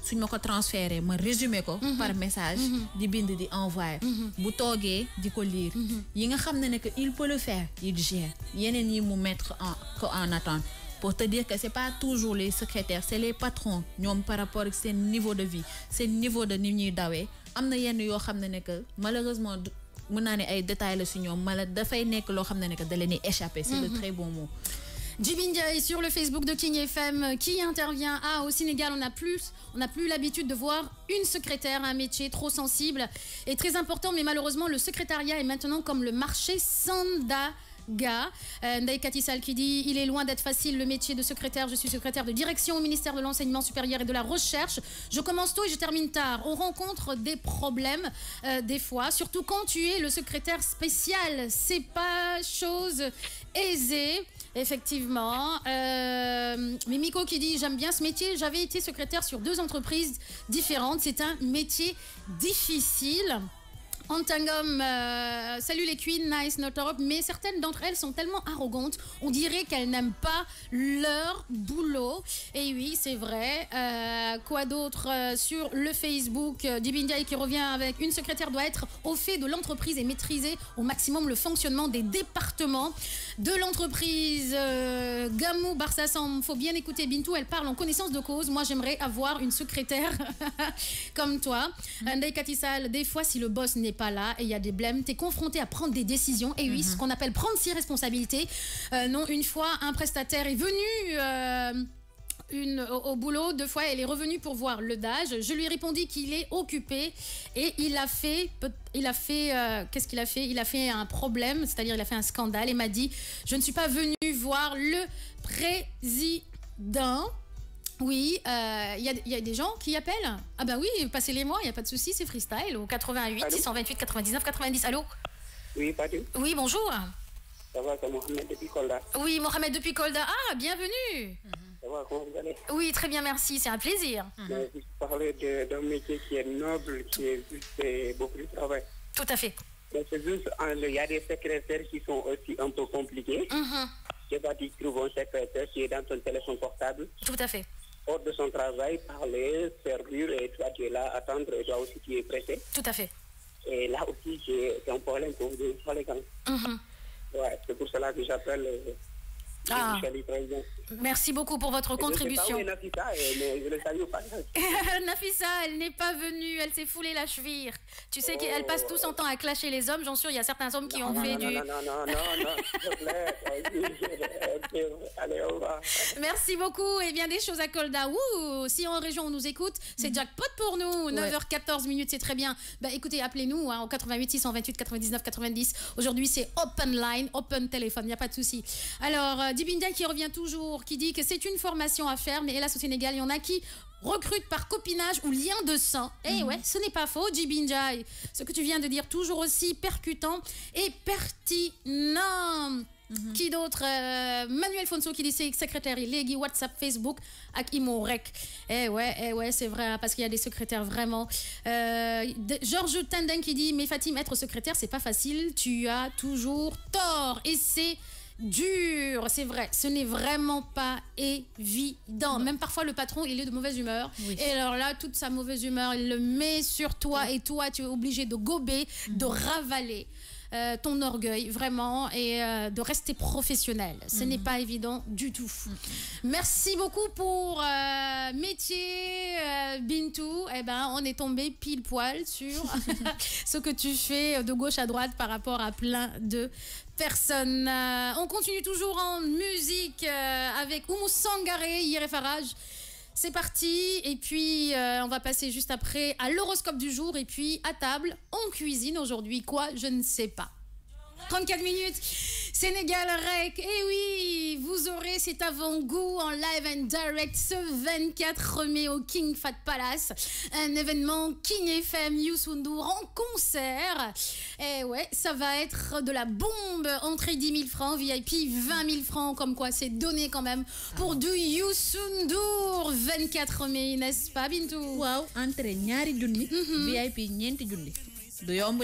suñ mako ko transféré ma résumé ko mhm. par message mhm. di bind di envoyer mhm. bu togué di ko lire yi nga xamné que il peut le faire il gère yenen yi mu mettre en ko en attente pour te dire que c'est pas toujours les secrétaires c'est les patrons ñom par rapport à ces niveau de vie ces niveau de vie. ñuy dawee am yenn yo xamné que malheureusement mën naa ne ay détails la si mala da fay nek lo ne ne que da c'est le très bon mot Jibinga est sur le Facebook de King FM euh, qui intervient. Ah, au Sénégal, on n'a plus, on plus l'habitude de voir une secrétaire, un métier trop sensible et très important, mais malheureusement, le secrétariat est maintenant comme le marché Sanda. Ga. Euh, qui dit Il est loin d'être facile le métier de secrétaire. Je suis secrétaire de direction au ministère de l'Enseignement supérieur et de la Recherche. Je commence tôt et je termine tard. On rencontre des problèmes euh, des fois, surtout quand tu es le secrétaire spécial. C'est pas chose aisée. Effectivement. Euh, mais Miko qui dit J'aime bien ce métier. J'avais été secrétaire sur deux entreprises différentes. C'est un métier difficile. Antangum, euh, salut les queens, nice, not Europe, mais certaines d'entre elles sont tellement arrogantes, on dirait qu'elles n'aiment pas leur boulot. Et oui, c'est vrai. Euh, quoi d'autre euh, sur le Facebook Dibindiaï qui revient avec une secrétaire doit être au fait de l'entreprise et maîtriser au maximum le fonctionnement des départements de l'entreprise. Gamou Barsassam, faut bien écouter Bintou, elle parle en connaissance de cause. Moi, j'aimerais avoir une secrétaire comme toi. Mm. Ndai Katissal, des fois, si le boss n'est pas là et il y a des blèmes. Tu es confronté à prendre des décisions. Et oui, ce mhm. qu'on appelle prendre ses responsabilités. Euh, non, une fois, un prestataire est venu. Euh, une, au, boulot, deux fois, elle est revenue pour voir le DAGE. Je lui ai répondu qu'il est occupé et il a fait, il a fait, euh, qu'est-ce qu'il a fait Il a fait un problème, c'est-à-dire il a fait un scandale et m'a dit, je ne suis pas venu voir le président. Oui, euh, il y, a des gens qui appellent. Ah ben oui, passez-les-moi, il n'y a pas de souci, c'est freestyle. Au 88 628 99 90. Allô Oui, pas pardon. Oui, bonjour. Ça va, c'est Mohamed depuis Kolda. Oui, Mohamed depuis Kolda. Ah, bienvenue. Ça va, comment vous allez Oui, très bien, merci, c'est un plaisir. Je parler d'un métier qui est noble, qui est juste beaucoup de travail. Tout à fait. C'est juste, il y a des secrétaires qui sont aussi un peu compliqués. Mm -hmm. Je vais un secrétaire qui est dans son téléphone portable. Tout à fait hors de son travail, parler, servir, et toi tu es là, attendre, et toi aussi tu es pressé. Tout à fait. Et là aussi, j'ai un problème pour vous devez ouais, c'est pour cela que j'appelle. Euh, ah. Merci beaucoup pour votre contribution. Euh, je Nafissa, elle n'est pas venue, elle s'est foulée la cheville. Tu sais qu'elle oh. passe tout son temps à clasher les hommes, j'en suis sûr, il y a certains hommes qui ont fait du... Non, non, non, non, non, euh, euh, Allez, au revoir. Merci beaucoup. Et eh bien des choses à colda Ouh, si en région on nous écoute, c'est mhm. jackpot pour nous. 9h14 minutes, c'est très bien. Bah, écoutez, appelez-nous hein, au 88 628 99 90. Aujourd'hui, c'est open line, open téléphone, il n'y a pas de souci. Alors, Dibinda qui revient toujours, qui dit que c'est une formation à faire, mais hélas au Sénégal, il y en a qui recrute par copinage ou lien de sang. Eh mm. ouais, ce n'est pas faux, Jibinjai. Ce que tu viens de dire, toujours aussi percutant et pertinent. Mm-hmm. Qui d'autre euh, Manuel Fonso qui dit c'est secrétaire illégal, WhatsApp, Facebook, avec Imorek. Eh ouais, eh ouais, c'est vrai, hein, parce qu'il y a des secrétaires vraiment. Euh, Georges qui dit Mais Fatim, être secrétaire, c'est pas facile, tu as toujours tort. Et c'est dur, c'est vrai. Ce n'est vraiment pas évident. Même parfois, le patron, il est de mauvaise humeur. Et alors là, toute sa mauvaise humeur, il le met sur toi et toi, tu es obligé de gober, mhm. de ravaler. Euh, ton orgueil vraiment et euh, de rester professionnel. Ce mhm. n'est pas évident du tout. Mhm. Merci beaucoup pour euh, métier Bintou. et eh ben, on est tombé pile poil sur ce que tu fais de gauche à droite par rapport à plein de personne. Euh, on continue toujours en musique euh, avec Oumou Sangaré, Yere C'est parti, et puis euh, on va passer juste après à l'horoscope du jour, et puis à table, on cuisine aujourd'hui quoi, je ne sais pas. 34 minutes. Sénégal REC. Et eh oui, vous aurez cet avant-goût en live and direct ce 24 mai au King Fat Palace. Un événement King FM Ndour en concert. Et eh ouais, ça va être de la bombe. Entrée 10 000 francs, VIP 20 000 francs. Comme quoi, c'est donné quand même pour du Ndour 24 mai, n'est-ce pas, Bintou? Wow, entrée, nyari 000 VIP, nyenti Du yomb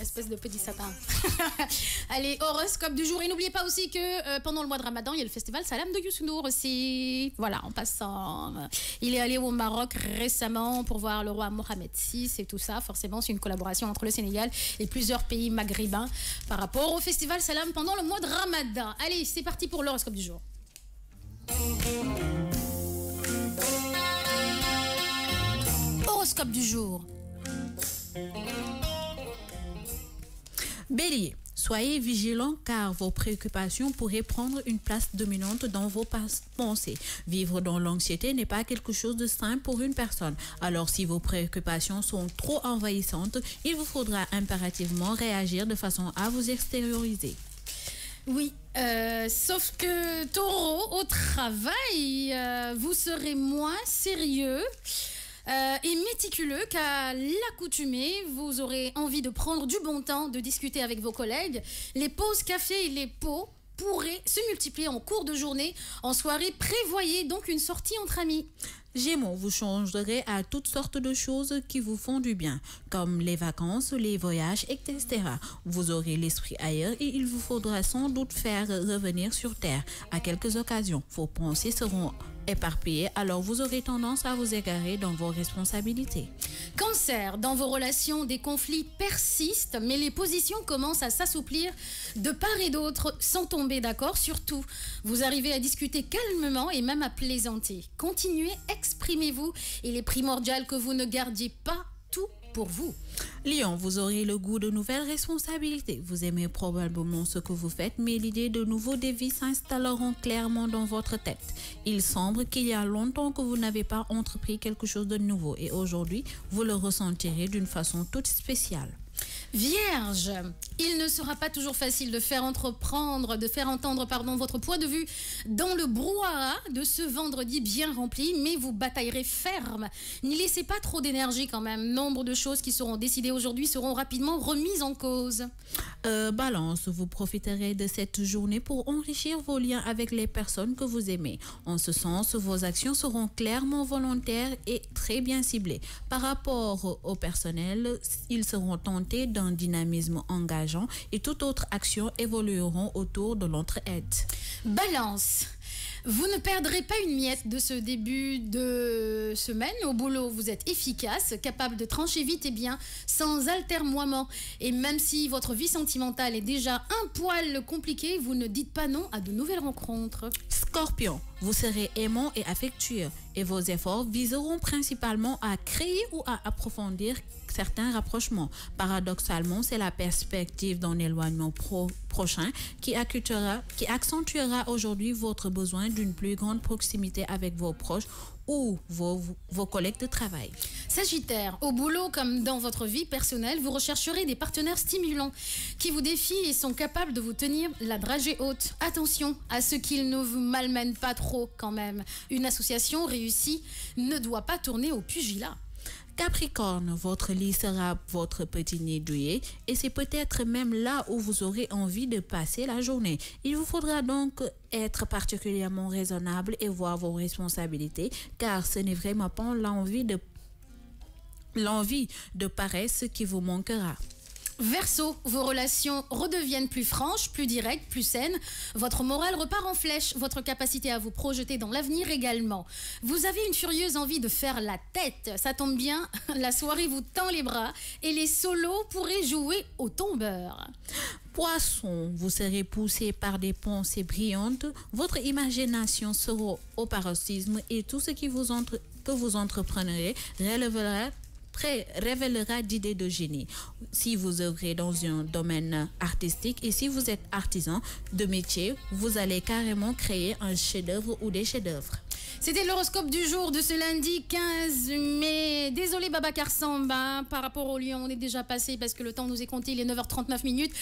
Espèce de petit sapin. Allez, horoscope du jour. Et n'oubliez pas aussi que euh, pendant le mois de Ramadan, il y a le festival Salam de Nour aussi. Voilà, en passant. Il est allé au Maroc récemment pour voir le roi Mohamed VI et tout ça. Forcément, c'est une collaboration entre le Sénégal et plusieurs pays maghrébins par rapport au festival Salam pendant le mois de Ramadan. Allez, c'est parti pour l'horoscope du jour. Horoscope du jour. Bélier. Soyez vigilant car vos préoccupations pourraient prendre une place dominante dans vos pensées. Vivre dans l'anxiété n'est pas quelque chose de simple pour une personne. Alors si vos préoccupations sont trop envahissantes, il vous faudra impérativement réagir de façon à vous extérioriser. Oui, euh, sauf que taureau, au travail, euh, vous serez moins sérieux. Euh, et méticuleux qu'à l'accoutumée, vous aurez envie de prendre du bon temps, de discuter avec vos collègues. Les pauses café et les pots pourraient se multiplier en cours de journée. En soirée, prévoyez donc une sortie entre amis. Gémeaux, vous changerez à toutes sortes de choses qui vous font du bien, comme les vacances, les voyages, etc. Vous aurez l'esprit ailleurs et il vous faudra sans doute faire revenir sur Terre à quelques occasions. Vos pensées seront alors vous aurez tendance à vous égarer dans vos responsabilités. Cancer, dans vos relations, des conflits persistent, mais les positions commencent à s'assouplir de part et d'autre sans tomber d'accord. Surtout, vous arrivez à discuter calmement et même à plaisanter. Continuez, exprimez-vous. Il est primordial que vous ne gardiez pas tout pour vous. Lion, vous aurez le goût de nouvelles responsabilités. Vous aimez probablement ce que vous faites, mais l'idée de nouveaux défis s'installeront clairement dans votre tête. Il semble qu'il y a longtemps que vous n'avez pas entrepris quelque chose de nouveau et aujourd'hui, vous le ressentirez d'une façon toute spéciale. Vierge, il ne sera pas toujours facile de faire entreprendre, de faire entendre pardon, votre point de vue dans le brouhaha de ce vendredi bien rempli, mais vous bataillerez ferme. N'y laissez pas trop d'énergie quand même. Nombre de choses qui seront décidées aujourd'hui seront rapidement remises en cause. Euh, balance, vous profiterez de cette journée pour enrichir vos liens avec les personnes que vous aimez. En ce sens, vos actions seront clairement volontaires et très bien ciblées. Par rapport au personnel, ils seront tentés de dynamisme engageant et toute autre action évolueront autour de l'entraide. Balance. Vous ne perdrez pas une miette de ce début de semaine. Au boulot, vous êtes efficace, capable de trancher vite et bien, sans altermoiement. Et même si votre vie sentimentale est déjà un poil compliquée, vous ne dites pas non à de nouvelles rencontres. Scorpion, vous serez aimant et affectueux et vos efforts viseront principalement à créer ou à approfondir certains rapprochements. Paradoxalement, c'est la perspective d'un éloignement prochain qui accentuera aujourd'hui votre besoin d'une plus grande proximité avec vos proches ou vos, collègues de travail. Sagittaire, au boulot comme dans votre vie personnelle, vous rechercherez des partenaires stimulants qui vous défient et sont capables de vous tenir la dragée haute. Attention à ce qu'ils ne vous malmènent pas trop quand même. Une association réussie ne doit pas tourner au pugilat. Capricorne, votre lit sera votre petit nid douillet et c'est peut-être même là où vous aurez envie de passer la journée. Il vous faudra donc être particulièrement raisonnable et voir vos responsabilités car ce n'est vraiment pas l'envie de l'envie de paresse qui vous manquera. Verso, vos relations redeviennent plus franches, plus directes, plus saines. Votre morale repart en flèche, votre capacité à vous projeter dans l'avenir également. Vous avez une furieuse envie de faire la tête. Ça tombe bien, la soirée vous tend les bras et les solos pourraient jouer au tombeur. Poisson, vous serez poussé par des pensées brillantes, votre imagination sera au paroxysme et tout ce que vous entreprendrez relèvera révélera d'idées de génie. Si vous œuvrez dans un domaine artistique et si vous êtes artisan de métier, vous allez carrément créer un chef-d'œuvre ou des chefs-d'œuvre. C'était l'horoscope du jour de ce lundi 15 mai. Désolé Baba Karsamba, par rapport au lion, on est déjà passé parce que le temps nous est compté, il est 9h39 minutes.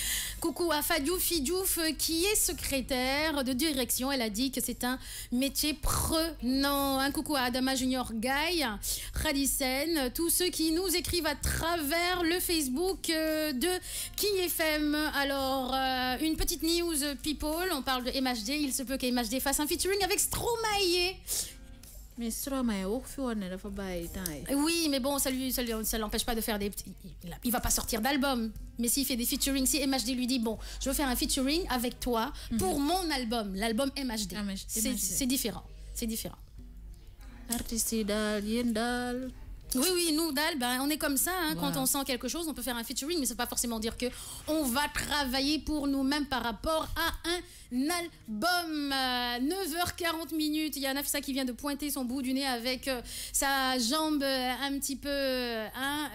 Coucou à Fadiou Fidjouf euh, qui est secrétaire de direction. Elle a dit que c'est un métier prenant. Un coucou à Adama Junior Gaï, Radisen, tous ceux qui nous écrivent à travers le Facebook euh, de KingFM. Alors, euh, une petite news, people. On parle de MHD. Il se peut qu'MHD fasse un featuring avec Stromae. Mais Oui, mais bon, ça ça, l'empêche pas de faire des. Il, va pas sortir d'album. Mais s'il fait des featuring, si MHD lui dit bon, je veux faire un featuring avec toi mhm. pour mon album, l'album MHD, ah, c'est différent, c'est différent. Artiste oui, oui, nous, Dal, ben, on est comme ça. Hein. Quand on sent quelque chose, on peut faire un featuring, mais ça ne veut pas forcément dire que on va travailler pour nous-mêmes par rapport à un album. 9h40 euh, minutes. Il y a Nafsa qui vient de pointer son bout du nez avec euh, sa jambe euh, un petit peu. Hein,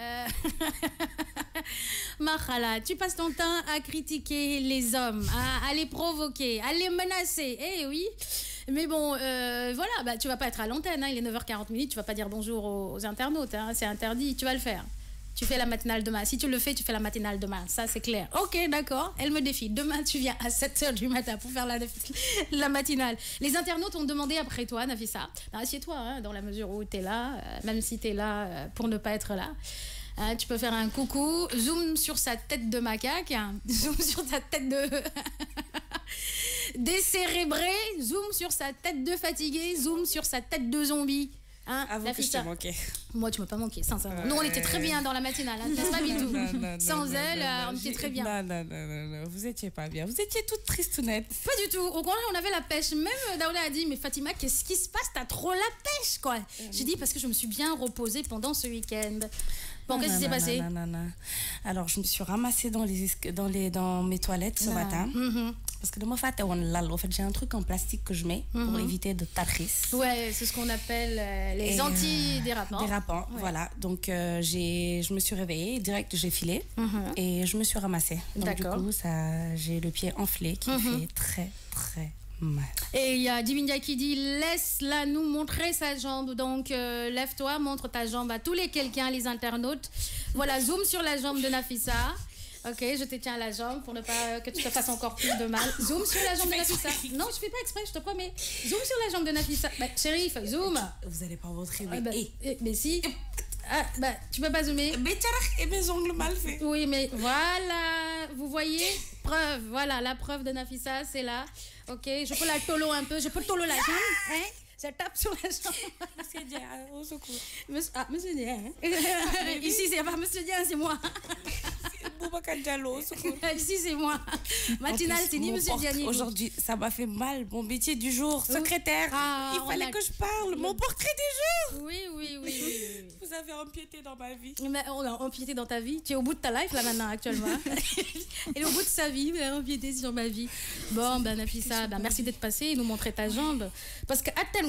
Mahala, tu passes ton temps à critiquer les hommes, à, à les provoquer, à les menacer. Eh oui! Mais bon, euh, voilà, bah, tu vas pas être à l'antenne. Hein. il est 9h40 minutes, tu vas pas dire bonjour aux, internautes. Hein. c'est interdit. Tu vas le faire. Tu fais la matinale demain. Si tu le fais, tu fais la matinale demain. Ça, c'est clair. Ok, d'accord. Elle me défie. Demain, tu viens à 7h du matin pour faire la, la matinale. Les internautes ont demandé après toi, Nafissa. ça. Bah, assieds-toi, hein, dans la mesure où tu es là, euh, même si tu es là euh, pour ne pas être là. tu peux faire un coucou. Zoom sur sa tête de macaque. Zoom sur ta tête de. décérébré, zoom sur sa tête de fatigué, zoom sur sa tête de zombie. Hein, Avant que je te Moi, tu m'as pas manqué, sincèrement. Nous, on était très bien dans la matinale. Sans elle, on était très bien. Non, non, non, vous étiez pas bien. Vous étiez toutes net. Pas du tout. Au contraire, on avait la pêche. Même euh, Daoula a dit Mais Fatima, qu'est-ce qui se passe T'as trop la pêche, quoi. Euh, j'ai dit Parce que je me suis bien reposée pendant ce week-end. Bon, qu'est-ce qui s'est passé Alors, je me suis ramassée dans, les, dans, les, dans mes toilettes ce ah. matin. Mm-hmm parce que de ma l'a en fait j'ai un truc en plastique que je mets pour mhm. éviter de taper. ouais c'est ce qu'on appelle euh, les euh, anti-dérapants. dérapants voilà donc euh, j'ai je me suis réveillée direct j'ai filé mhm. et je me suis ramassée D'accord. du coup ça j'ai le pied enflé qui mhm. fait très très mal et il y a Divindia qui dit laisse-la nous montrer sa jambe donc lève-toi montre ta jambe à tous les quelqu'un les internautes voilà zoom sur la jambe de Nafissa Ok, je te tiens à la jambe pour ne pas que tu te fasses encore plus de mal. Zoom sur la jambe de Nafissa. Non, je fais pas exprès, je te promets. Zoom sur la jambe de Nafissa. Bah, shérif, zoom. Vous allez pas rentrer, oui. Ah, bah, eh. eh, mais si. Ah, bah, tu peux pas zoomer. Mais et mes ongles mal faits. Oui, mais voilà, vous voyez, preuve, voilà, la preuve de Nafissa, c'est là. Ok, je peux la tolo un peu, je peux tolo la jambe. Hein ça tape sur la chambre. Monsieur Dien, euh, au secours. ah, monsieur Dien. Hein? Ici, c'est pas Monsieur Dien, c'est moi. Boubacar Diallo, au secours. Ici, c'est moi. Matinale, c'est ni Monsieur Diani. Aujourd'hui, ça m'a fait mal. Mon métier du jour, oh. secrétaire. Ah, il fallait que je parle. Mon portrait du jour. Oui, oui, oui. Vous avez empiété dans ma vie. Mais on a empiété dans ta vie. Tu es au bout de ta life, là, maintenant, actuellement. Et au bout de sa vie, mais elle empiété sur ma vie. Bon, ben, Nafissa, ben, merci d'être passé. et nous montrer ta jambe. Parce que... tel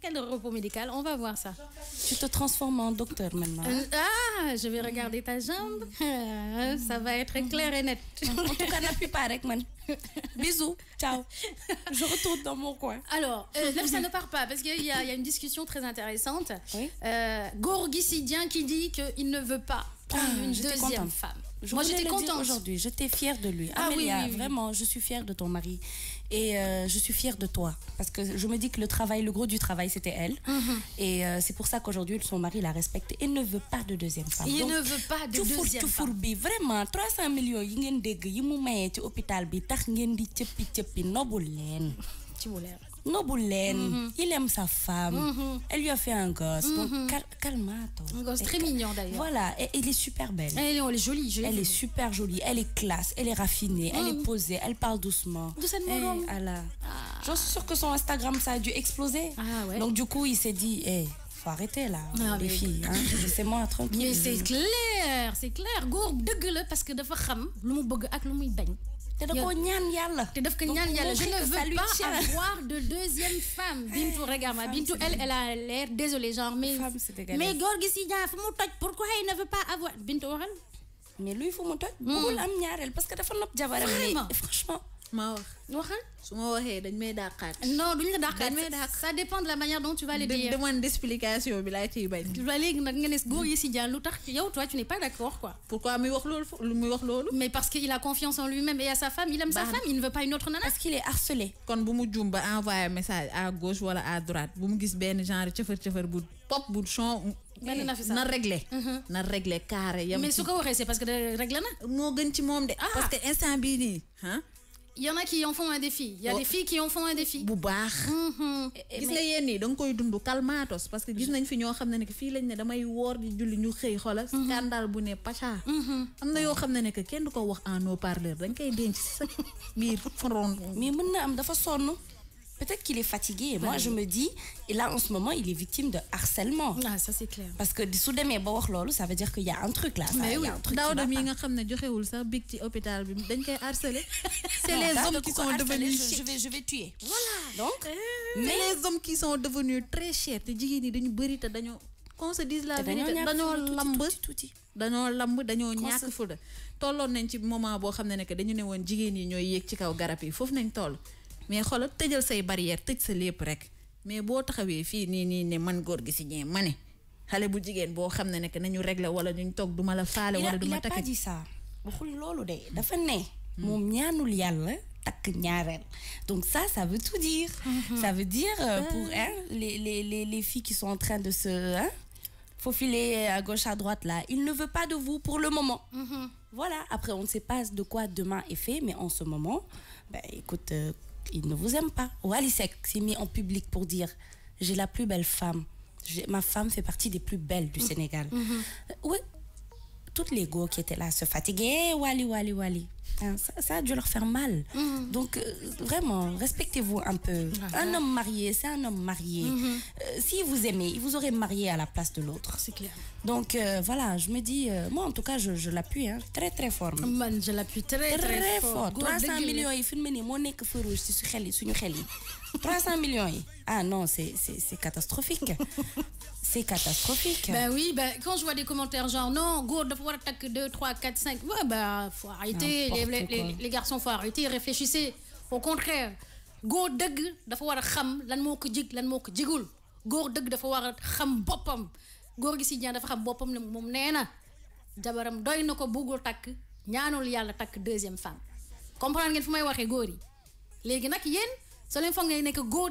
Quel repos médical, on va voir ça. Tu te transformes en docteur maintenant. Euh, ah, je vais regarder ta jambe. ça va être clair et net. en tout cas, n'appuie pas avec moi. Bisous, ciao. Je retourne dans mon coin. Alors, même euh, ça ne part pas parce qu'il y, y, a une discussion très intéressante. Oui. Euh, qui dit qu'il ne veut pas ah, prendre une deuxième femme. Moi, j'étais contente. Aujourd'hui, j'étais fière de lui. Ah oui, vraiment, je suis fière de ton mari. Et euh, je suis fière de toi. Parce que je me dis que le travail, le gros du travail, c'était elle. Mhm. Et euh, c'est pour ça qu'aujourd'hui, son mari la respecte et ne veut pas de deuxième femme. Il ne veut pas de deuxième femme. Tu Fourbi, vraiment, 300 millions, y ngeen dégg, yi mu maye ci hôpital bi, tax ngeen di Ci Noboulène, mhm. il aime sa femme, mhm. elle lui a fait un gosse. Donc, mhm. calme-toi. Un gosse très mignon d'ailleurs. Voilà, et, elle est super belle. Elle est, jolie, jolie, Elle est super jolie, elle est classe, elle est raffinée, elle est posée, elle parle doucement. Doucement, eh, la... Ah. J'en suis sûre que son Instagram, ça a dû exploser. Ah, Donc, du coup, il s'est dit, il eh, faut arrêter là, ah, les filles. Hein. Laissez-moi tranquille. Mais c'est clair, c'est clair. Gourde, dégueule, parce que de fois, le mot bogue, le mot te da ñaan te daf ko ñaan yalla je ne veux pas avoir de deuxième femme. Bintou regarde ma Bintou elle elle a l'air désolée genre mais. mais Gor, gi si ñaar fu toj pourquoi elle ne veut pas avoir Bintou waxal. mais lui, fu mu toj. Hmm. bëggul am ñaareel parce que dafa nopp jabaram. franchement ma wax. waxal su ma waxee dañ may dàqaat. non duñ la dàqaat dañ may dàq ça dépend de la manière dont tu vas le dire. de demande d'explication bi laa ciy bañ. ba léegi nag nga ne góor yi si jàll lu tax yow toi tu n'es pas d'accord quoi. pourquoi muy wax loolu lu muy wax loolu. mais parce que il a confiance en lui-même et à sa femme il aime sa femme il ne veut pas une autre nana. parce qu'il est harcelé. kon bu mu juum ba message à gauche wala à droite bu mu gis benn genre cëfër cëfër bu pop bu son. na réglé mhm. na réglé carré. yam mais su ko waxee c'est parce que réglé na. moo gën ci moom de. Ah. parce que instant bii nii ah il y en a qui en font un défi il y a oh. des filles qui en font un défi Boubar. baax mm-hmm. eh, eh, parce que gis mm-hmm. nañ fi scandale bu pacha Nous mm-hmm. nous en mais nous Peut-être qu'il est fatigué. Et moi, je me dis, et là, en ce moment, il est victime de harcèlement. Ah, ça, c'est clair. Parce que soudain, mais bon, ça veut dire qu'il y a un truc là. mais oui, Daouda, mi nga xamné joxéwul sa big ci hôpital bi dañ harcelé. C'est les hommes qui sont devenus je, vais je vais tuer. Voilà. Donc, eh mais les hommes qui sont devenus très chers, té jigéen ñi dañu bari qu'on se dise la vérité dañoo lamb dañoo lamb dañoo ñàkk fuda tolloon nañ ci moment boo xam ne ne dañu ne woon jigéen yi ñooy yéeg ci kaw garab yi foofu nañ toll mais tejeul say barrière sa rek mais donc ça ça veut tout dire hmm. ça veut dire euh, pour hein, les filles qui sont en train de se hein, faufiler à gauche à droite là il ne veut pas de vous pour le moment hmm. voilà après on ne sait pas de quoi demain est fait mais en ce moment ben, écoute euh, il ne vous aime pas. Walisek s'est mis en public pour dire J'ai la plus belle femme. Ma femme fait partie des plus belles du mm. Sénégal. Mm-hmm. Oui, toutes les qui étaient là se fatiguaient. Wali, wali, wali. Ça, ça, a dû leur faire mal. Mhm. Donc, euh, vraiment, respectez-vous un peu. Ah, un homme marié, c'est un homme marié. S'il mhm. euh, si vous aimez, il vous aurait marié à la place de l'autre. C'est clair. Donc, euh, voilà, je me dis, moi en tout cas, je, l'appuie hein. très très fort. Man, je l'appuie très très, fort. il 300 millions ah non c'est catastrophique c'est catastrophique ben oui ben quand je vois des commentaires genre non Gourde, dafa war a 2 3 4 5 ouais ben faut arrêter les, les, les garçons faut arrêter réfléchissez au contraire góor de dafa war a xam lan moo ko jig lan moo ko jigul góor dëgg dafa wara xam bopam góor gi si ñaan dafa xam bopam ne mom nee jabaram doy ko buggul ñaanul yalla tak deuxième femme comprendre ngeen fumay waxe waxee yi léegi nak yeen c'est n'est que go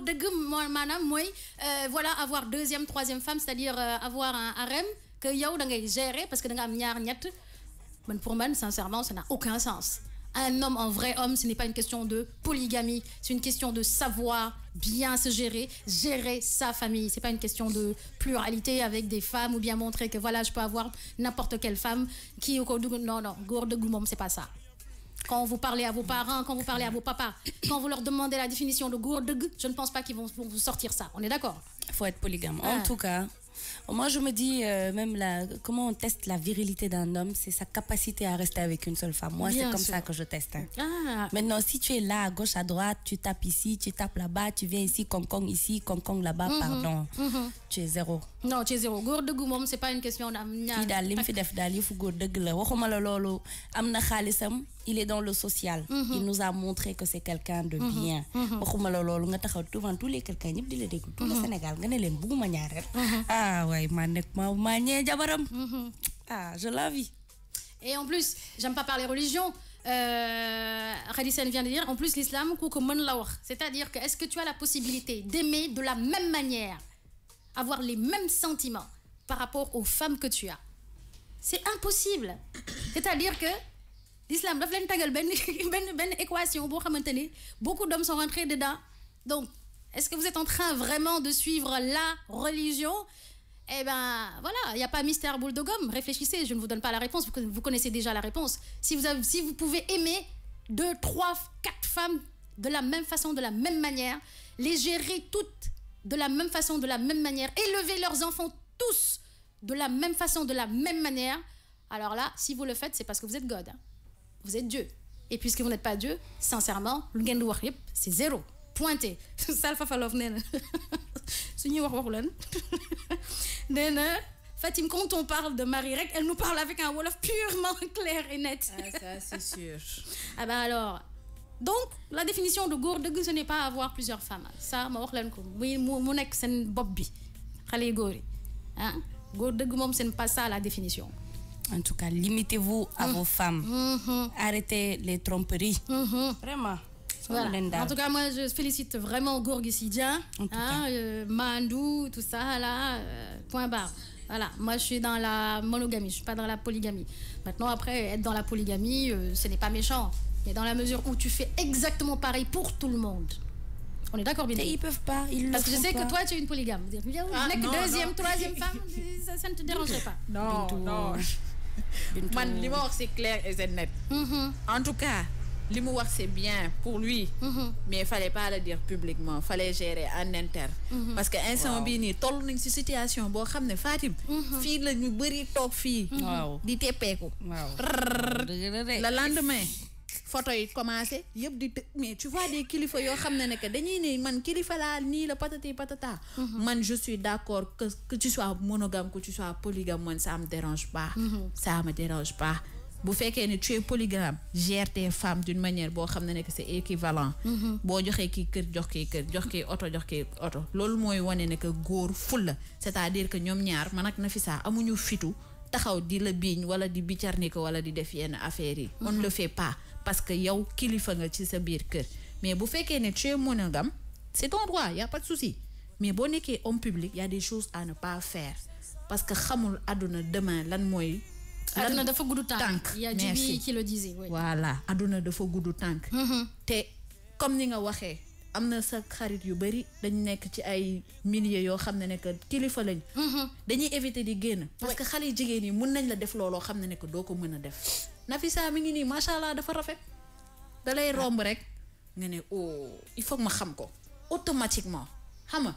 voilà avoir deuxième troisième femme c'est-à-dire euh, avoir un harem que yow da gérer parce que da nga am pour moi, sincèrement ça n'a aucun sens un homme, un vrai homme, ce n'est pas une question de polygamie, c'est une question de savoir bien se gérer, gérer sa famille. C'est pas une question de pluralité avec des femmes ou bien montrer que voilà, je peux avoir n'importe quelle femme qui Non, non, gourde goumom, c'est pas ça. Quand vous parlez à vos parents, quand vous parlez à vos papas, quand vous leur demandez la définition de gourde, je ne pense pas qu'ils vont vous sortir ça. On est d'accord Il faut être polygame. En ah. tout cas, moi, je me dis, euh, même la, comment on teste la virilité d'un homme, c'est sa capacité à rester avec une seule femme. Moi, c'est comme ça que je teste. Hein. Ah. Maintenant, si tu es là, à gauche, à droite, tu tapes ici, tu tapes là-bas, tu viens ici, Kong Kong ici, Kong Kong là-bas, mm-hmm. pardon, mm-hmm. tu es zéro non ci zéro góor dëgg mom c'est pas une question am ñaar daal li mu fi def dal yëfu góor deug la waxuma la loolu amna khalisam il est dans le social mhm. il nous a montré que c'est quelqu'un de mhm. bien mhm. waxuma la loolu nga taxaw devant tous les quelqu'un ñëpp di la déglu tout le Sénégal nga ne buguma bugguma ñaareel ah way maa nekk maa maa ñee jabaram ah je la vie et en plus j'aime pas parler religion Radisson euh, vient de dire en plus l'islam ku ko mën la wax c'est-à-dire que est-ce que tu as la possibilité d'aimer de la même manière avoir les mêmes sentiments par rapport aux femmes que tu as c'est impossible c'est-à-dire que l'islam daf équation beaucoup d'hommes sont rentrés dedans donc est-ce que vous êtes en train vraiment de suivre la religion eh ben voilà, il n'y a pas mystère boule de gomme. Réfléchissez, je ne vous donne pas la réponse, que vous connaissez déjà la réponse. Si vous, avez, si vous pouvez aimer deux, trois, quatre femmes de la même façon, de la même manière, les gérer toutes de la même façon, de la même manière, élever leurs enfants tous de la même façon, de la même manière, alors là, si vous le faites, c'est parce que vous êtes God. Hein. Vous êtes Dieu. Et puisque vous n'êtes pas Dieu, sincèrement, c'est zéro. Pointé. Fatim, quand on parle de Marie Rec, elle nous parle avec un Wolof purement clair et net. Ah, ça, c'est sûr. ah ben alors, donc la définition de gourdegu, ce n'est pas avoir plusieurs femmes ça ma wax leen ko muy mu mu nekk seen bi Gourdegu, ah. pas ça la définition. en tout cas limitez-vous à mm. vos femmes. Mm-hmm. arrêtez les tromperies. Mm-hmm. vraiment. en tout cas moi je félicite vraiment góor gi hein, euh, Mandou tout ça là euh, point barre. Voilà, moi je suis dans la monogamie, je suis pas dans la polygamie. Maintenant après être dans la polygamie, euh, ce n'est pas méchant. Mais dans la mesure où tu fais exactement pareil pour tout le monde. On est d'accord, Bindi Ils peuvent pas. Parce que je sais que toi, tu es une polygame. Dire, ah, non, deuxième, troisième femme, ça, ne te dérangerait pas. Non, non. Bintou. c'est clair et c'est net. Mm-hmm. En tout cas, l'humour, c'est bien pour lui. Mm-hmm. Mais il ne fallait pas le dire publiquement. Il fallait gérer en interne. Mm-hmm. Parce que un wow. bini, dans une situation. Bon, comme Fatim, fille, le nubri, top fille. Wow. Dit wow. Le lendemain photo yi commencé yep, di mais tu vois des kilifa yoo xam ne que dañuy ne man kilifa laa nii la patati patata. Mm-hmm. man je suis d'accord que que tu sois monogame que tu sois polygame man ça me dérange pas. Mm-hmm. ça me dérange pas. bu fekkee ne tu es polygame gère tes femmes d'une manière bo xam ne c'est c' équivalent mm-hmm. Bo joxé ki kër jox kii kër jox kii oto jox kii oto loolu mooy wane ne que góor fulla à dire que ñom ñaar man ak ça amuñu fitu taxaw di la biñ wala di bicarniko wala di def yenn affaire yi on ne le fait pas parce que yow kilifa nga ci sa biir birker mais bu fekkee ne tu es c'est ton droit y a pas de souci mais nekkee homme public y a des choses à ne pas faire parce que xamul demain y a qui le disait voilà aduna dafa gudd mm-hmm. te comme ni nga waxee. am sa xarit yu dañ ci ay éviter parce que la Nafisa mi ngi nii macha allah dafa rafet dalay romb rek nga ne oh il faut ma xam ko automatiquement xam nga.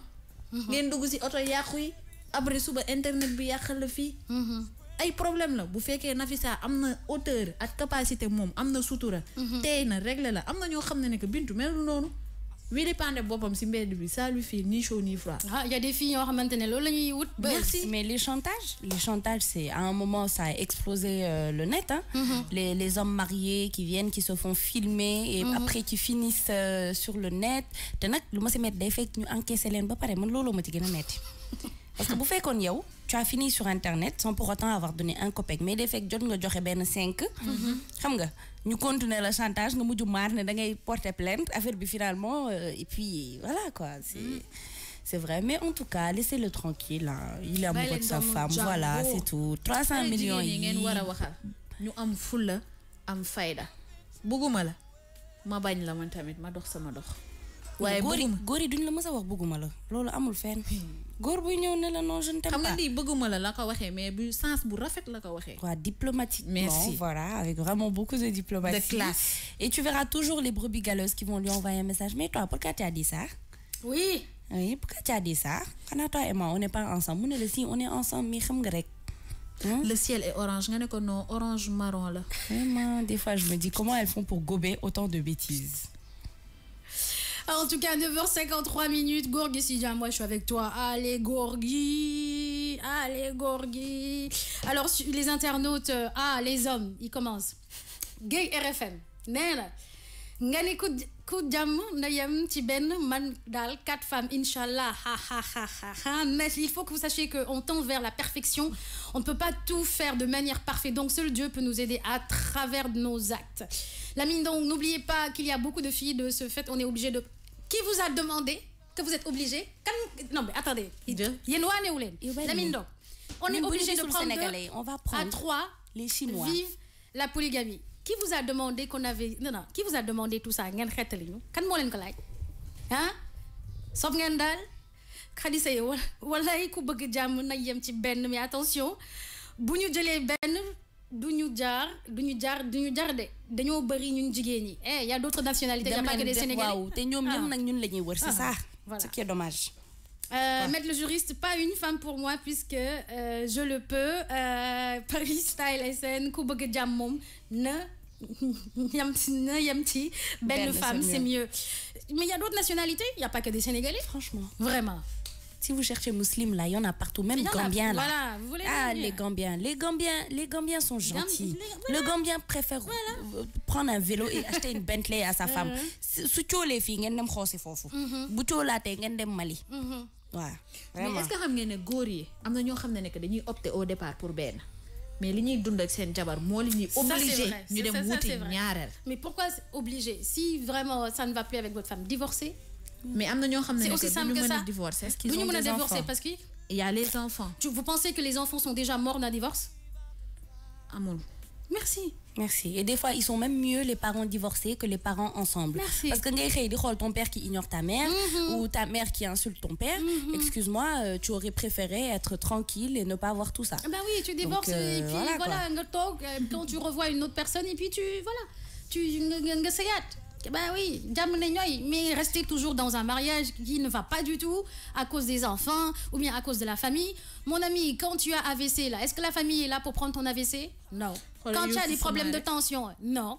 Mhm. ngeen dugg si oto yàqu yi après suba internet bi yàqal la fii. Mhm. ay problème la bu fekkee Nafisa am na hauteur ak capacité moom am na sutura. Mhm. tey na réglé la am na ñoo xam ne ne que Bintu melul noonu. oui de pande comme si mais bi ça lui fait ni chaud ni froid. ah y a des filles qui ont maintenu loolu merci mais les chantages. les chantages c'est à un moment ça a explosé euh, le net hein. Mm-hmm. les les hommes mariés qui viennent qui se font filmer. et mm-hmm. après qui finissent euh, sur le net te nag lu mettre des d'effet day ñu encaisser leen ba pare man looloo ma ci parce que vous parce que bu a yow tu as fini sur internet sans pour autant avoir donné un copec mais d'effet fekk jot nga joxe 5. cinq. Mm-hmm. xam nga nous continuons le chantage nous nous maar nous da ngay porter plainte affaire bi finalement euh, et puis voilà quoi c'est mm. C'est vrai, mais en tout cas, laissez-le tranquille. Hein. Il est amoureux de sa femme, voilà, c'est tout. 300 millions nous sommes am nous am fayda. bëgguma la ma bañ la man tamit ma dox sama dox. waaye góor duñ la mës wax la buy la non je ne t'aime pas. xam nga bëgguma la la ko mais bu sens bu rafet la ko waxee. diplomatiquement. voilà avec vraiment beaucoup de diplomatie. de classe et tu verras toujours les brebis galeuses qui vont lui envoyer un message mais toi pourquoi tu as dit ça. oui. oui pourquoi tu as dit ça. Quand toi et moi on n'est pas ensemble on est on est ensemble mais xam nga rek. Hmm? Le ciel est orange. Non, orange marron là. Vraiment, des fois je me dis comment elles font pour gober autant de bêtises. En tout cas, 9h53 minutes. Gorgi, si moi je suis avec toi. Allez, Gorgi Allez, Gorgi Alors, les internautes, euh, ah, les hommes, ils commencent. Gay RFM. Nela. Ngani jam na ben quatre femmes inshallah ha mais il faut que vous sachiez que on tend vers la perfection on ne peut pas tout faire de manière parfaite donc seul Dieu peut nous aider à travers nos actes la mine donc n'oubliez pas qu'il y a beaucoup de filles de ce fait on est obligé de qui vous a demandé que vous êtes obligé Non, mais attendez. On est obligé de prendre Sénégalais. On va prendre trois les Chinois. Vive la polygamie. Qui vous a demandé qu'on avait. Non, non. Qui vous a demandé tout ça Hein mais attention il eh, y a d'autres nationalités il n'y a pas que des Sénégalais ah. c'est ah, ça ce qui est dommage. Euh, Maître le juriste, pas une femme pour moi puisque euh, je le peux. Euh, Paris Style SN, Koubouke Djamom, ne Yamti, belle femme, c'est mieux. Mais il y a d'autres nationalités, il n'y a pas que des Sénégalais. Franchement. Vraiment. Si vous cherchez musulman, là, il y en a partout, même Gambien. Là. ah, les Gambiens. Les Gambiens, les Gambiens sont gentils. Voilà. Le Gambien préfère euh, prendre un vélo et acheter une Bentley à sa euh. femme. Si les filles, vous avez des choses. Si tu mhm. as Mali. Ouais, mhm. vraiment. Mais est-ce que vous savez que les Gori, que dañuy opter au départ pour Ben mais li ñuy dund ak sen jabar mo li ñuy obligé ñu dem wouti ñaarel mais pourquoi obligé si vraiment ça ne va plus avec votre femme divorcer mais c'est aussi simple que ça est parce que il y a les enfants tu vous pensez que les enfants sont déjà morts d'un divorce merci Merci. Et des fois, ils sont même mieux les parents divorcés que les parents ensemble. Parce que ngay ton père qui ignore ta mère mm-hmm. ou ta mère qui insulte ton père, mm-hmm. excuse-moi, euh, tu aurais préféré être tranquille et ne pas avoir tout ça. Ben oui, tu divorces euh, et puis voilà, voilà euh, quand tu revois une autre personne et puis tu voilà, tu eh ben oui, mais rester toujours dans un mariage qui ne va pas du tout à cause des enfants ou bien à cause de la famille. Mon ami, quand tu as AVC, là, est-ce que la famille est là pour prendre ton AVC Non. Quand tu as des problèmes de tension Non.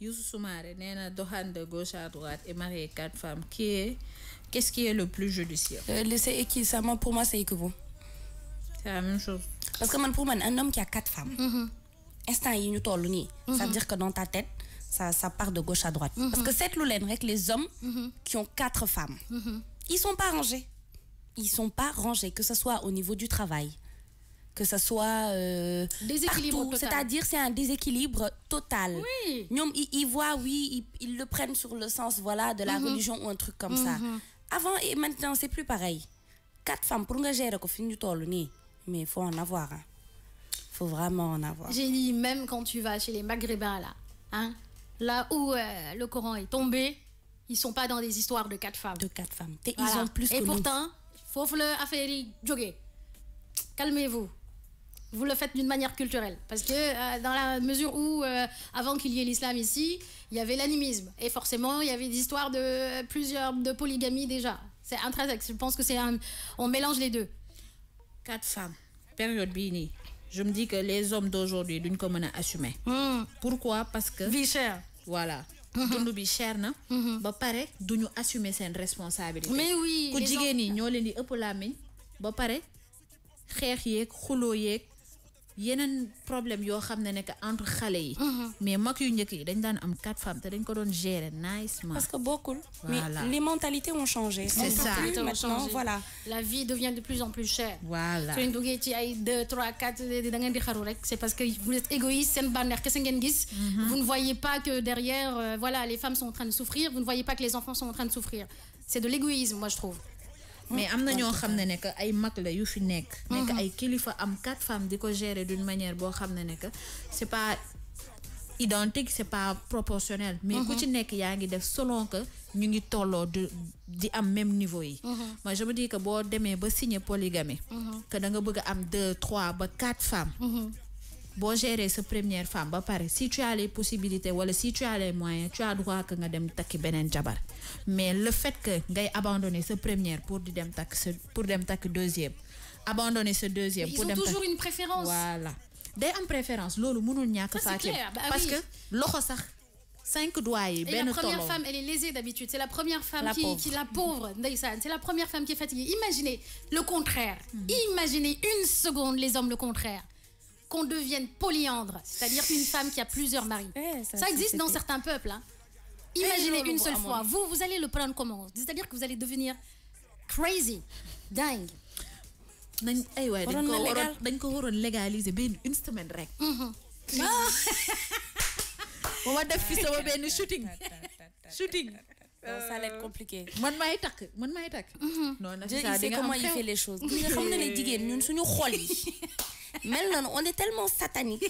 gauche à droite et quatre femmes. Qui est, qu'est-ce qui est le plus judicieux euh, Laissez Pour moi, c'est que vous C'est la même chose. Parce que pour moi, un homme qui a quatre femmes, mhm. ça veut mhm. dire que dans ta tête, ça, part de gauche à droite. Mhm. Parce que cette loulaine, avec les hommes mhm. qui ont quatre femmes, ils mhm. ne ils sont pas rangés. Ils sont pas rangés, que ce soit au niveau du travail, que ce soit euh, partout. C'est-à-dire, c'est un déséquilibre total. Oui. Ils, voient, oui, ils, le prennent sur le sens voilà, de la religion ou un truc comme ça. Avant et maintenant, c'est plus pareil. Quatre femmes, pour du gérer, mais il faut en avoir. Il hein. faut vraiment en avoir. J'ai dit, même quand tu vas chez les Maghrébins, là, hein, là où euh, le Coran est tombé, ils sont pas dans des histoires de quatre femmes. De quatre femmes. Et ils ont plus Et pourtant, faut le affaire Calmez-vous. Vous le faites d'une manière culturelle. Parce que euh, dans la mesure où, euh, avant qu'il y ait l'islam ici, il y avait l'animisme. Et forcément, il y avait des histoires de plusieurs, de polygamie déjà. C'est intrinsèque. Je pense que c'est un. On mélange les deux. Quatre femmes. Période Bini je me dis que les hommes d'aujourd'hui d'une ko a assumer. Hmm. pourquoi parce que. vie chère. voilà. Hmm. Nous bi cher na. Hmm. ba pareil. assumer responsabilité. mais oui Les jigéen ñi ñoo nous di ba yeneen problème yoo xam ne nekk entre xale yi. Mhm. mais mag yu njëkk yi dañ daan am quatre femmes te dañ ko doon gérer nicement. parce que bokkul. voilà mais les mentalités ont changé. c'est ça changé voilà. la vie devient de plus en plus chère. voilà soo duggee ci ay deux trois quatre da ngeen di xaru rek c'est parce que vous êtes égoïste seen bànneex kese ngeen gis. Mhm. vous ne voyez pas que derrière euh, voilà les femmes sont en train de souffrir vous ne voyez pas que les enfants sont en train de souffrir c'est de l'égoïsme moi je trouve mais am na ñoo xam ne ne ay mag la yu fi nekk. nekk mhm. ay kilifa am quatre femmes di ko gérer d'une manière boo xam ne c'est pas identique c'est pas proportionnel. mais ku mhm. ci nekk yaa ngi def selon que ñu ngi tolloo du di am même niveau yi. Mhm. moi je me dis que boo demee ba signer polygamie. que da nga bëgg am deux trois ba quatre femmes bon gérer ce première femme si tu as les possibilités wala si tu as les moyens tu as droit que nga dem takki benen mais le fait que ngay abandonner ce première pour di dem pour dem deuxième abandonner ce deuxième. pour ils ont toujours une préférence. voilà des une préférence mënul clair bah parce que loxo sax. cinq doigts et, la première femme elle est lésée d'habitude c'est la première femme qui, la pauvre c'est la première femme qui est fatiguée imaginez le contraire mm-hmm. imaginez une seconde les hommes le contraire qu'on devienne polyandre, c'est-à-dire une femme qui a plusieurs maris. ça, existe dans certains peuples. Imaginez une seule fois. Vous, vous allez le prendre comment C'est-à-dire que vous allez devenir crazy, dingue ouais. on shooting shooting ça allait être euh. compliqué. man maay takk man maay mhm. non Je ça comment il fait les choses. Nous ne xam pas ne jigéen nous sommes xol Mais on est tellement satanique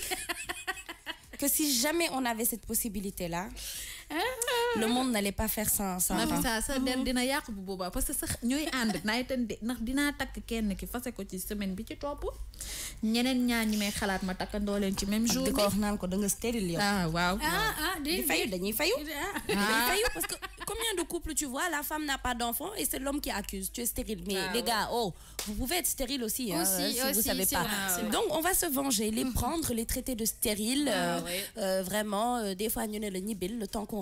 que si jamais on avait cette possibilité là le monde n'allait pas faire ça ça ça ça. sa mhm. der dina yàqu bu parce que sax ñooy and naay tan de ndax dina tak kenn ki fassé ko ci semaine bi ci top ñeneen ñaar ñi may xalaat ma takkandoo leen ci même jour diko wax naan ko da nga stérile ah, waaw ah ah, ah di fayu dañuy fayu ah. dañuy fayu parce que combien de couples tu vois la femme n'a pas d'enfant et c'est l'homme qui accuse tu es stérile mais les gars oh vous pouvez être stérile aussi, hein, si aussi, vous savez pas donc on va se venger les mhm. prendre les traiter de stériles euh, euh, vraiment euh, des fois ñu a la ñibbil le temps qu'on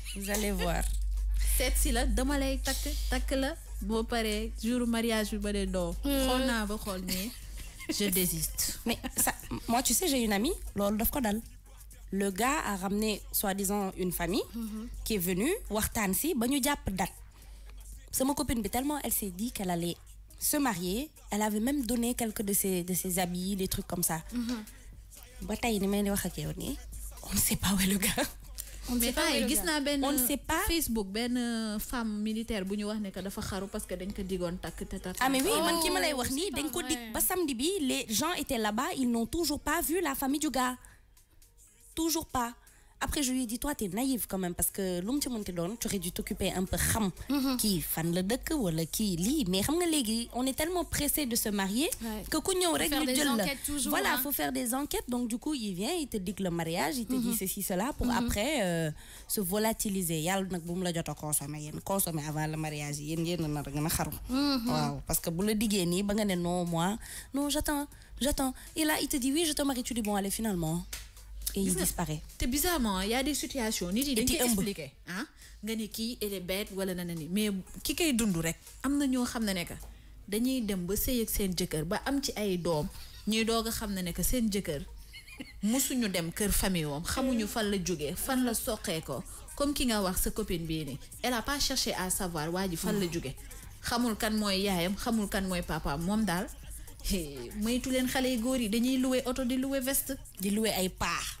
vous allez voir. C'est si dama lay tac takk la boo jour mariage vous ba dee on hmm. a ba je désiste. mais ça moi tu sais j'ai une amie Lord daf ko le gars a ramené soi-disant une famille. Mm-hmm. qui est venue waxtaan si ba ñu jàpp copine mais tellement elle s'est dit qu'elle allait se marier elle avait même donné quelques de ses de ses habits des trucs comme ça. Mm-hmm. ba on ne sait pas où est le gars on ne sait pas on ne sait pas Facebook une euh, femme militaire bu ñu wax ne que dafa xaru parce que dañ ko digon tak ah mais oui man ki ma lay wax oh, ni dañ ko dig ba samedi bi les gens étaient là-bas ils n'ont toujours pas vu la famille du gars toujours pas après je lui ai dit toi tu es naïve quand même parce que l'homme qui te donne, tu aurais dû t'occuper un peu qui mhm. est fan la ou wala qui lit. mais xam nga on est tellement pressé de se marier que quand on rek ñu jël la voilà hein. faut faire des enquêtes donc du coup il vient il te dit que le mariage il te mhm. dit ceci cela pour mhm. après euh, se volatiliser y a le la a consommer yéen consommer avant le mariage y a xaru parce que bu la dites ni non moi non j'attends j'attends et là il te dit oui je te marie tu dis bon allez finalement et il te bizarrement y a des situations nit yi dañ koy expliqué nga ni kii elle est bête wala na na ni mais ki kay dund rek am na ñoo xam ne ne que dañuy dem ba sëy ak seen jëkkër ba am ci ay doom ñuy doog a xam ne ne que seen jëkkër mosuñu dem kër famille woom xamuñu fan la jógee fan la soqee ko comme ki nga wax sa copine bii nii elle pas cherché à savoir waa ji fan la mm. jóge xamul kan mooy yaayam xamul kan mooy papaam moom daal moytu xale yu góor yi dañuy loué oto di loué veste di loué ay paax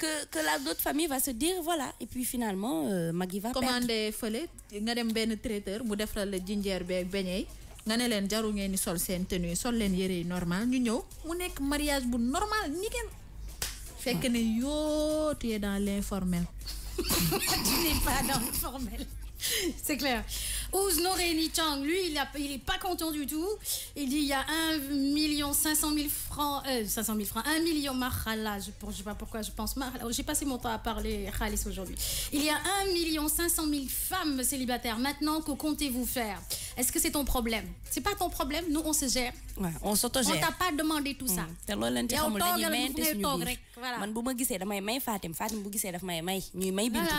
que que la d'autres famille va se dire voilà et puis finalement euh, Magui va commander fële nga dem benn traiteur mu def la ginger be ak beñe yi nga ne leen jaru ngeen ni sol sen tenue sol len yere normal ñu ñew mu nek mariage bu normal ken fekk ne yoo tu es dans l'informel tu n'es pas dans l'informel C'est clair. Ouz Noreni Chang, lui, il n'est pas content du tout. Il dit il y a 1 500 000 francs, euh, 500 000 francs, 1 million marhala, je ne sais pas pourquoi je pense marhala. J'ai passé mon temps à parler khalis aujourd'hui. Il y a 1 million 500 000 femmes célibataires. Maintenant, que comptez-vous faire Est-ce que c'est ton problème C'est pas ton problème, nous on se gère. Ouais, on s'autogère. On t'a pas demandé tout ça. Mm. te loolu lañ ci xamul dañuy mayante suñu biir man bu ma damay may Fatim Fatim bu gisee daf may may ñuy may bintu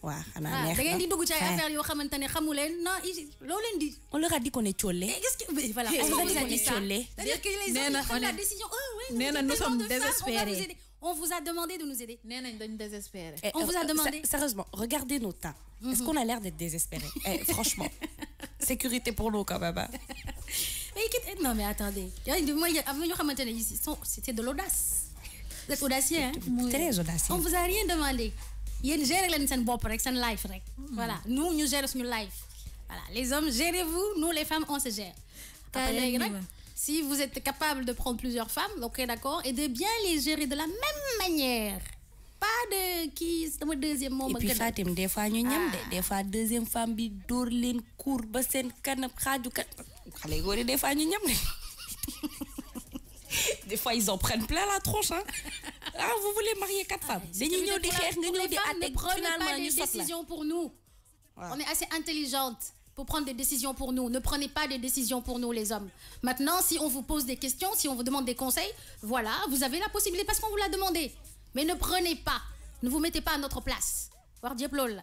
waaw ah, xanaa neex na da ngeen di dugg ci ay affaire yoo xamante ne xamu non loo leen di. on leur a dit qu'on est tchollé. Eh, est-ce que voilà on vous a dit ça c'est-à-dire que les gens prennent décision oh oui nee na nous sommes désespérés on vous a demandé de nous aider. nee nañ dañu désespéré. Eh, on vous a euh, demandé sérieusement regardez nos teints. Mhm. est-ce qu'on a l'air d'être désespérés eh, franchement sécurité pour nous quand même hein. mais non mais attendez mooy am na ñoo xamante ne c'était de l'audace. vous êtes audacieux hein. très audacieux on vous a rien demandé yéen gérer leen seen bopp rek seen life rek. voilà nous ñu gérer suñu life. voilà les hommes gérez-vous nous les femmes on se gère. nag euh, si vous êtes capable de prendre plusieurs femmes ok d'accord et de bien les gérer de la même manière. pas de kii sama deuxième moom et puis Fatim des fois ñu ñam ah. des fois deuxième femme bi dóor leen cour ba seen kanam xaaju kat xale góor yi des fois ñu ñam de. des fois ils en prennent plein la tronche hein ah vous voulez marier quatre femmes Les femmes, di prenez pas des décisions pour nous on est assez intelligente pour prendre des décisions pour nous. Ne prenez pas des décisions pour nous, les hommes. Maintenant, si on vous pose des questions, si on vous demande des conseils, voilà, vous avez la possibilité parce qu'on vous l'a demandé. Mais ne prenez pas, ne vous mettez pas à notre place. Voir Diablol.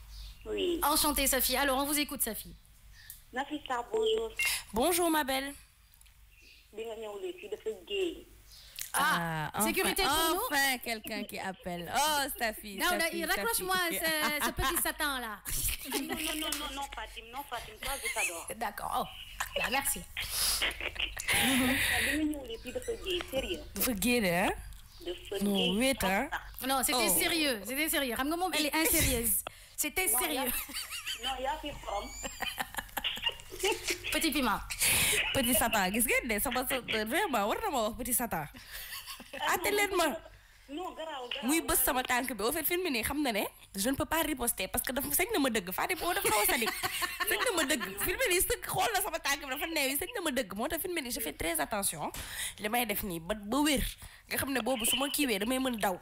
Oui. Enchantée, Sophie. Alors, on vous écoute, Sophie. bonjour. Bonjour, ma belle. Ah, ah sécurité enfin, pour nous. Enfin, quelqu'un qui appelle. Oh, Safi. Non, raccroche-moi ce, ce, petit Satan là. non, non, non, non, Fatim, non, Fatim, toi, je t'adore. D'accord. Oh, là, merci. Forget, hein? De hein? Ah, ah. Non, c'était oh. sérieux. C'était sérieux. Elle est insérieuse. C'était sérieux. Non, il y a plus petit piment. Petit Qu'est-ce satan gis ngeen de sama vraiment war na ma wax petit satan. Ah, atte leen ma. muy bës sama tank bi au fait film ni xam na ne je ne peux pas riposter parce que dafa sañ na ma dëgg Fatim oo dafa xaw a sadik sañ na ma dëgg film ni sëgg xool na sama tank bi dafa neewi sañ na ma dëgg moo tax film ni je fais très attention li may def ni ba ba wér nga xam ne boobu su ma kiiwee damay mëna daw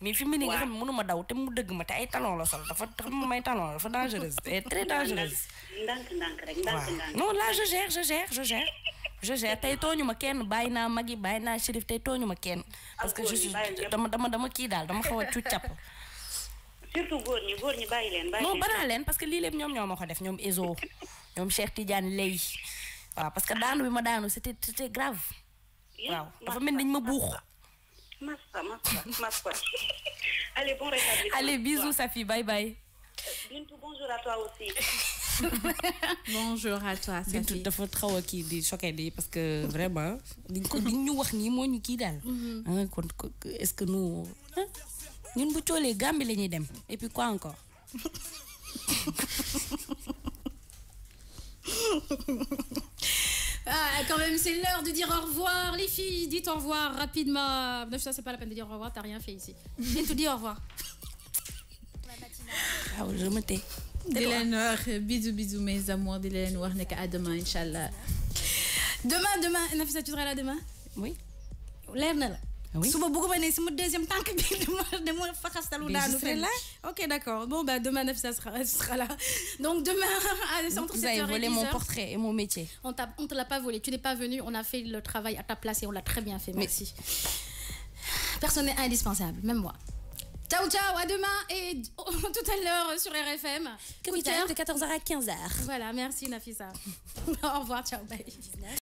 mais fi mu ne nga xam ne mënuma daw te mu dëgg ma te ay talon la sol dafa xam may talon dafa dangereuse et très dangereuse. ndànk ndànk rek non là je gère je gère tey tooñu ma kenn bàyyi naa mag yi bàyyi naa shérif tey tooñu ma kenn. parce que je suis dama dama kii daal dama xaw a cuccap. surtout góor ñi góor leen. non banaa leen parce que lii lépp ñoom ñoo ma ko def ñoom Ezo ñoom Cheikh Tidiane Lay waaw parce que daanu bi ma daanu c'était c'était grave. waaw dafa mel ni ma buux. Massa, massa, Allez, bon rétablissement. Allez, bisous, Safi. Bye bye. Bintou, bonjour à toi aussi. bonjour à toi Bintou dafa xaw trop kii des choqué parce que vraiment ni ni ni wax ni mhm. ah, est-ce que nous ah, ñun bu les Gambie la dem et puis quoi encore Ah, quand même, c'est l'heure de dire au revoir, les filles. Dites au revoir rapidement. Non, ça, c'est pas la peine de dire au revoir, t'as rien fait ici. Viens te dire au revoir. Ah, je me tais. d'élène hein. bisous, bisous, mes amours. d'élène n'est qu'à demain, Inch'Allah. Demain, demain, Nafisa, tu seras là demain Oui. lève L'air oui. Souvent beaucoup mais c'est mon deuxième tànk bi dama dama fa nous ok d'accord bon bah demain Nafisa sera, sera là donc demain entre 7h et vous avez volé mon portrait et mon métier on t'a te l'a pas volé tu n'es pas venu on a fait le travail à ta place et on l'a très bien fait merci personne n'est indispensable même moi Ciao, ciao, à demain et tout à l'heure sur RFM. Comme de 14h à 15h. Voilà, merci Nafisa. Au revoir, ciao, bye.